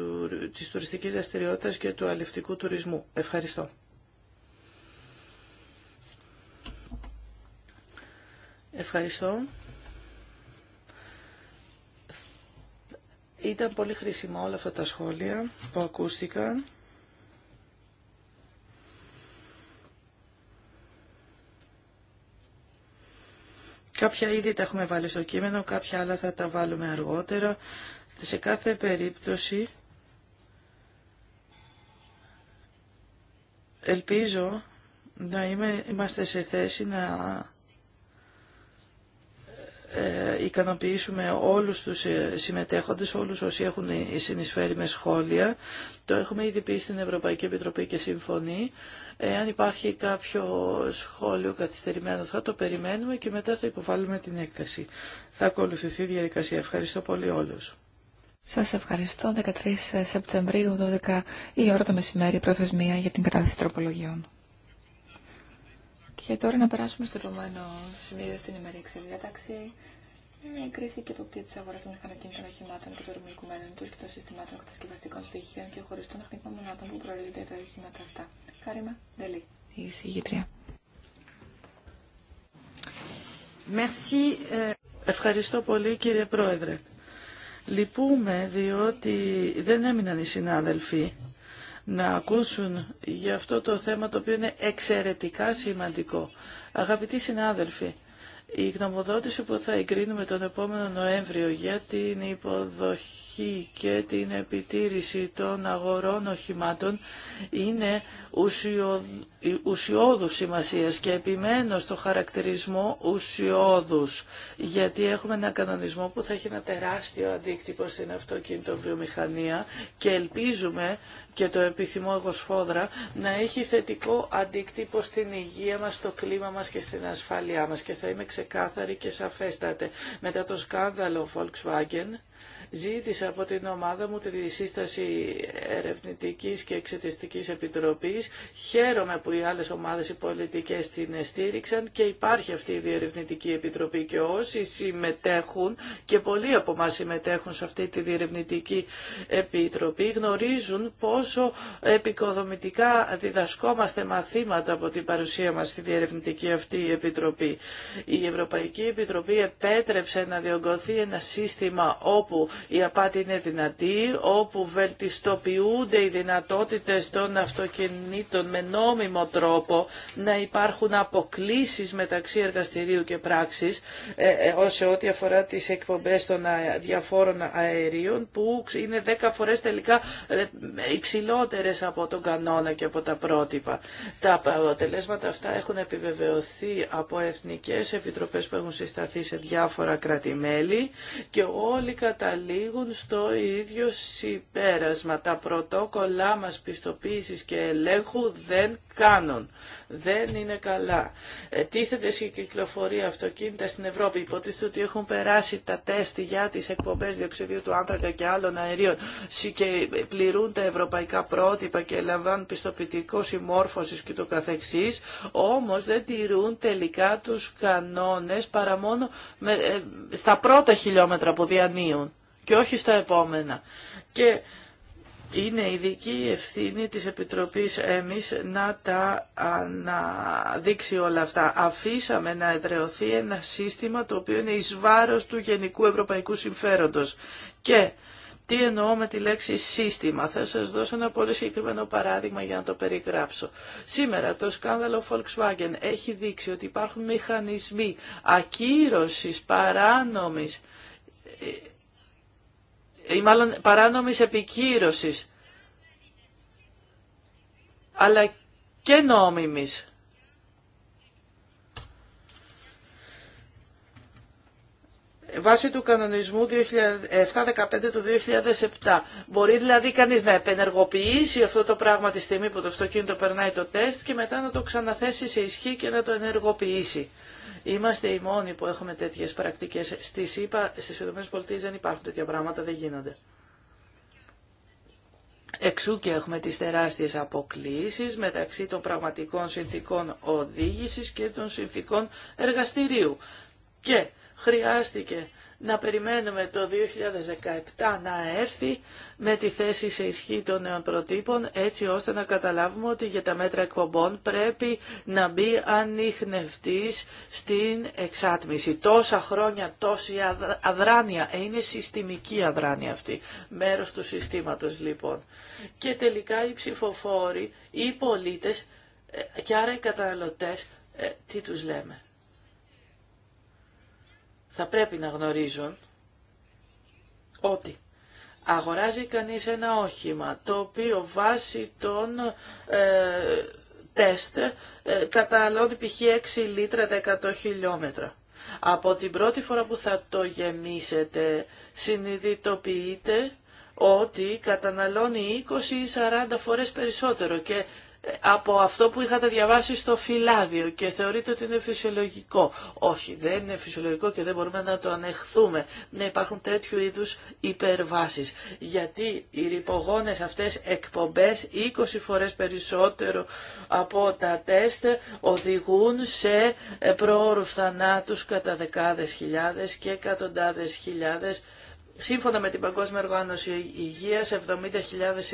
της τουριστικής δραστηριότητας και του αληφτικού τουρισμού. Ευχαριστώ. Ευχαριστώ. Ήταν πολύ χρήσιμα όλα αυτά τα σχόλια που ακούστηκαν. Κάποια ήδη τα έχουμε βάλει στο κείμενο, κάποια άλλα θα τα βάλουμε αργότερα. Σε κάθε περίπτωση ελπίζω να είμαι, είμαστε σε θέση να ε, ικανοποιήσουμε όλους τους ε, συμμετέχοντες, όλους όσοι έχουν συνεισφέρει με σχόλια. Το έχουμε ήδη πει στην Ευρωπαϊκή Επιτροπή και συμφωνεί. Αν υπάρχει κάποιο σχόλιο καθυστερημένο θα το περιμένουμε και μετά θα υποβάλουμε την έκθεση. Θα ακολουθηθεί η διαδικασία. Ευχαριστώ πολύ όλους. Σας ευχαριστώ. 13 Σεπτεμβρίου, 12 η ώρα το μεσημέρι, προθεσμία για την κατάσταση τροπολογιών. Και τώρα να περάσουμε στο επόμενο σημείο στην ημερήξη διάταξη. Είναι η κρίση και η υποπτή τη αγορά των μηχανοκίνητων οχημάτων και των ορμονικού του και των συστημάτων κατασκευαστικών στοιχείων και χωριστών των μονάδων που προορίζονται τα οχήματα αυτά. Κάριμα Δελή, η εισηγήτρια. Ε. Ευχαριστώ πολύ κύριε Πρόεδρε. Λυπούμε διότι δεν έμειναν οι συνάδελφοι να ακούσουν για αυτό το θέμα το οποίο είναι εξαιρετικά σημαντικό. Αγαπητοί συνάδελφοι, η γνωμοδότηση που θα εγκρίνουμε τον επόμενο Νοέμβριο για την υποδοχή και την επιτήρηση των αγορών οχημάτων είναι ουσιοδότηση ουσιώδους σημασίας και επιμένω στο χαρακτηρισμό ουσιώδους γιατί έχουμε ένα κανονισμό που θα έχει ένα τεράστιο αντίκτυπο στην αυτοκίνητο βιομηχανία και ελπίζουμε και το επιθυμώ εγώ σφόδρα να έχει θετικό αντίκτυπο στην υγεία μας, στο κλίμα μας και στην ασφάλειά μας και θα είμαι ξεκάθαρη και σαφέστατε μετά το σκάνδαλο Volkswagen Ζήτησα από την ομάδα μου τη σύσταση ερευνητικής και εξετιστικής επιτροπής. Χαίρομαι που οι άλλες ομάδες οι πολιτικές την στήριξαν και υπάρχει αυτή η διερευνητική επιτροπή και όσοι συμμετέχουν και πολλοί από εμά συμμετέχουν σε αυτή τη διερευνητική επιτροπή γνωρίζουν πόσο επικοδομητικά διδασκόμαστε μαθήματα από την παρουσία μας στη διερευνητική αυτή επιτροπή. Η Ευρωπαϊκή Επιτροπή επέτρεψε να διωγγωθεί ένα σύστημα όπου η απάτη είναι δυνατή, όπου βελτιστοποιούνται οι δυνατότητες των αυτοκινήτων με νόμιμο τρόπο να υπάρχουν αποκλήσεις μεταξύ εργαστηρίου και πράξης ε, ε, σε ό,τι αφορά τις εκπομπές των διαφόρων αερίων που είναι 10 φορές τελικά ε, υψηλότερες από τον κανόνα και από τα πρότυπα. Τα αποτελέσματα αυτά έχουν επιβεβαιωθεί από εθνικές επιτροπές που έχουν συσταθεί σε διάφορα κρατημέλη και όλοι καταλήγουν καταλήγουν στο ίδιο συμπέρασμα. Τα πρωτόκολλά μας πιστοποίησης και ελέγχου δεν κάνουν. Δεν είναι καλά. Ε, τίθεται η κυκλοφορία αυτοκίνητα στην Ευρώπη. Υποτίθεται ότι έχουν περάσει τα τεστ για τις εκπομπές διοξιδίου του άνθρακα και άλλων αερίων και πληρούν τα ευρωπαϊκά πρότυπα και λαμβάνουν πιστοποιητικό συμμόρφωσης και το καθεξής. Όμως δεν τηρούν τελικά τους κανόνες παρά μόνο με, ε, στα πρώτα χιλιόμετρα που διανύουν και όχι στα επόμενα. Και είναι ειδική ευθύνη της Επιτροπής εμείς να τα αναδείξει όλα αυτά. Αφήσαμε να εδρεωθεί ένα σύστημα το οποίο είναι εις βάρος του γενικού ευρωπαϊκού συμφέροντος. Και τι εννοώ με τη λέξη σύστημα. Θα σας δώσω ένα πολύ συγκεκριμένο παράδειγμα για να το περιγράψω. Σήμερα το σκάνδαλο Volkswagen έχει δείξει ότι υπάρχουν μηχανισμοί ακύρωσης παράνομης ή μάλλον παράνομης επικύρωσης, αλλά και νόμιμης. Βάσει του κανονισμού 715 του 2007. Μπορεί δηλαδή κανείς να επενεργοποιήσει αυτό το πράγμα τη στιγμή που το αυτοκίνητο περνάει το τεστ και μετά να το ξαναθέσει σε ισχύ και να το ενεργοποιήσει. Είμαστε οι μόνοι που έχουμε τέτοιε πρακτικέ. Στι ΗΠΑ, στι ΗΠΑ δεν υπάρχουν τέτοια πράγματα, δεν γίνονται. Εξού και έχουμε τις τεράστιες αποκλίσεις μεταξύ των πραγματικών συνθήκων οδήγησης και των συνθήκων εργαστηρίου. Και χρειάστηκε να περιμένουμε το 2017 να έρθει με τη θέση σε ισχύ των νέων προτύπων έτσι ώστε να καταλάβουμε ότι για τα μέτρα εκπομπών πρέπει να μπει ανιχνευτής στην εξάτμιση. Τόσα χρόνια, τόση αδράνεια, ε, είναι συστημική αδράνεια αυτή, μέρος του συστήματος λοιπόν. Και τελικά οι ψηφοφόροι, οι πολίτες ε, και άρα οι καταναλωτές, ε, τι τους λέμε θα πρέπει να γνωρίζουν ότι αγοράζει κανείς ένα όχημα το οποίο βάσει των ε, τεστ ε, καταναλώνει π.χ. 6 λίτρα τα 100 χιλιόμετρα. Από την πρώτη φορά που θα το γεμίσετε συνειδητοποιείτε ότι καταναλώνει 20 ή 40 φορές περισσότερο και από αυτό που είχατε διαβάσει στο φυλάδιο και θεωρείτε ότι είναι φυσιολογικό. Όχι, δεν είναι φυσιολογικό και δεν μπορούμε να το ανεχθούμε. Να υπάρχουν τέτοιου είδους υπερβάσεις. Γιατί οι ρηπογόνες αυτές εκπομπές 20 φορές περισσότερο από τα τεστ οδηγούν σε προώρους θανάτους κατά δεκάδες χιλιάδες και εκατοντάδες χιλιάδες Σύμφωνα με την Παγκόσμια Οργάνωση Υγείας, 70.000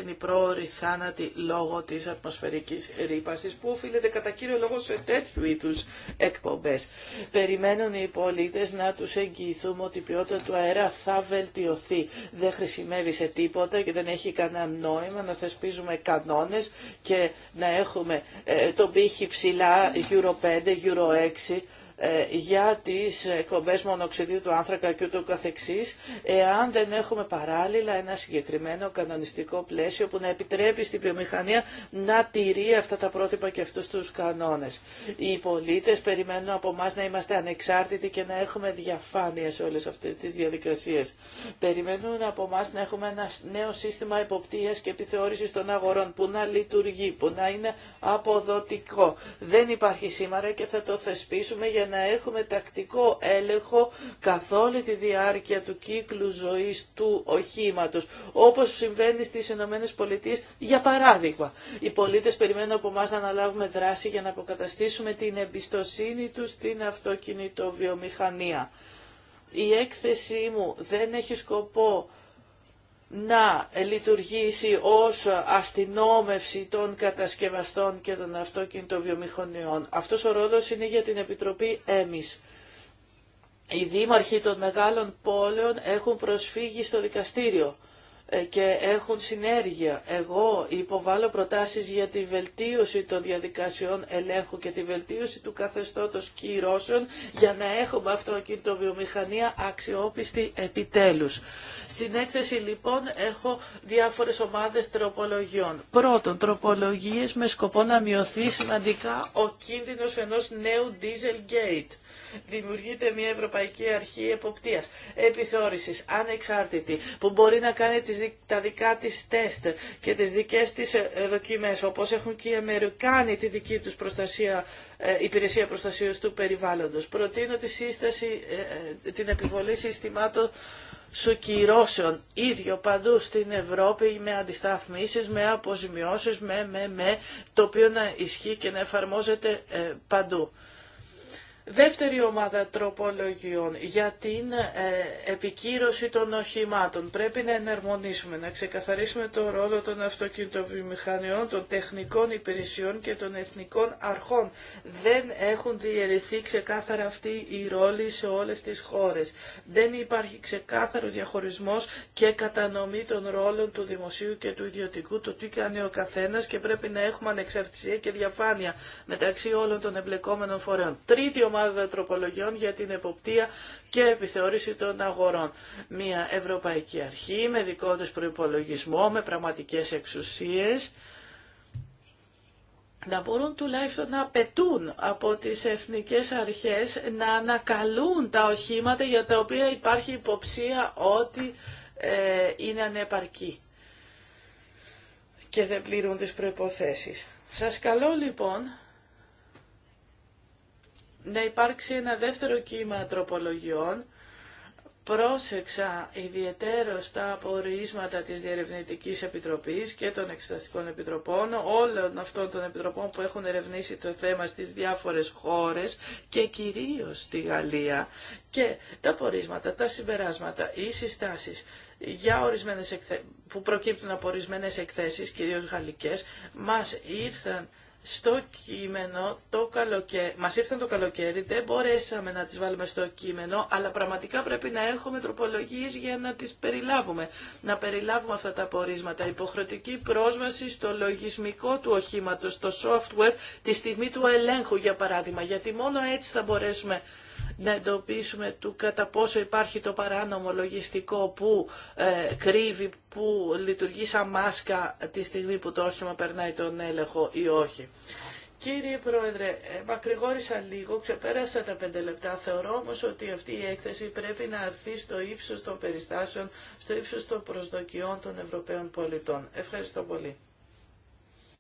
είναι οι πρόοροι θάνατοι λόγω της ατμοσφαιρικής ρήπασης, που οφείλεται κατά κύριο λόγο σε τέτοιου είδους εκπομπές. Περιμένουν οι πολίτες να τους εγγυηθούμε ότι η ποιότητα του αέρα θα βελτιωθεί. Δεν χρησιμεύει σε τίποτα και δεν έχει κανένα νόημα να θεσπίζουμε κανόνες και να έχουμε ε, τον πύχη ψηλά Euro 5, Euro 6, ε, για τις εκπομπές μονοξυδίου του άνθρακα και ούτω καθεξής, εάν δεν έχουμε παράλληλα ένα συγκεκριμένο κανονιστικό πλαίσιο που να επιτρέπει στη βιομηχανία να τηρεί αυτά τα πρότυπα και αυτούς τους κανόνες. Οι πολίτες περιμένουν από εμά να είμαστε ανεξάρτητοι και να έχουμε διαφάνεια σε όλες αυτές τις διαδικασίες. Περιμένουν από εμά να έχουμε ένα νέο σύστημα εποπτείας και επιθεώρησης των αγορών που να λειτουργεί, που να είναι αποδοτικό. Δεν υπάρχει σήμερα και θα το θεσπίσουμε να έχουμε τακτικό έλεγχο καθ' όλη τη διάρκεια του κύκλου ζωής του οχήματος, όπως συμβαίνει στις ΗΠΑ για παράδειγμα. Οι πολίτες περιμένουν από εμά να αναλάβουμε δράση για να αποκαταστήσουμε την εμπιστοσύνη τους στην αυτοκινητοβιομηχανία. Η έκθεσή μου δεν έχει σκοπό να λειτουργήσει ως αστυνόμευση των κατασκευαστών και των αυτοκινητοβιομηχανιών. Αυτός ο ρόλος είναι για την Επιτροπή ΕΜΙΣ. Οι δήμαρχοι των μεγάλων πόλεων έχουν προσφύγει στο δικαστήριο ε, και έχουν συνέργεια. Εγώ υποβάλλω προτάσεις για τη βελτίωση των διαδικασιών ελέγχου και τη βελτίωση του καθεστώτος κυρώσεων για να έχουμε αυτοκινητοβιομηχανία αξιόπιστη επιτέλους. Στην έκθεση λοιπόν έχω διάφορες ομάδες τροπολογιών. Πρώτον, τροπολογίες με σκοπό να μειωθεί σημαντικά ο κίνδυνος ενός νέου gate. Δημιουργείται μια Ευρωπαϊκή Αρχή Εποπτείας, Επιθεώρησης, ανεξάρτητη, που μπορεί να κάνει τα δικά της τεστ και τις δικές της ε, ε, δοκιμές, όπως έχουν και οι Αμερικάνοι τη δική τους προστασία, ε, υπηρεσία προστασίας του περιβάλλοντος. Προτείνω τη σύσταση, την επιβολή συστημάτων σου κυρώσεων. Ίδιο παντού στην Ευρώπη με αντισταθμίσεις, με αποζημιώσεις, με, με, με, το οποίο να ισχύει και να εφαρμόζεται ε, παντού. Δεύτερη ομάδα τροπολογιών για την ε, επικύρωση των οχημάτων. Πρέπει να ενερμονίσουμε, να ξεκαθαρίσουμε το ρόλο των αυτοκινητοβιομηχανιών, των τεχνικών υπηρεσιών και των εθνικών αρχών. Δεν έχουν διαιρεθεί ξεκάθαρα αυτοί οι ρόλοι σε όλες τις χώρες. Δεν υπάρχει ξεκάθαρος διαχωρισμός και κατανομή των ρόλων του δημοσίου και του ιδιωτικού, το τι κάνει ο καθένας και πρέπει να έχουμε ανεξαρτησία και διαφάνεια μεταξύ όλων των εμπλεκόμενων φορέων. Τρίτη ομάδα τροπολογιών για την εποπτεία και επιθεώρηση των αγορών. Μια ευρωπαϊκή αρχή με δικό της προϋπολογισμό, με πραγματικές εξουσίες, να μπορούν τουλάχιστον να απαιτούν από τις εθνικές αρχές να ανακαλούν τα οχήματα για τα οποία υπάρχει υποψία ότι ε, είναι ανεπαρκή και δεν πληρούν τις προϋποθέσεις. Σας καλώ λοιπόν να υπάρξει ένα δεύτερο κύμα τροπολογιών. Πρόσεξα ιδιαίτερο τα απορίσματα της Διερευνητικής Επιτροπής και των Εξεταστικών Επιτροπών, όλων αυτών των επιτροπών που έχουν ερευνήσει το θέμα στις διάφορες χώρες και κυρίως στη Γαλλία. Και τα απορίσματα, τα συμπεράσματα, οι συστάσεις για ορισμένες που προκύπτουν από ορισμένες εκθέσεις, κυρίως γαλλικές, μας ήρθαν στο κείμενο το καλοκαίρι, μας ήρθαν το καλοκαίρι, δεν μπορέσαμε να τις βάλουμε στο κείμενο, αλλά πραγματικά πρέπει να έχουμε τροπολογίες για να τις περιλάβουμε. Να περιλάβουμε αυτά τα απορίσματα. Υποχρεωτική πρόσβαση στο λογισμικό του οχήματος, στο software, τη στιγμή του ελέγχου για παράδειγμα, γιατί μόνο έτσι θα μπορέσουμε να εντοπίσουμε του κατά πόσο υπάρχει το παράνομο λογιστικό που ε, κρύβει, που λειτουργεί σαν μάσκα τη στιγμή που το όχημα περνάει τον έλεγχο ή όχι. Κύριε Πρόεδρε, ε, μακρηγόρησα λίγο, ξεπέρασα τα πέντε λεπτά. Θεωρώ όμως ότι αυτή η έκθεση λεπτα θεωρω ομω οτι αυτη η εκθεση πρεπει να αρθεί στο ύψος των περιστάσεων, στο ύψος των προσδοκιών των Ευρωπαίων πολιτών. Ευχαριστώ πολύ.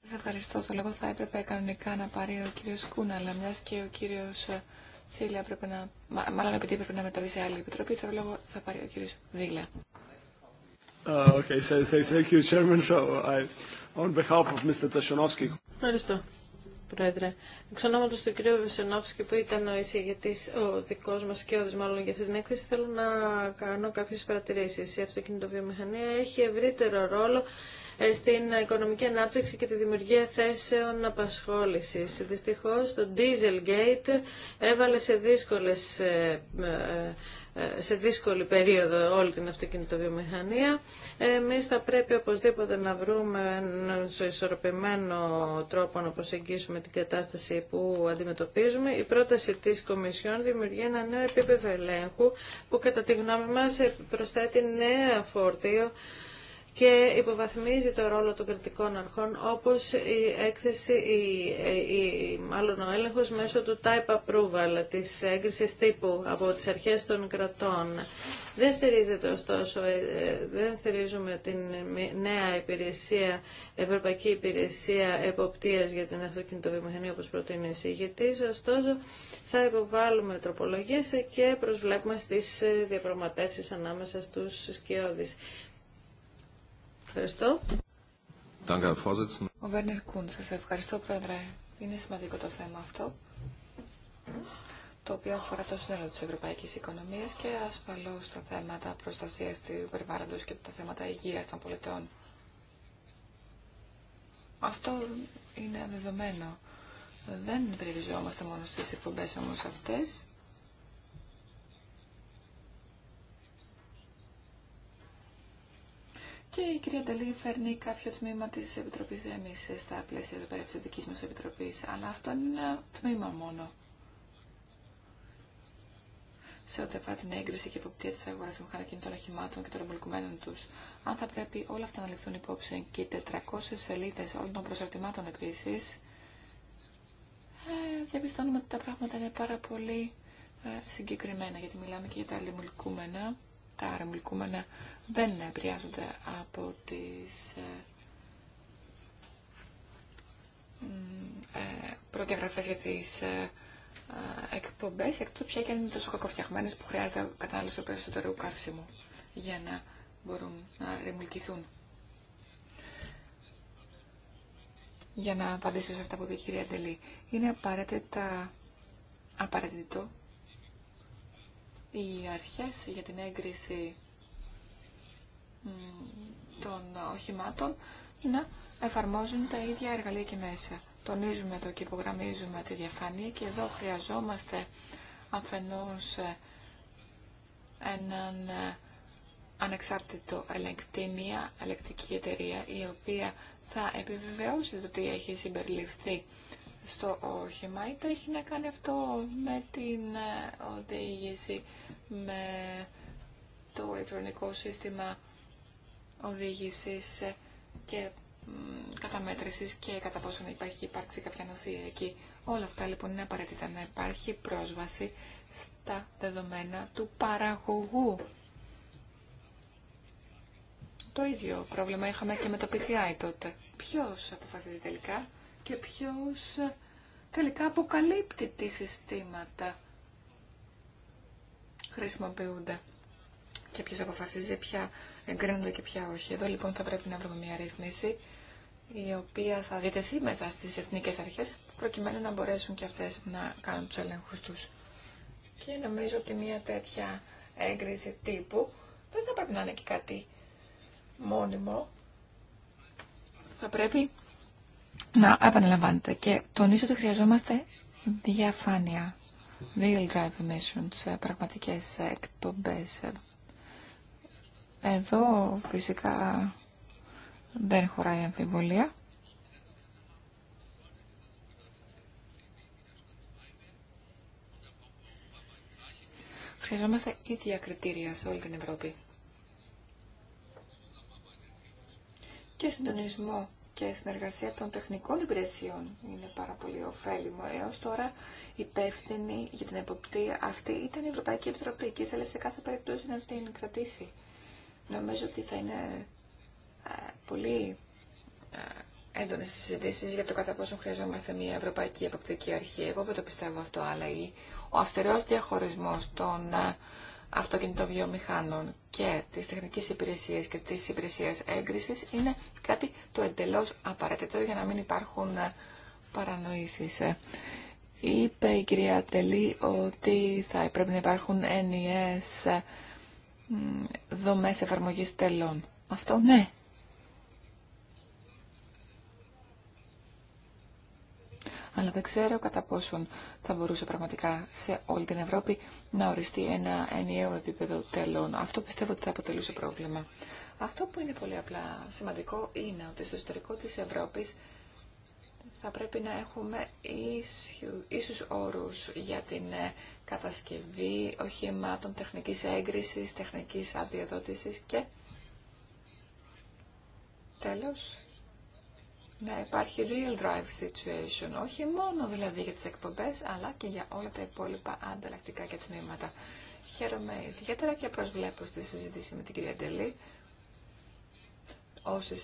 Σας ευχαριστώ. Το λόγο θα έπρεπε κανονικά να πάρει ο κύριο Κούνα, αλλά μιας και ο κύριος ε, Σίλια να... Μάλλον επειδή έπρεπε να μεταβεί σε άλλη επιτροπή, το λόγο θα πάρει ο κύριος Ζήλια. Ευχαριστώ, Πρόεδρε. Εξ ονόματος του κύριου Βεσενόφσκη, που ήταν ο εισηγητής, ο δικός μας και ο μάλλον για αυτή την έκθεση, θέλω να κάνω κάποιες παρατηρήσεις. Η αυτοκινητοβιομηχανία έχει ευρύτερο ρόλο ε, στην οικονομική ανάπτυξη και τη δημιουργία θέσεων απασχόλησης. Δυστυχώς το Dieselgate έβαλε σε, δύσκολες, ε, ε, σε δύσκολη περίοδο όλη την αυτοκινητοβιομηχανία. Εμείς θα πρέπει οπωσδήποτε να βρούμε έναν ισορροπημένο τρόπο να προσεγγίσουμε την κατάσταση που αντιμετωπίζουμε. Η πρόταση της Κομισιόν δημιουργεί ένα νέο επίπεδο ελέγχου που κατά τη γνώμη μας προσθέτει νέα φόρτιο και υποβαθμίζει το ρόλο των κρατικών αρχών όπως η έκθεση, η, μάλλον ο έλεγχος μέσω του type approval, της έγκρισης τύπου από τις αρχές των κρατών. Δεν στηρίζεται ωστόσο, ε, δεν στηρίζουμε την νέα υπηρεσία, Ευρωπαϊκή Υπηρεσία Εποπτείας για την αυτοκινητοβιομηχανία όπως προτείνει ο εισηγητής, ωστόσο θα υποβάλουμε τροπολογίες και προσβλέπουμε στις ε, διαπραγματεύσεις ανάμεσα στους σκιώδεις. Ευχαριστώ. Ο Βέρνερ Κούντ, σας ευχαριστώ πρόεδρε. Είναι σημαντικό το θέμα αυτό, το οποίο αφορά το σύνολο της ευρωπαϊκής οικονομίας και ασφαλώς τα θέματα προστασίας του περιβάλλοντος και τα θέματα υγείας των πολιτών. Αυτό είναι δεδομένο. Δεν περιοριζόμαστε μόνο στις εκπομπές όμως αυτές, Και η κυρία Νταλή φέρνει κάποιο τμήμα τη Επιτροπή εμεί στα πλαίσια εδώ πέρα τη δική μα Επιτροπή. Αλλά αυτό είναι ένα τμήμα μόνο. Σε ό,τι αφορά την έγκριση και υποπτία τη αγορά των μηχανοκινητών οχημάτων και των εμπολικουμένων του, αν θα πρέπει όλα αυτά να ληφθούν υπόψη και οι 400 σελίδε όλων των προσαρτημάτων επίση, ε, διαπιστώνουμε ότι τα πράγματα είναι πάρα πολύ ε, συγκεκριμένα, γιατί μιλάμε και για τα αρμουλκούμενα, τα δεν επηρεάζονται από τις ε, ε, προδιαγραφές για τι ε, εκπομπές, εκτός πια και αν είναι τόσο κακοφτιαγμένε που χρειάζεται κατάλληλο περισσότερο καύσιμο για να μπορούν να ρημουλκηθούν. Για να απαντήσω σε αυτά που είπε η κυρία Ντελή, είναι απαραίτητα απαραίτητο οι αρχές για την έγκριση των οχημάτων να εφαρμόζουν τα ίδια εργαλεία και μέσα. Τονίζουμε εδώ και υπογραμμίζουμε τη διαφάνεια και εδώ χρειαζόμαστε αφενός ε, έναν ε, ανεξάρτητο ελεγκτή, μια ελεκτική εταιρεία η οποία θα επιβεβαιώσει το τι έχει συμπεριληφθεί στο όχημα, το έχει να κάνει αυτό με την ε, οδήγηση, με το ηλεκτρονικό σύστημα οδήγησης ε, και καταμέτρηση και κατά να υπάρχει υπάρξει κάποια νοθεία εκεί. Όλα αυτά λοιπόν είναι απαραίτητα να υπάρχει πρόσβαση στα δεδομένα του παραγωγού. Το ίδιο πρόβλημα είχαμε και με το PTI τότε. Ποιος αποφασίζει τελικά και ποιος ε, τελικά αποκαλύπτει τι συστήματα χρησιμοποιούνται και ποιος αποφασίζει ποια εγκρίνονται και πια όχι. Εδώ λοιπόν θα πρέπει να βρούμε μια ρύθμιση η οποία θα διτεθεί μετά στις εθνικές αρχές προκειμένου να μπορέσουν και αυτές να κάνουν τους ελέγχους τους. Και νομίζω ότι μια τέτοια έγκριση τύπου δεν θα πρέπει να είναι και κάτι μόνιμο. Θα πρέπει να επαναλαμβάνετε και τονίζω ότι χρειαζόμαστε διαφάνεια. Real drive emissions, ε, πραγματικές εκπομπές, ε, εδώ φυσικά δεν χωράει αμφιβολία. Χρειαζόμαστε ίδια κριτήρια σε όλη την Ευρώπη. Και συντονισμό και συνεργασία των τεχνικών υπηρεσιών είναι πάρα πολύ ωφέλιμο. Έω τώρα υπεύθυνη για την εποπτεία αυτή ήταν η Ευρωπαϊκή Επιτροπή και ήθελε σε κάθε περίπτωση να την κρατήσει Νομίζω ότι θα είναι ε, πολύ ε, έντονες συζητήσεις για το κατά πόσο χρειαζόμαστε μια ευρωπαϊκή εποπτική αρχή. Εγώ δεν το πιστεύω αυτό, αλλά ο αυστηρό διαχωρισμός των ε, αυτοκινητοβιομηχάνων και της τεχνικής υπηρεσίας και της υπηρεσίας έγκρισης είναι κάτι το εντελώς απαραίτητο για να μην υπάρχουν παρανοήσεις. Είπε η κυρία Τελή ότι θα πρέπει να υπάρχουν ενιαίες δομές εφαρμογής τελών. Αυτό ναι. Αλλά δεν ξέρω κατά πόσον θα μπορούσε πραγματικά σε όλη την Ευρώπη να οριστεί ένα ενιαίο επίπεδο τελών. Αυτό πιστεύω ότι θα αποτελούσε πρόβλημα. Αυτό που είναι πολύ απλά σημαντικό είναι ότι στο ιστορικό της Ευρώπης θα πρέπει να έχουμε ίσους όρους για την ε, κατασκευή οχημάτων τεχνικής έγκρισης, τεχνικής αδειοδότησης και τέλος να υπάρχει real drive situation, όχι μόνο δηλαδή για τις εκπομπές, αλλά και για όλα τα υπόλοιπα ανταλλακτικά και τμήματα. Χαίρομαι ιδιαίτερα και προσβλέπω στη συζήτηση με την κυρία Ντελή. Όσοι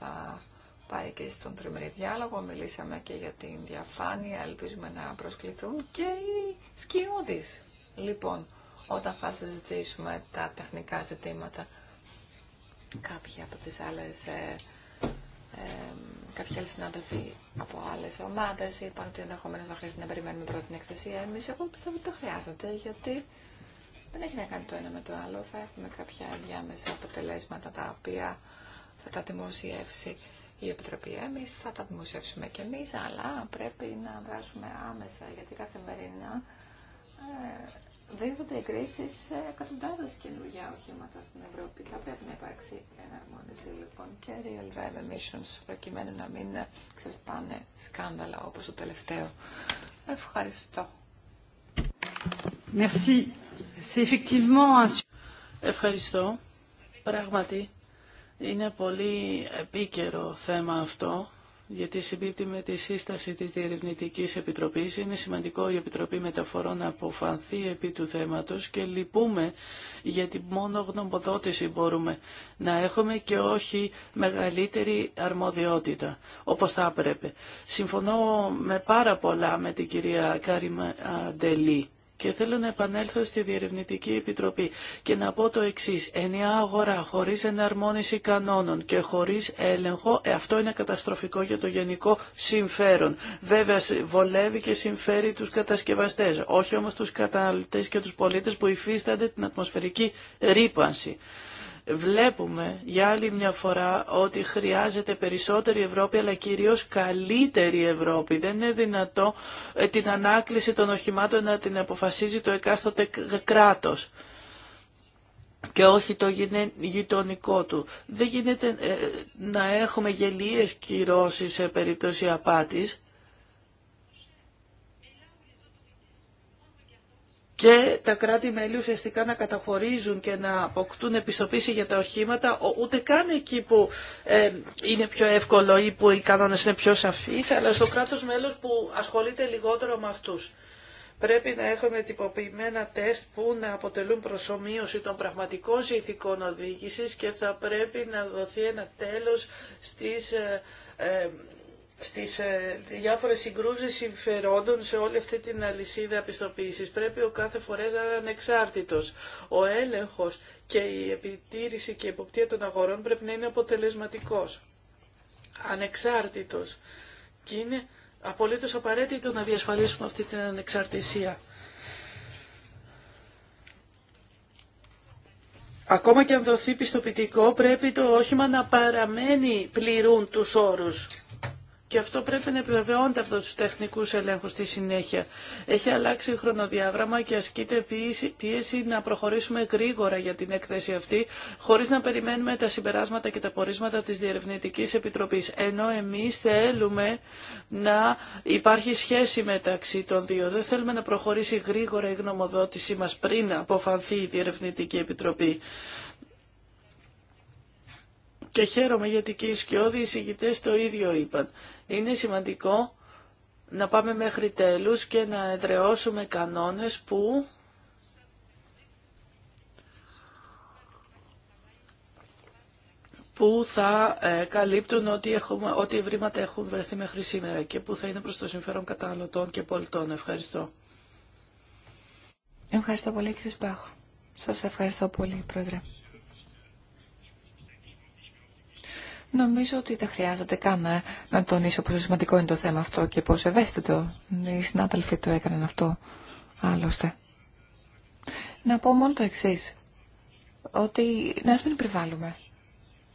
θα πάει και στον τριμερή διάλογο. Μιλήσαμε και για την διαφάνεια, ελπίζουμε να προσκληθούν και οι σκιώδεις. Λοιπόν, όταν θα συζητήσουμε τα τεχνικά ζητήματα, κάποιοι από τις άλλες, ε, ε, κάποιοι άλλοι συνάδελφοι από άλλες ομάδες είπαν ότι ενδεχομένω να χρειάζεται να περιμένουμε πρώτη την εκθεσία. Εμείς εγώ πιστεύω ότι το χρειάζεται, γιατί δεν έχει να κάνει το ένα με το άλλο. Θα έχουμε κάποια διάμεσα αποτελέσματα τα οποία θα τα δημοσιεύσει η Επιτροπή. εμεί θα τα δημοσιεύσουμε κι εμεί, αλλά πρέπει να δράσουμε άμεσα, γιατί καθημερινά ε, δίδονται εγκρίσει σε εκατοντάδε καινούργια οχήματα στην Ευρώπη. Θα πρέπει να υπάρξει εναρμόνιση λοιπόν και real drive emissions προκειμένου να μην ξεσπάνε σκάνδαλα όπως το τελευταίο. Ευχαριστώ. Merci. Effectivement... Ευχαριστώ. Πράγματι, είναι πολύ επίκαιρο θέμα αυτό γιατί συμπίπτει με τη σύσταση της Διερευνητικής Επιτροπής. Είναι σημαντικό η Επιτροπή Μεταφορών να αποφανθεί επί του θέματος και λυπούμε γιατί μόνο γνωμοδότηση μπορούμε να έχουμε και όχι μεγαλύτερη αρμοδιότητα, όπως θα έπρεπε. Συμφωνώ με πάρα πολλά με την κυρία Κάριμα Ντελή και θέλω να επανέλθω στη Διερευνητική Επιτροπή και να πω το εξή. Ενιαία αγορά χωρί εναρμόνιση κανόνων και χωρί έλεγχο, ε, αυτό είναι καταστροφικό για το γενικό συμφέρον. Βέβαια, βολεύει και συμφέρει του κατασκευαστέ, όχι όμω του καταναλωτέ και του πολίτε που υφίστανται την ατμοσφαιρική ρήπανση βλέπουμε για άλλη μια φορά ότι χρειάζεται περισσότερη Ευρώπη αλλά κυρίως καλύτερη Ευρώπη. Δεν είναι δυνατό ε, την ανάκληση των οχημάτων να την αποφασίζει το εκάστοτε ε, κράτος και όχι το γειτονικό του. Δεν γίνεται ε, να έχουμε γελίες κυρώσεις σε περίπτωση απάτης και τα κράτη-μέλη ουσιαστικά να καταχωρίζουν και να αποκτούν επιστοποίηση για τα οχήματα, ούτε καν εκεί που ε, είναι πιο εύκολο ή που οι κανόνες είναι πιο σαφείς, αλλά στο κράτος μέλος που ασχολείται λιγότερο με αυτούς. Πρέπει να έχουμε τυποποιημένα τεστ που να αποτελούν προσωμείωση των πραγματικών συνθηκών οδήγησης και θα πρέπει να δοθεί ένα τέλος στις ε, ε, στις ε, διάφορες συγκρούσεις συμφερόντων σε όλη αυτή την αλυσίδα πιστοποίησης. Πρέπει ο κάθε φορέας να είναι ανεξάρτητος. Ο έλεγχος και η επιτήρηση και η εποπτεία των αγορών πρέπει να είναι αποτελεσματικός, ανεξάρτητος. Και είναι απολύτως απαραίτητο να διασφαλίσουμε αυτή την ανεξαρτησία. Ακόμα και αν δοθεί πιστοποιητικό, πρέπει το όχημα να παραμένει πληρούν τους όρους και αυτό πρέπει να επιβεβαιώνεται από τους τεχνικούς ελέγχους στη συνέχεια. Έχει αλλάξει χρονοδιάγραμμα και ασκείται πίεση να προχωρήσουμε γρήγορα για την έκθεση αυτή, χωρίς να περιμένουμε τα συμπεράσματα και τα πορίσματα της Διερευνητικής Επιτροπής. Ενώ εμείς θέλουμε να υπάρχει σχέση μεταξύ των δύο. Δεν θέλουμε να προχωρήσει γρήγορα η γνωμοδότησή μας πριν αποφανθεί η Διερευνητική Επιτροπή. Και χαίρομαι γιατί και οι σκιώδη το ίδιο είπαν είναι σημαντικό να πάμε μέχρι τέλους και να εδραιώσουμε κανόνες που που θα ε, καλύπτουν ό,τι, έχουμε, ό,τι έχουν βρεθεί μέχρι σήμερα και που θα είναι προς το συμφέρον καταναλωτών και πολιτών. Ευχαριστώ. Ευχαριστώ πολύ κύριε Σπάχο. Σας ευχαριστώ πολύ πρόεδρε. Νομίζω ότι δεν χρειάζεται καν να τονίσω πόσο σημαντικό είναι το θέμα αυτό και πόσο ευαίσθητο. Οι συνάδελφοι το έκαναν αυτό άλλωστε. Να πω μόνο το εξή. Ότι να μην επιβάλλουμε,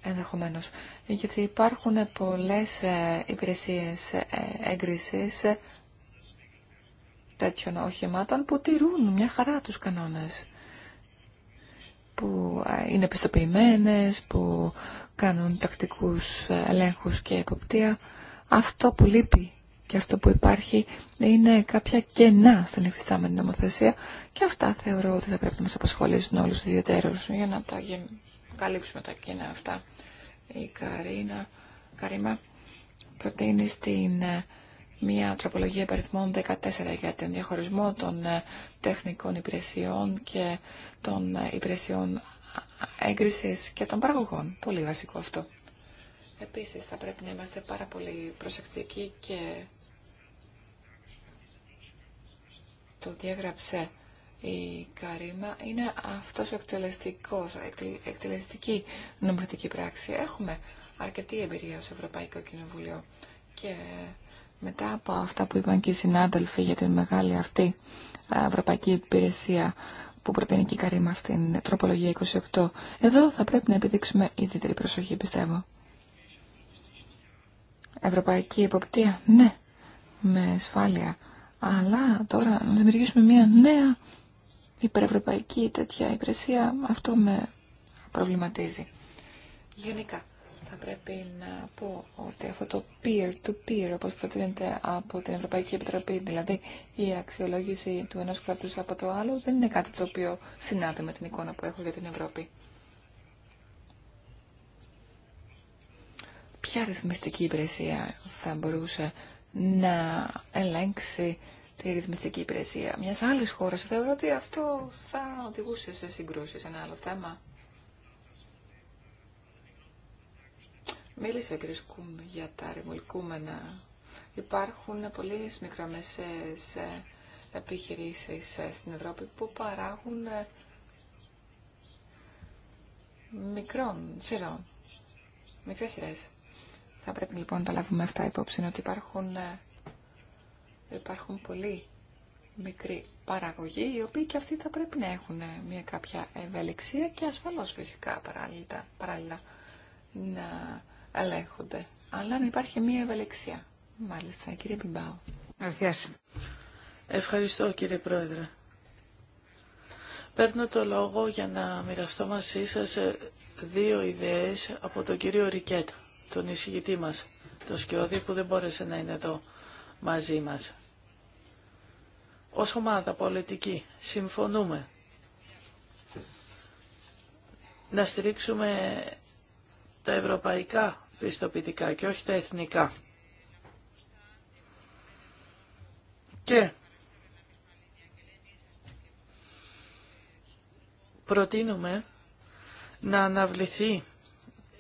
ενδεχομένω. Γιατί υπάρχουν πολλέ ε, υπηρεσίε ε, έγκριση ε, τέτοιων οχημάτων που τηρούν μια χαρά τους κανόνες που είναι επιστοποιημένε, που κάνουν τακτικούς ελέγχους και εποπτεία. Αυτό που λείπει και αυτό που υπάρχει είναι κάποια κενά στην εφιστάμενη νομοθεσία και αυτά θεωρώ ότι θα πρέπει να μας απασχολήσουν όλους ιδιαίτερους για να τα καλύψουμε τα κενά αυτά. Η Καρίνα, Καρίμα προτείνει στην ε, μια τροπολογία περιθμών 14 για τον διαχωρισμό των ε, τεχνικών υπηρεσιών και των ε, υπηρεσιών Έγκριση και των παραγωγών. Πολύ βασικό αυτό. Επίσης θα πρέπει να είμαστε πάρα πολύ προσεκτικοί και το διέγραψε η Καρίμα είναι αυτός ο εκτελεστικός, εκτελεστική νομοθετική πράξη. Έχουμε αρκετή εμπειρία στο Ευρωπαϊκό Κοινοβουλίο και μετά από αυτά που είπαν και οι συνάδελφοι για την μεγάλη αυτή Ευρωπαϊκή Υπηρεσία που προτείνει και η Καρήμα στην τροπολογία 28. Εδώ θα πρέπει να επιδείξουμε ιδιαίτερη προσοχή, πιστεύω. Ευρωπαϊκή εποπτεία, ναι, με ασφάλεια. Αλλά τώρα να δημιουργήσουμε μια νέα υπερευρωπαϊκή τέτοια υπηρεσία, αυτό με προβληματίζει. Γενικά, θα πρέπει να πω ότι αυτό το peer-to-peer, -peer, όπως όπω οπως από την Ευρωπαϊκή Επιτροπή, δηλαδή η αξιολόγηση του ενός κράτους από το άλλο, δεν είναι κάτι το οποίο συνάδει με την εικόνα που έχω για την Ευρώπη. Ποια ρυθμιστική υπηρεσία θα μπορούσε να ελέγξει τη ρυθμιστική υπηρεσία μιας άλλης χώρας. Θεωρώ ότι αυτό θα οδηγούσε σε συγκρούσεις ένα άλλο θέμα. Μίλησε ο κ. για τα ρημουλκούμενα. Υπάρχουν πολλέ μικρομεσαίε επιχειρήσει ε, στην Ευρώπη που παράγουν ε, μικρών σειρών, μικρές σειρές. Θα πρέπει λοιπόν να τα λάβουμε αυτά υπόψη ότι υπάρχουν, ε, υπάρχουν πολλοί μικροί παραγωγοί οι οποίοι και αυτοί θα πρέπει να έχουν μια κάποια ευελιξία και ασφαλώς φυσικά παράλληλα, παράλληλα να ελέγχονται. Αλλά να υπάρχει μία ευελιξία. Μάλιστα, κύριε Μπιμπάου. Ευχαριστώ κύριε Πρόεδρε. Παίρνω το λόγο για να μοιραστώ μαζί σα ε, δύο ιδέες από τον κύριο Ρικέτ, τον εισηγητή μας, τον Σκιώδη που δεν μπόρεσε να είναι εδώ μαζί μας. Ως ομάδα πολιτική συμφωνούμε να στηρίξουμε τα ευρωπαϊκά πιστοποιητικά και όχι τα εθνικά. Και προτείνουμε να αναβληθεί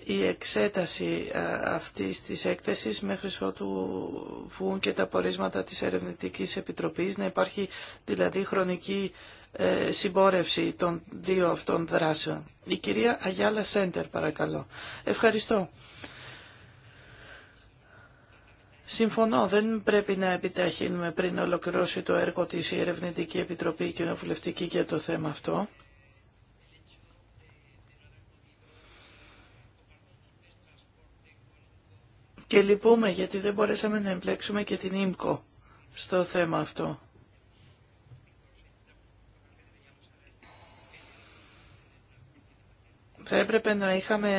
η εξέταση ε, αυτής της έκθεσης μέχρι ότου βγουν και τα πορίσματα της Ερευνητικής Επιτροπής, να υπάρχει δηλαδή χρονική ε, συμπόρευση των δύο αυτών δράσεων. Η κυρία Αγιάλα Σέντερ, παρακαλώ. Ευχαριστώ. Συμφωνώ, δεν πρέπει να επιταχύνουμε πριν ολοκληρώσει το έργο της η Ερευνητική Επιτροπή Κοινοβουλευτική για το θέμα αυτό. Και λυπούμε γιατί δεν μπορέσαμε να εμπλέξουμε και την ΙΜΚΟ στο θέμα αυτό. Θα έπρεπε να είχαμε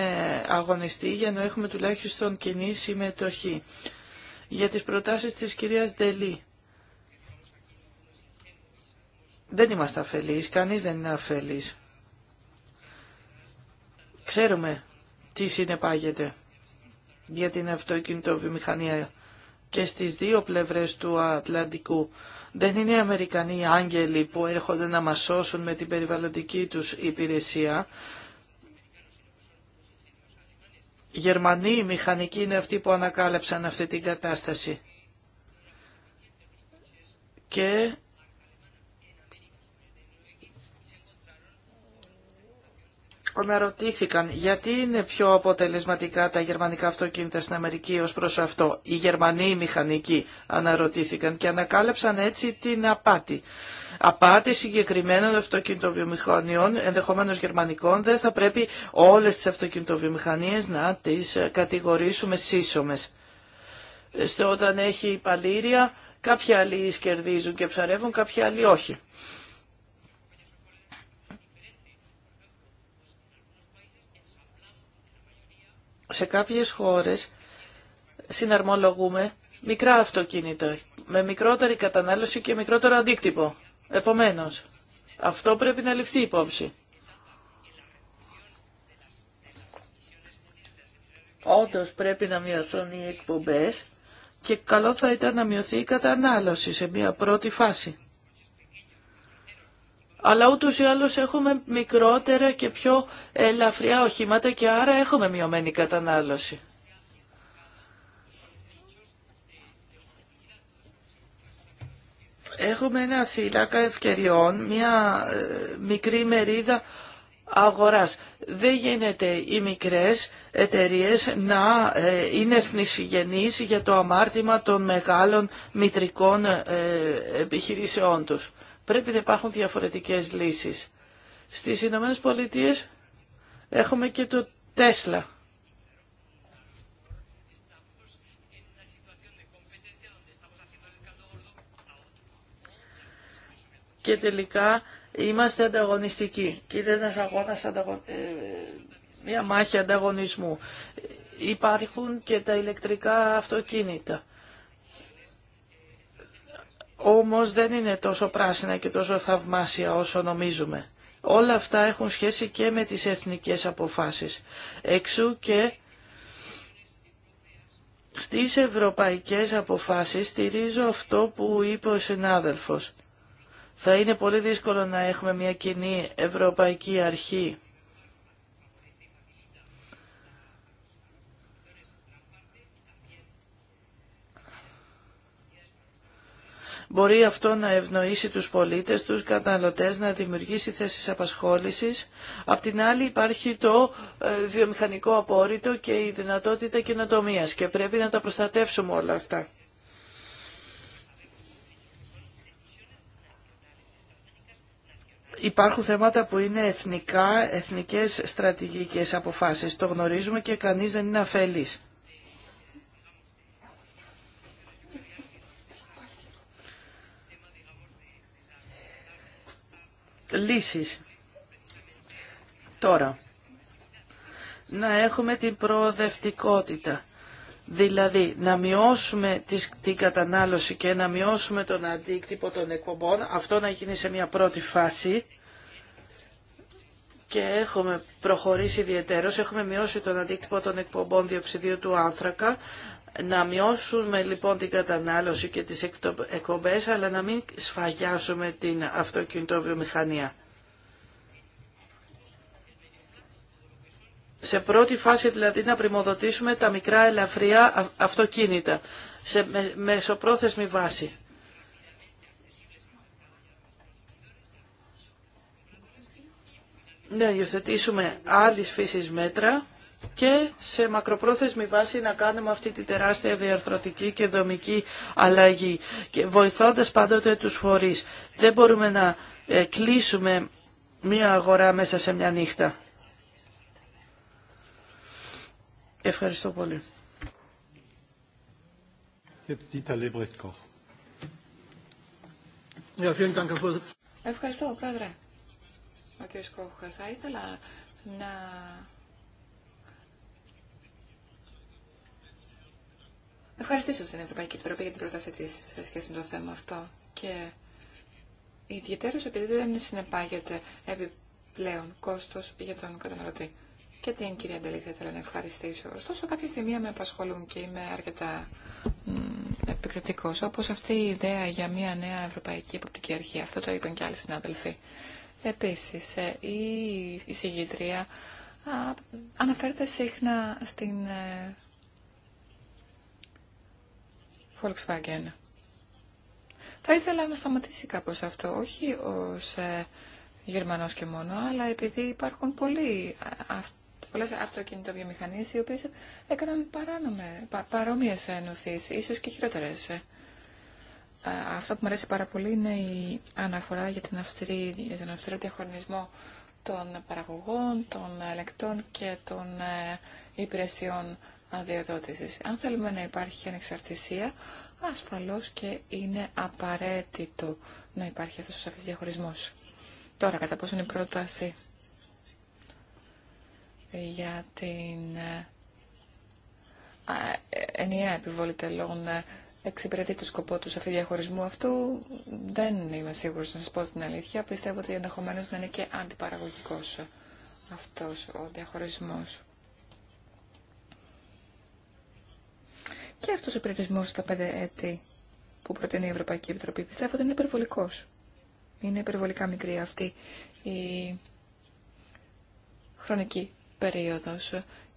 αγωνιστεί για να έχουμε τουλάχιστον κοινή συμμετοχή για τις προτάσεις της κυρίας Ντελή. Δεν είμαστε αφελείς, κανείς δεν είναι αφελείς. Ξέρουμε τι συνεπάγεται για την αυτοκινητοβιομηχανία και στις δύο πλευρές του Ατλαντικού. Δεν είναι οι Αμερικανοί άγγελοι που έρχονται να μας σώσουν με την περιβαλλοντική τους υπηρεσία. Γερμανοί μηχανικοί είναι αυτοί που ανακάλυψαν αυτή την κατάσταση. Και αναρωτήθηκαν γιατί είναι πιο αποτελεσματικά τα γερμανικά αυτοκίνητα στην Αμερική ως προς αυτό. Οι Γερμανοί μηχανικοί αναρωτήθηκαν και ανακάλυψαν έτσι την απάτη απάτη συγκεκριμένων αυτοκινητοβιομηχανιών, ενδεχομένως γερμανικών, δεν θα πρέπει όλες τι αυτοκινητοβιομηχανίε να τις κατηγορήσουμε σύσσωμε. Στο όταν έχει παλήρια, κάποιοι άλλοι κερδίζουν και ψαρεύουν, κάποιοι άλλοι όχι. Σε κάποιες χώρες συναρμολογούμε μικρά αυτοκίνητα με μικρότερη κατανάλωση και μικρότερο αντίκτυπο. Επομένως, αυτό πρέπει να ληφθεί υπόψη. Όντως πρέπει να μειωθούν οι εκπομπές και καλό θα ήταν να μειωθεί η κατανάλωση σε μια πρώτη φάση. Αλλά ούτως ή άλλως έχουμε μικρότερα και πιο ελαφριά οχήματα και άρα έχουμε μειωμένη κατανάλωση. έχουμε ένα θύλακα ευκαιριών, μια ε, μικρή μερίδα αγοράς. Δεν γίνεται οι μικρές εταιρείες να ε, είναι εθνισυγενείς για το αμάρτημα των μεγάλων μητρικών ε, επιχειρήσεών τους. Πρέπει να υπάρχουν διαφορετικές λύσεις. Στις Ηνωμένες Πολιτείες έχουμε και το Τέσλα. και τελικά είμαστε ανταγωνιστικοί. Και είναι ένας αγώνας, ε, μια μάχη ανταγωνισμού. Υπάρχουν και τα ηλεκτρικά αυτοκίνητα. Όμως δεν είναι τόσο πράσινα και τόσο θαυμάσια όσο νομίζουμε. Όλα αυτά έχουν σχέση και με τις εθνικές αποφάσεις. Εξού και στις ευρωπαϊκές αποφάσεις στηρίζω αυτό που είπε ο συνάδελφος. Θα είναι πολύ δύσκολο να έχουμε μια κοινή ευρωπαϊκή αρχή Μπορεί αυτό να ευνοήσει τους πολίτες, τους καταναλωτές, να δημιουργήσει θέσεις απασχόλησης. Απ' την άλλη υπάρχει το ε, βιομηχανικό απόρριτο και η δυνατότητα καινοτομίας και πρέπει να τα προστατεύσουμε όλα αυτά. Υπάρχουν θέματα που είναι εθνικά, εθνικές στρατηγικές αποφάσεις. Το γνωρίζουμε και κανείς δεν είναι αφελής. Λύσεις. Τώρα, να έχουμε την προοδευτικότητα. Δηλαδή να μειώσουμε την κατανάλωση και να μειώσουμε τον αντίκτυπο των εκπομπών, αυτό να γίνει σε μια πρώτη φάση και έχουμε προχωρήσει ιδιαίτερως, έχουμε μειώσει τον αντίκτυπο των εκπομπών διοξιδίου του άνθρακα, να μειώσουμε λοιπόν την κατανάλωση και τις εκπομπές, αλλά να μην σφαγιάσουμε την αυτοκινητοβιομηχανία. σε πρώτη φάση δηλαδή να πρημοδοτήσουμε τα μικρά ελαφριά αυτοκίνητα σε μεσοπρόθεσμη βάση. Να υιοθετήσουμε άλλης φύσης μέτρα και σε μακροπρόθεσμη βάση να κάνουμε αυτή τη τεράστια διαρθρωτική και δομική αλλαγή και βοηθώντας πάντοτε τους φορείς. Δεν μπορούμε να ε, κλείσουμε μία αγορά μέσα σε μια νύχτα. Ευχαριστώ πολύ. Ναι, Ευχαριστώ, Πρόεδρε. Ο κ. Κόχα, θα ήθελα να ευχαριστήσω την Ευρωπαϊκή Επιτροπή για την πρόταση τη σε σχέση με το θέμα αυτό. Και ιδιαίτερω επειδή δεν συνεπάγεται επιπλέον κόστος για τον καταναλωτή και την κυρία Ντελή θα ήθελα να ευχαριστήσω. Ωστόσο, κάποια στιγμή με απασχολούν και είμαι αρκετά επικριτικό. Όπω αυτή η ιδέα για μια νέα Ευρωπαϊκή Εποπτική Αρχή. Αυτό το είπαν και άλλοι συνάδελφοι. Επίση, ε, η εισηγήτρια αναφέρεται συχνά στην ε, Volkswagen. Θα ήθελα να σταματήσει κάπως αυτό, όχι ως ε, Γερμανός και μόνο, αλλά επειδή υπάρχουν πολλοί πολλές αυτοκινητοβιομηχανίες οι οποίες έκαναν παράνομε, πα, παρόμοιες ενωθείς, ίσως και χειρότερες. Ε, αυτό που μου αρέσει πάρα πολύ είναι η αναφορά για, την αυστηρή, για τον αυστηρό διαχωρισμό των παραγωγών, των ελεκτών και των ε, υπηρεσιών αδειοδότησης. Αν θέλουμε να υπάρχει ανεξαρτησία, ασφαλώς και είναι απαραίτητο να υπάρχει αυτός ο διαχωρισμός. Τώρα, κατά είναι η πρόταση για την ε, ε, ενιαία επιβολή τελών ε, εξυπηρετεί το σκοπό του αυτή διαχωρισμού αυτού, δεν είμαι σίγουρος να σας πω την αλήθεια. Πιστεύω ότι ενδεχομένω να είναι και αντιπαραγωγικός αυτός ο διαχωρισμός. Και αυτός ο περιορισμός στα πέντε έτη που προτείνει η Ευρωπαϊκή Επιτροπή πιστεύω ότι είναι υπερβολικός. Είναι υπερβολικά μικρή αυτή η χρονική περίοδος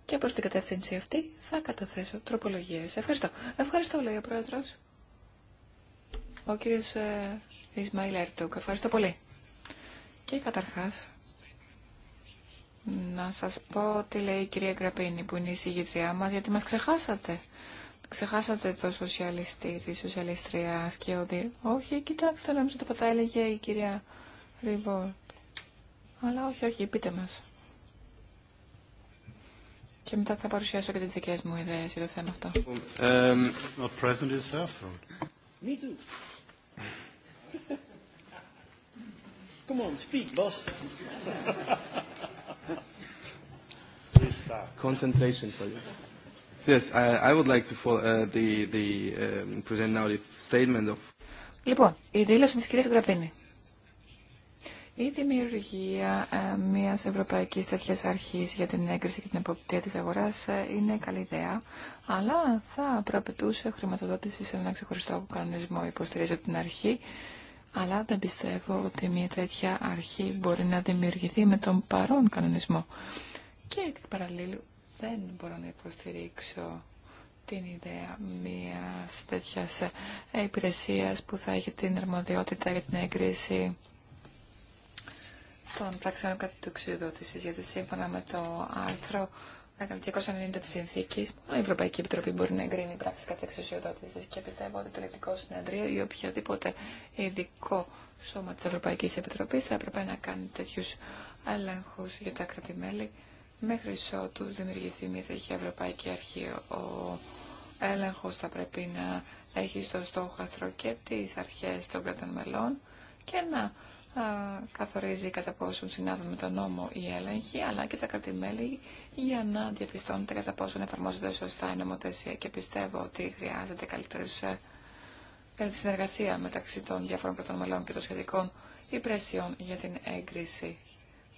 και προς την κατεύθυνση αυτή θα καταθέσω τροπολογίες. Ευχαριστώ. Ευχαριστώ, λέει ο Πρόεδρος. Ο κύριος ε, Ισμαήλ Ερτούκ. Ευχαριστώ πολύ. Και καταρχάς, να σας πω τι λέει η κυρία Γκραπίνη που είναι η συγγητριά μας, γιατί μας ξεχάσατε. Ξεχάσατε το σοσιαλιστή, τη σοσιαλιστρία Σκιώδη. Όχι, κοιτάξτε, νόμιζα το θα έλεγε η κυρία Ριβόλ. Αλλά όχι, όχι, πείτε μας. Και μετά θα παρουσιάσω και τις δικές μου ιδέες για το θέμα αυτό. Come on, speak, boss. Concentration please. Yes, I, I would like to follow, uh, the, the, uh, present now the statement of... Λοιπόν, η δήλωση της κυρίας Γραπίνη. Η δημιουργία ε, μια ευρωπαϊκή τέτοια αρχή για την έγκριση και την εποπτεία τη αγορά ε, είναι καλή ιδέα, αλλά θα προαπαιτούσε χρηματοδότηση σε ένα ξεχωριστό κανονισμό. Υποστηρίζω την αρχή, αλλά δεν πιστεύω ότι μια τέτοια αρχή μπορεί να δημιουργηθεί με τον παρόν κανονισμό. Και εκ παραλλήλου δεν μπορώ να υποστηρίξω την ιδέα μια τέτοια ε, υπηρεσία που θα έχει την αρμοδιότητα για την έγκριση των πράξεων κατεξουδότησης, γιατί σύμφωνα με το άρθρο 290 της συνθήκης, μόνο η Ευρωπαϊκή Επιτροπή μπορεί να εγκρίνει πράξεις εξουσιοδότησης και πιστεύω ότι το Ελεκτικό Συνεδρίο ή οποιοδήποτε ειδικό σώμα της Ευρωπαϊκής Επιτροπής θα έπρεπε να κάνει τέτοιου έλεγχου για τα κρατημέλη μέχρι ότου δημιουργηθεί μια τέτοια Ευρωπαϊκή Αρχή. Ο έλεγχο θα πρέπει να έχει στο στόχαστρο και τι αρχέ των κρατών μελών και να καθορίζει κατά πόσον συνάδουν με τον νόμο η έλεγχη, αλλά και τα κρατημέλη για να διαπιστώνεται κατά πόσον εφαρμόζονται σωστά η νομοθεσία. Και πιστεύω ότι χρειάζεται ε, καλύτερη συνεργασία μεταξύ των διάφορων κρατών μελών και των σχετικών υπηρεσιών για την έγκριση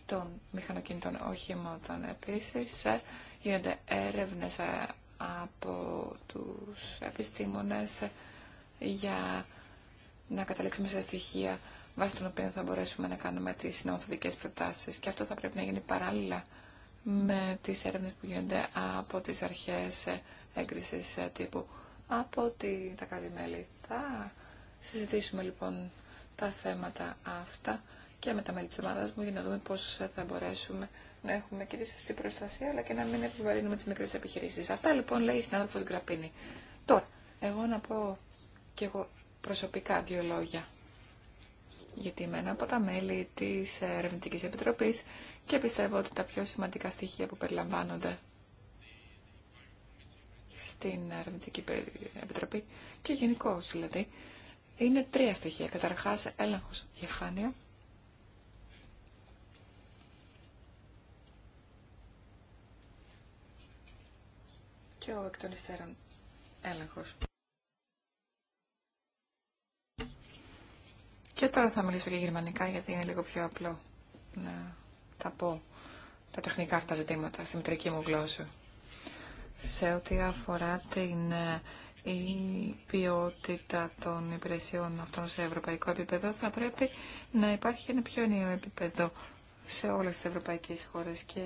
των μηχανοκίνητων οχημάτων. Επίσης, ε, γίνονται έρευνες ε, από τους επιστήμονες για να καταλήξουμε σε στοιχεία βάσει των οποίων θα μπορέσουμε να κάνουμε τι νομοθετικέ προτάσει. και αυτό θα πρέπει να γίνει παράλληλα με τι έρευνε που γίνονται από τι αρχέ έγκρισης τύπου από τη, τα κράτη-μέλη. Θα συζητήσουμε λοιπόν τα θέματα αυτά και με τα μέλη τη ομάδα μου για να δούμε πώ θα μπορέσουμε να έχουμε και τη σωστή προστασία αλλά και να μην επιβαρύνουμε τι μικρέ επιχειρήσει. Αυτά λοιπόν λέει η συνάδελφο Γκραπίνη. Τώρα, εγώ να πω και εγώ προσωπικά δύο λόγια γιατί είμαι ένα από τα μέλη της Ερευνητικής Επιτροπής και πιστεύω ότι τα πιο σημαντικά στοιχεία που περιλαμβάνονται στην Ερευνητική Επιτροπή και γενικώ δηλαδή, είναι τρία στοιχεία. Καταρχάς, έλεγχος διαφάνεια. Και ο εκ των υστέρων έλεγχος. Και τώρα θα μιλήσω και γερμανικά γιατί είναι λίγο πιο απλό να τα πω τα τεχνικά αυτά ζητήματα στη μητρική μου γλώσσα. Σε ό,τι αφορά την ε, η ποιότητα των υπηρεσιών αυτών σε ευρωπαϊκό επίπεδο θα πρέπει να υπάρχει ένα πιο νέο επίπεδο σε όλες τις ευρωπαϊκές χώρες και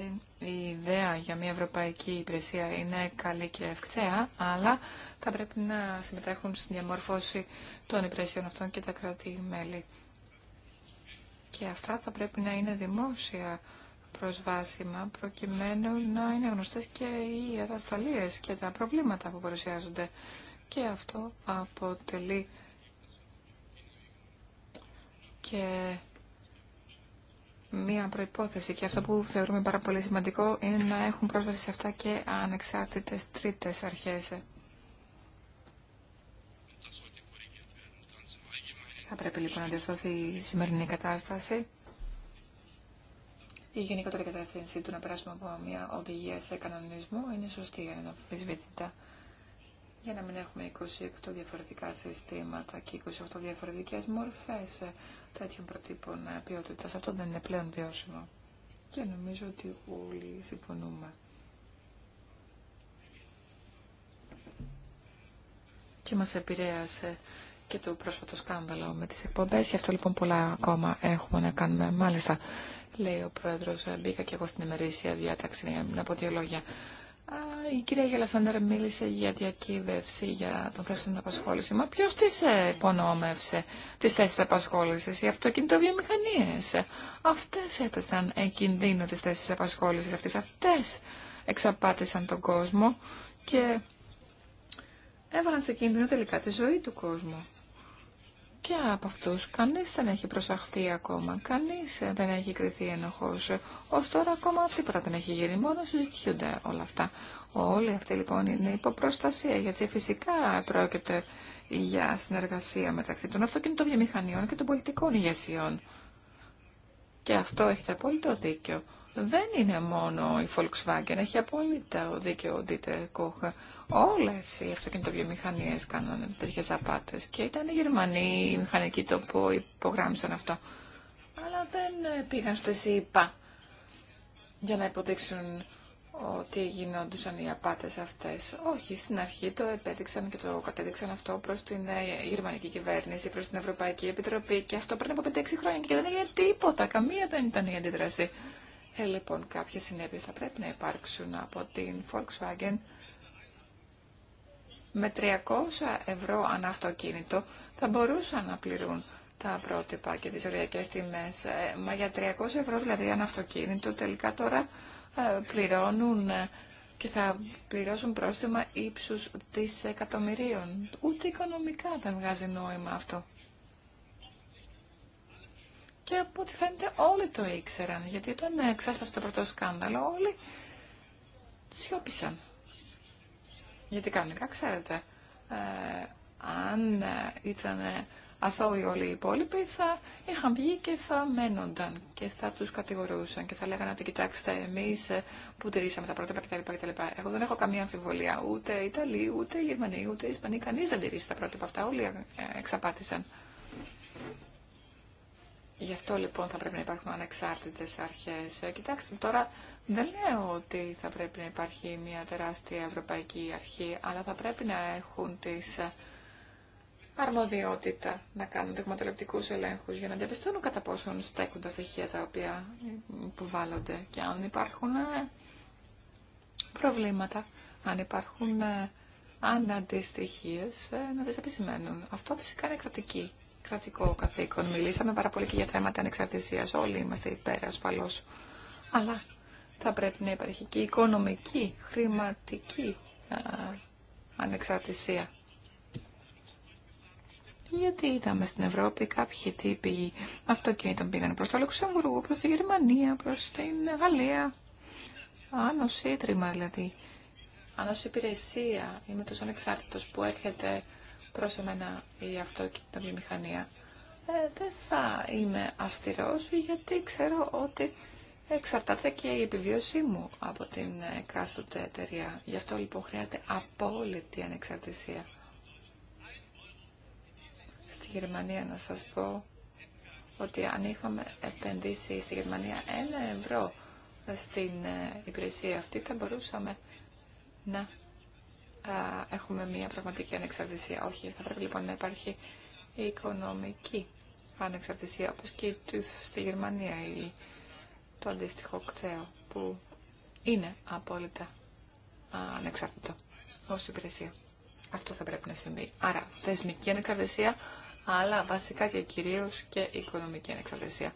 η ιδέα για μια ευρωπαϊκή υπηρεσία είναι καλή και ευκταία, αλλά θα πρέπει να συμμετέχουν στην διαμόρφωση των υπηρεσιών αυτών και τα κράτη-μέλη. Και αυτά θα πρέπει να είναι δημόσια προσβάσιμα προκειμένου να είναι γνωστές και οι ατασταλίες και τα προβλήματα που παρουσιάζονται. Και αυτό αποτελεί και μία προϋπόθεση και αυτό που θεωρούμε πάρα πολύ σημαντικό είναι να έχουν πρόσβαση σε αυτά και ανεξάρτητες τρίτες αρχές. Θα πρέπει λοιπόν να διορθωθεί η σημερινή κατάσταση. Η γενικότερη κατεύθυνση του να περάσουμε από μια οδηγία σε κανονισμό είναι σωστή για να για να μην έχουμε 28 διαφορετικά συστήματα και 28 διαφορετικές μορφές τέτοιων προτύπων ποιότητας. Αυτό δεν είναι πλέον βιώσιμο. Και νομίζω ότι όλοι συμφωνούμε. Και μας επηρέασε και το πρόσφατο σκάνδαλο με τις εκπομπές. Γι' αυτό λοιπόν πολλά ακόμα έχουμε να κάνουμε. Μάλιστα, λέει ο Πρόεδρος, μπήκα και εγώ στην ημερήσια διάταξη να πω δύο λόγια η κυρία Γελασάντερ μίλησε για διακύβευση για τον της απασχόληση. Μα ποιο τη υπονόμευσε τι θέσει απασχόληση, οι αυτοκινητοβιομηχανίε. Αυτέ έπεσαν εν κινδύνο τι θέσει απασχόληση αυτέ. Αυτέ εξαπάτησαν τον κόσμο και έβαλαν σε κίνδυνο τελικά τη ζωή του κόσμου και από αυτού, κανείς δεν έχει προσαχθεί ακόμα, κανείς δεν έχει κρυθεί ενοχώ. Ως τώρα ακόμα τίποτα δεν έχει γίνει, μόνο συζητιούνται όλα αυτά. Όλοι αυτοί λοιπόν είναι υποπροστασία, γιατί φυσικά πρόκειται για συνεργασία μεταξύ των αυτοκινητοβιομηχανιών και των πολιτικών ηγεσιών. Και αυτό έχετε απόλυτο δίκιο. Δεν είναι μόνο η Volkswagen, έχει απόλυτα δίκιο ο Dieter Koch όλες οι αυτοκινητοβιομηχανίες κάνανε τέτοιες απάτες και ήταν οι Γερμανοί, οι μηχανικοί το που υπογράμμισαν αυτό. Αλλά δεν ε, πήγαν στι ΣΥΠΑ για να υποδείξουν ότι γινόντουσαν οι απάτες αυτές. Όχι, στην αρχή το επέδειξαν και το κατέδειξαν αυτό προς την ε, γερμανική κυβέρνηση, προς την Ευρωπαϊκή Επιτροπή και αυτό πριν από 5-6 χρόνια και δεν έγινε τίποτα, καμία δεν ήταν η αντίδραση. Ε, λοιπόν, κάποιες συνέπειες θα πρέπει να υπάρξουν από την Volkswagen με 300 ευρώ ανά αυτοκίνητο θα μπορούσαν να πληρούν τα πρότυπα και τις οριακές τιμές. Ε, μα για 300 ευρώ δηλαδή ένα αυτοκίνητο τελικά τώρα ε, πληρώνουν ε, και θα πληρώσουν πρόστιμα ύψους δισεκατομμυρίων. Ούτε οικονομικά δεν βγάζει νόημα αυτό. Και από ό,τι φαίνεται όλοι το ήξεραν, γιατί όταν εξάσπασε το πρώτο σκάνδαλο όλοι σιώπησαν. Γιατί κανονικά, ξέρετε, ε, αν ε, ήταν ε, αθώοι όλοι οι υπόλοιποι, θα είχαν βγει και θα μένονταν και θα τους κατηγορούσαν και θα λέγανε ότι κοιτάξτε εμείς που τηρήσαμε τα πρότυπα κτλ. κτλ. Εγώ δεν έχω καμία αμφιβολία. Ούτε οι Ιταλοί, ούτε οι Γερμανοί, ούτε οι Ισπανοί, κανείς δεν τηρήσει τα πρότυπα αυτά. Όλοι εξαπάτησαν. Γι' αυτό λοιπόν θα πρέπει να υπάρχουν ανεξάρτητες αρχές. Ε, κοιτάξτε, τώρα δεν λέω ότι θα πρέπει να υπάρχει μια τεράστια ευρωπαϊκή αρχή, αλλά θα πρέπει να έχουν τις ε, αρμοδιότητα να κάνουν δειγματολεπτικούς ελέγχους για να διαπιστώνουν κατά πόσον στέκουν τα στοιχεία τα οποία υποβάλλονται και αν υπάρχουν ε, προβλήματα, αν υπάρχουν αν να τι επισημαίνουν. Αυτό φυσικά είναι κρατική κρατικό καθήκον. Μιλήσαμε πάρα πολύ και για θέματα ανεξαρτησίας. Όλοι είμαστε υπέρ ασφαλώς. Αλλά θα πρέπει να υπάρχει και οικονομική, χρηματική ανεξαρτησία. Γιατί είδαμε στην Ευρώπη κάποιοι τύποι αυτοκινήτων πήγαν προς το Λουξεμβούργο, προς τη Γερμανία, προς την Γαλλία. Άνω ίδρυμα δηλαδή, Άνω υπηρεσία. Είμαι τόσο ανεξάρτητος που έρχεται προς εμένα η αυτοκινητοβιομηχανία. Ε, δεν θα είμαι αυστηρός γιατί ξέρω ότι εξαρτάται και η επιβίωσή μου από την εκάστοτε εταιρεία. Γι' αυτό λοιπόν χρειάζεται απόλυτη ανεξαρτησία. Στη Γερμανία να σας πω ότι αν είχαμε επενδύσει στη Γερμανία ένα ευρώ στην ε, υπηρεσία αυτή θα μπορούσαμε να έχουμε μια πραγματική ανεξαρτησία. Όχι, θα πρέπει λοιπόν να υπάρχει η οικονομική ανεξαρτησία, όπως και η στη Γερμανία, η, το αντίστοιχο κτέο, που είναι απόλυτα ανεξάρτητο ως υπηρεσία. Αυτό θα πρέπει να συμβεί. Άρα, θεσμική ανεξαρτησία, αλλά βασικά και κυρίως και οικονομική ανεξαρτησία.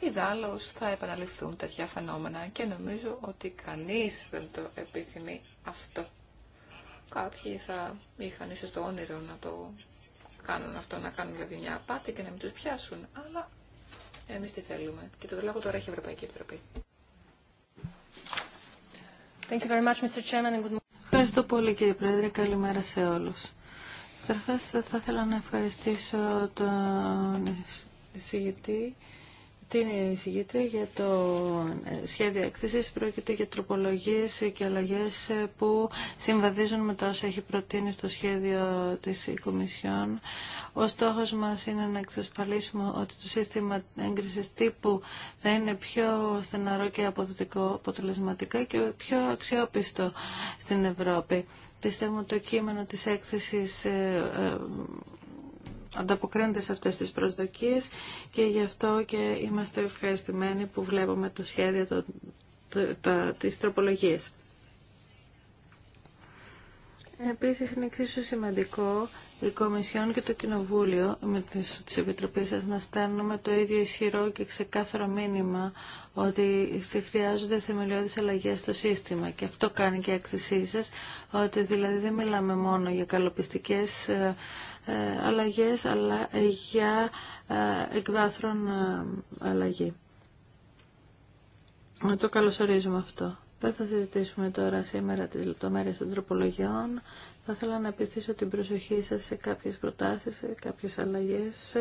Ιδάλλως θα επαναληφθούν τέτοια φαινόμενα και νομίζω ότι κανείς δεν το επιθυμεί αυτό. Κάποιοι θα είχαν ίσως το όνειρο να το κάνουν αυτό, να κάνουν δηλαδή μια απάτη και να μην τους πιάσουν, αλλά εμείς τι θέλουμε. Και το βλέπω τώρα έχει η Ευρωπαϊκή Επιτροπή. Ευχαριστώ πολύ κύριε Πρόεδρε, καλημέρα σε όλους. Καταρχάς θα ήθελα να ευχαριστήσω τον εισηγητή είναι η για το ε, σχέδιο έκθεση. πρόκειται για τροπολογίε και αλλαγές ε, που συμβαδίζουν με τα όσα έχει προτείνει στο σχέδιο της Κομισιόν. Ο στόχο μας είναι να εξασφαλίσουμε ότι το σύστημα έγκριση τύπου θα είναι πιο στεναρό και αποδοτικό αποτελεσματικά και πιο αξιόπιστο στην Ευρώπη. Πιστεύουμε ότι το κείμενο της έκθεσης ε, ανταποκρίνεται σε αυτές τις προσδοκίες και γι' αυτό και είμαστε ευχαριστημένοι που βλέπουμε το σχέδιο το το, της τροπολογίας. Επίσης είναι εξίσου σημαντικό η Κομισιόν και το Κοινοβούλιο με τις, Επιτροπές σας να στέλνουμε το ίδιο ισχυρό και ξεκάθαρο μήνυμα ότι χρειάζονται θεμελιώδεις αλλαγές στο σύστημα και αυτό κάνει και η έκθεσή σας ότι δηλαδή δεν μιλάμε μόνο για καλοπιστικές ε, ε, αλλαγές αλλά για ε, εκβάθρων ε, αλλαγή. Το καλωσορίζουμε αυτό. Δεν θα συζητήσουμε τώρα σήμερα τις λεπτομέρειες των τροπολογιών. Θα ήθελα να επιστήσω την προσοχή σας σε κάποιες προτάσεις, σε κάποιες αλλαγές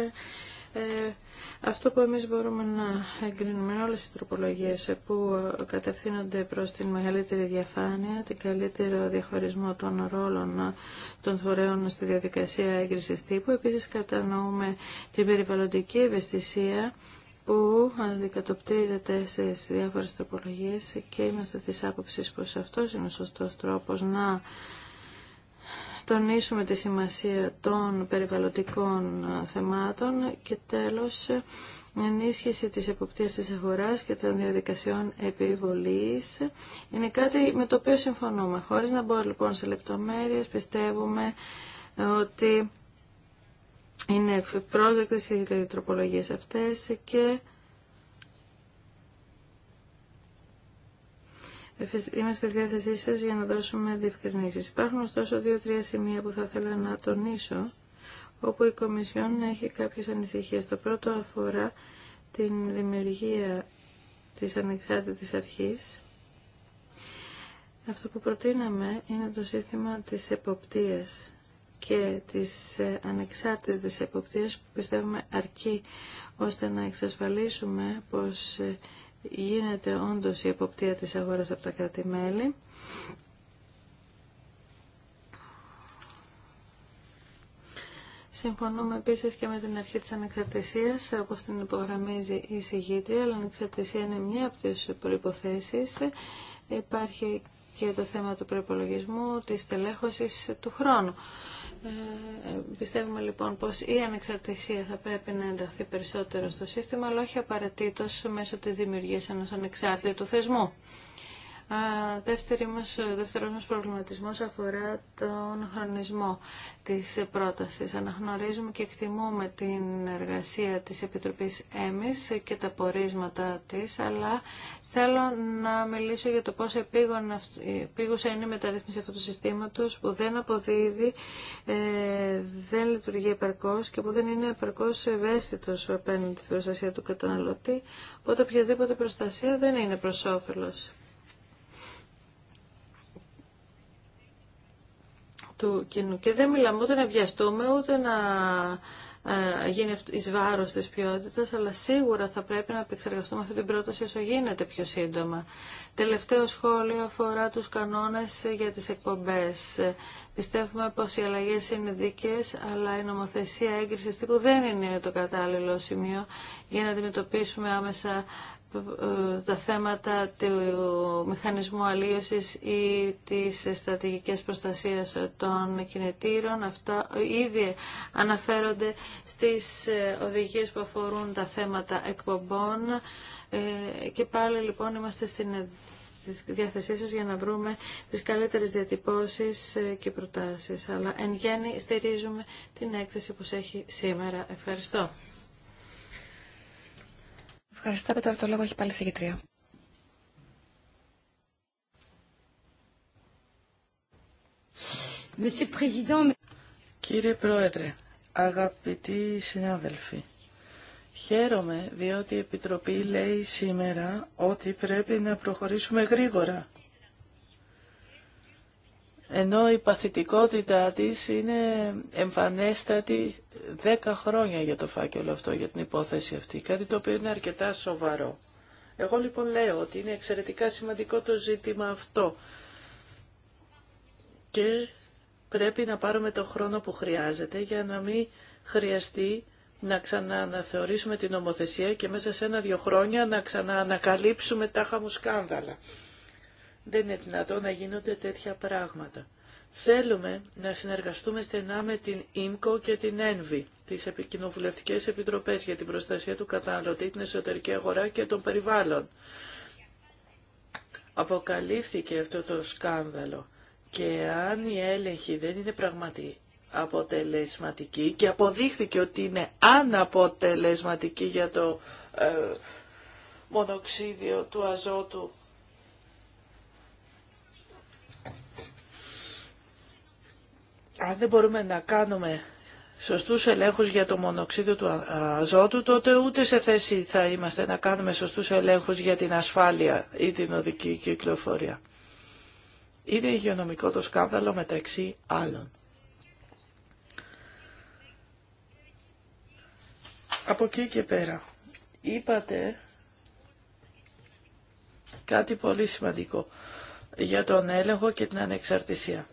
ε, αυτό που εμείς μπορούμε να εγκρίνουμε είναι όλες οι τροπολογίες που κατευθύνονται προς την μεγαλύτερη διαφάνεια, την καλύτερο διαχωρισμό των ρόλων των φορέων στη διαδικασία έγκρισης τύπου. Επίσης κατανοούμε την περιβαλλοντική ευαισθησία που αντικατοπτρίζεται σε διάφορες τροπολογίες και είμαστε της άποψης πως αυτός είναι ο σωστός τρόπος να τονίσουμε τη σημασία των περιβαλλοντικών θεμάτων και τέλος ενίσχυση της εποπτείας της αγοράς και των διαδικασιών επιβολής είναι κάτι με το οποίο συμφωνούμε. Χωρίς να μπω λοιπόν σε λεπτομέρειες πιστεύουμε ε, ότι είναι πρόσδεκτες οι τροπολογίες αυτές και Είμαστε στη διάθεσή σας για να δωσουμε διευκρινησει διευκρινήσεις. Υπάρχουν ωστόσο δύο-τρία σημεία που θα ήθελα να τονίσω, όπου η Κομισιόν έχει κάποιες ανησυχίες. Το πρώτο αφορά την δημιουργία της ανεξάρτητης αρχής. Αυτό που προτείναμε είναι το σύστημα της εποπτείας και της ε, ανεξάρτητης εποπτείας που πιστεύουμε αρκεί ώστε να εξασφαλίσουμε πως ε, γίνεται όντως η εποπτεία της αγοράς από τα κράτη-μέλη. Συμφωνούμε επίσης και με την αρχή της ανεξαρτησίας, όπως την υπογραμμίζει η συγγήτρια, αλλά η ανεξαρτησία είναι μία από τις προϋποθέσεις. Υπάρχει και το θέμα του προϋπολογισμού, της τελέχωσης του χρόνου. Ε, πιστεύουμε λοιπόν πως η ανεξαρτησία θα πρέπει να ενταχθεί περισσότερο στο σύστημα, αλλά όχι απαραίτητο μέσω της δημιουργίας ενός ανεξάρτητου θεσμού. Ο μας, δεύτερος μας αφορά τον χρονισμό της πρότασης. Αναγνωρίζουμε και εκτιμούμε την εργασία της Επιτροπής ΕΜΙΣ και τα πορίσματα της, αλλά θέλω να μιλήσω για το πόσο επίγουσα είναι η μεταρρύθμιση αυτού του συστήματος που δεν αποδίδει, ε, δεν λειτουργεί επαρκώς και που δεν είναι επαρκώς ευαίσθητος απέναντι στην προστασία του καταναλωτή, οπότε οποιασδήποτε προστασία δεν είναι προς όφελος. Και δεν μιλάμε ούτε να βιαστούμε, ούτε να ε, γίνει εις βάρος της ποιότητας, αλλά σίγουρα θα πρέπει να επεξεργαστούμε αυτή την πρόταση όσο γίνεται πιο σύντομα. Τελευταίο σχόλιο αφορά τους κανόνες για τις εκπομπές. Πιστεύουμε πως οι αλλαγές είναι δίκαιες, αλλά η νομοθεσία έγκρισης τύπου δεν είναι το κατάλληλο σημείο για να αντιμετωπίσουμε άμεσα τα θέματα του μηχανισμού αλλίωσης ή της στρατηγικής προστασίας των κινητήρων. Αυτά ήδη αναφέρονται στις οδηγίες που αφορούν τα θέματα εκπομπών ε, και πάλι λοιπόν είμαστε στην διάθεσή σας για να βρούμε τις καλύτερες διατυπώσεις και προτάσεις. Αλλά εν γέννη στηρίζουμε την έκθεση που έχει σήμερα. Ευχαριστώ. Ευχαριστώ και τώρα το λόγο έχει πάλι γητρία. Κύριε Πρόεδρε, αγαπητοί συνάδελφοι, χαίρομαι διότι η Επιτροπή λέει σήμερα ότι πρέπει να προχωρήσουμε γρήγορα ενώ η παθητικότητά της είναι εμφανέστατη 10 χρόνια για το φάκελο αυτό, για την υπόθεση αυτή, κάτι το οποίο είναι αρκετά σοβαρό. Εγώ λοιπόν λέω ότι είναι εξαιρετικά σημαντικό το ζήτημα αυτό και πρέπει να πάρουμε το χρόνο που χρειάζεται για να μην χρειαστεί να ξανααναθεωρήσουμε την νομοθεσία και μέσα σε ένα-δύο χρόνια να ξαναανακαλύψουμε τα μου σκάνδαλα. Δεν είναι δυνατόν να γίνονται τέτοια πράγματα. Θέλουμε να συνεργαστούμε στενά με την ΙΜΚΟ και την ΕΝΒΗ, τις Κοινοβουλευτικές Επιτροπές για την Προστασία του Καταναλωτή, την Εσωτερική Αγορά και των Περιβάλλων. Αποκαλύφθηκε αυτό το σκάνδαλο και αν η έλεγχη δεν είναι πραγματική, αποτελεσματική και αποδείχθηκε ότι είναι αναποτελεσματική για το ε, μονοξίδιο του αζότου Αν δεν μπορούμε να κάνουμε σωστούς ελέγχους για το μονοξίδιο του αζότου, τότε ούτε σε θέση θα είμαστε να κάνουμε σωστούς ελέγχους για την ασφάλεια ή την οδική κυκλοφορία. Είναι υγειονομικό το σκάνδαλο μεταξύ άλλων. Από εκεί και πέρα. Είπατε κάτι πολύ σημαντικό για τον έλεγχο και την ανεξαρτησία.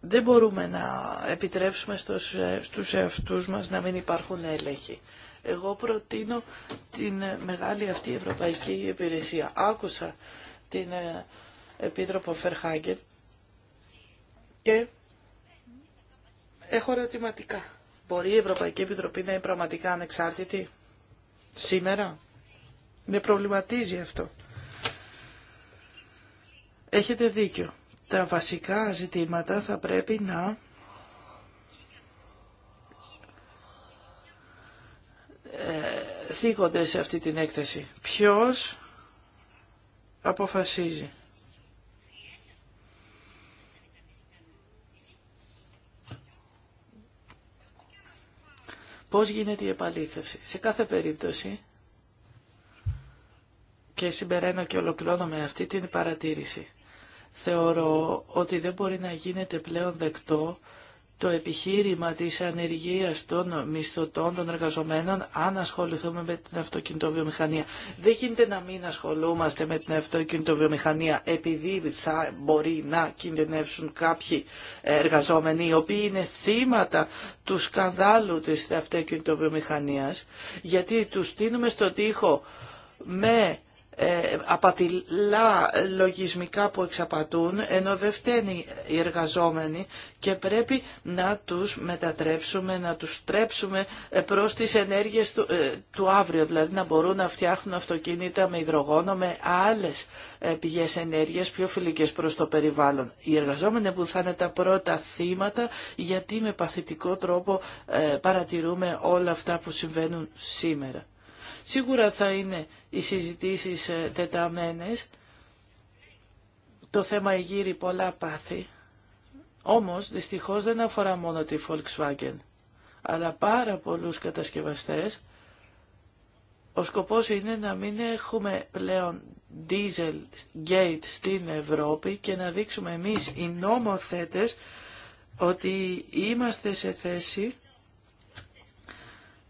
δεν μπορούμε να επιτρέψουμε στους, ε, στους εαυτούς μας να μην υπάρχουν έλεγχοι. Εγώ προτείνω την μεγάλη αυτή ευρωπαϊκή υπηρεσία. Άκουσα την ε, Επίτροπο Φερχάγγελ και έχω ερωτηματικά. Μπορεί η Ευρωπαϊκή Επιτροπή να είναι πραγματικά ανεξάρτητη σήμερα. Με προβληματίζει αυτό. Έχετε δίκιο τα βασικά ζητήματα θα πρέπει να ε, θίγονται σε αυτή την έκθεση. Ποιος αποφασίζει. Πώς γίνεται η επαλήθευση. Σε κάθε περίπτωση και συμπεραίνω και ολοκληρώνω με αυτή την παρατήρηση θεωρώ ότι δεν μπορεί να γίνεται πλέον δεκτό το επιχείρημα της ανεργίας των μισθωτών, των εργαζομένων, αν ασχοληθούμε με την αυτοκινητοβιομηχανία. Δεν γίνεται να μην ασχολούμαστε με την αυτοκινητοβιομηχανία επειδή θα μπορεί να κινδυνεύσουν κάποιοι εργαζόμενοι, οι οποίοι είναι θύματα του σκανδάλου της αυτοκινητοβιομηχανίας, γιατί τους στείνουμε στο τοίχο με ε, απατηλά λογισμικά που εξαπατούν, ενώ δεν φταίνει οι εργαζόμενοι και πρέπει να τους μετατρέψουμε, να τους τρέψουμε ε, προς τις ενέργειες του, ε, του αύριο, δηλαδή να μπορούν να φτιάχνουν αυτοκίνητα με υδρογόνο, με άλλες πηγές ενέργειας πιο φιλικές προς το περιβάλλον. Οι εργαζόμενοι που θα είναι τα πρώτα θύματα, γιατί με παθητικό τρόπο παρατηρούμε όλα αυτά που συμβαίνουν σήμερα. Σίγουρα θα είναι οι συζητήσεις ε, τεταμένες. Το θέμα γύρει πολλά πάθη. Όμως, δυστυχώς δεν αφορά μόνο τη Volkswagen, αλλά πάρα πολλούς κατασκευαστές. Ο σκοπός είναι να μην έχουμε πλέον diesel gate στην Ευρώπη και να δείξουμε εμείς οι νόμοθέτες ότι είμαστε σε θέση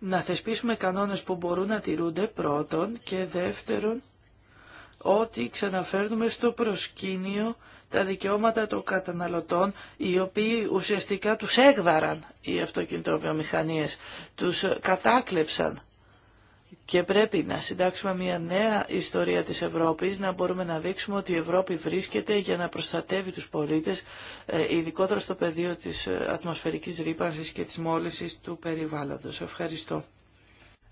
να θεσπίσουμε κανόνες που μπορούν να τηρούνται πρώτον και δεύτερον ότι ξαναφέρνουμε στο προσκήνιο τα δικαιώματα των καταναλωτών οι οποίοι ουσιαστικά τους έγδαραν οι αυτοκινητοβιομηχανίες, τους κατάκλεψαν και πρέπει να συντάξουμε μια νέα ιστορία της Ευρώπης, να μπορούμε να δείξουμε ότι η Ευρώπη βρίσκεται για να προστατεύει τους πολίτες, ε, ειδικότερα στο πεδίο της ε, ατμοσφαιρικής ρήπανσης και της μόλυσης του περιβάλλοντος. Ευχαριστώ.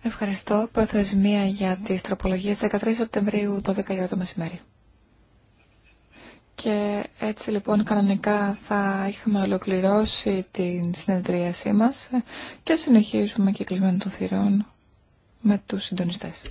Ευχαριστώ. Προθεσμία για τις τροπολογίες 13 Σεπτεμβρίου, το η το μεσημέρι. Και έτσι λοιπόν κανονικά θα είχαμε ολοκληρώσει την συνεδρίασή μας και συνεχίζουμε κλεισμένο των θυρών με τους συντονιστές.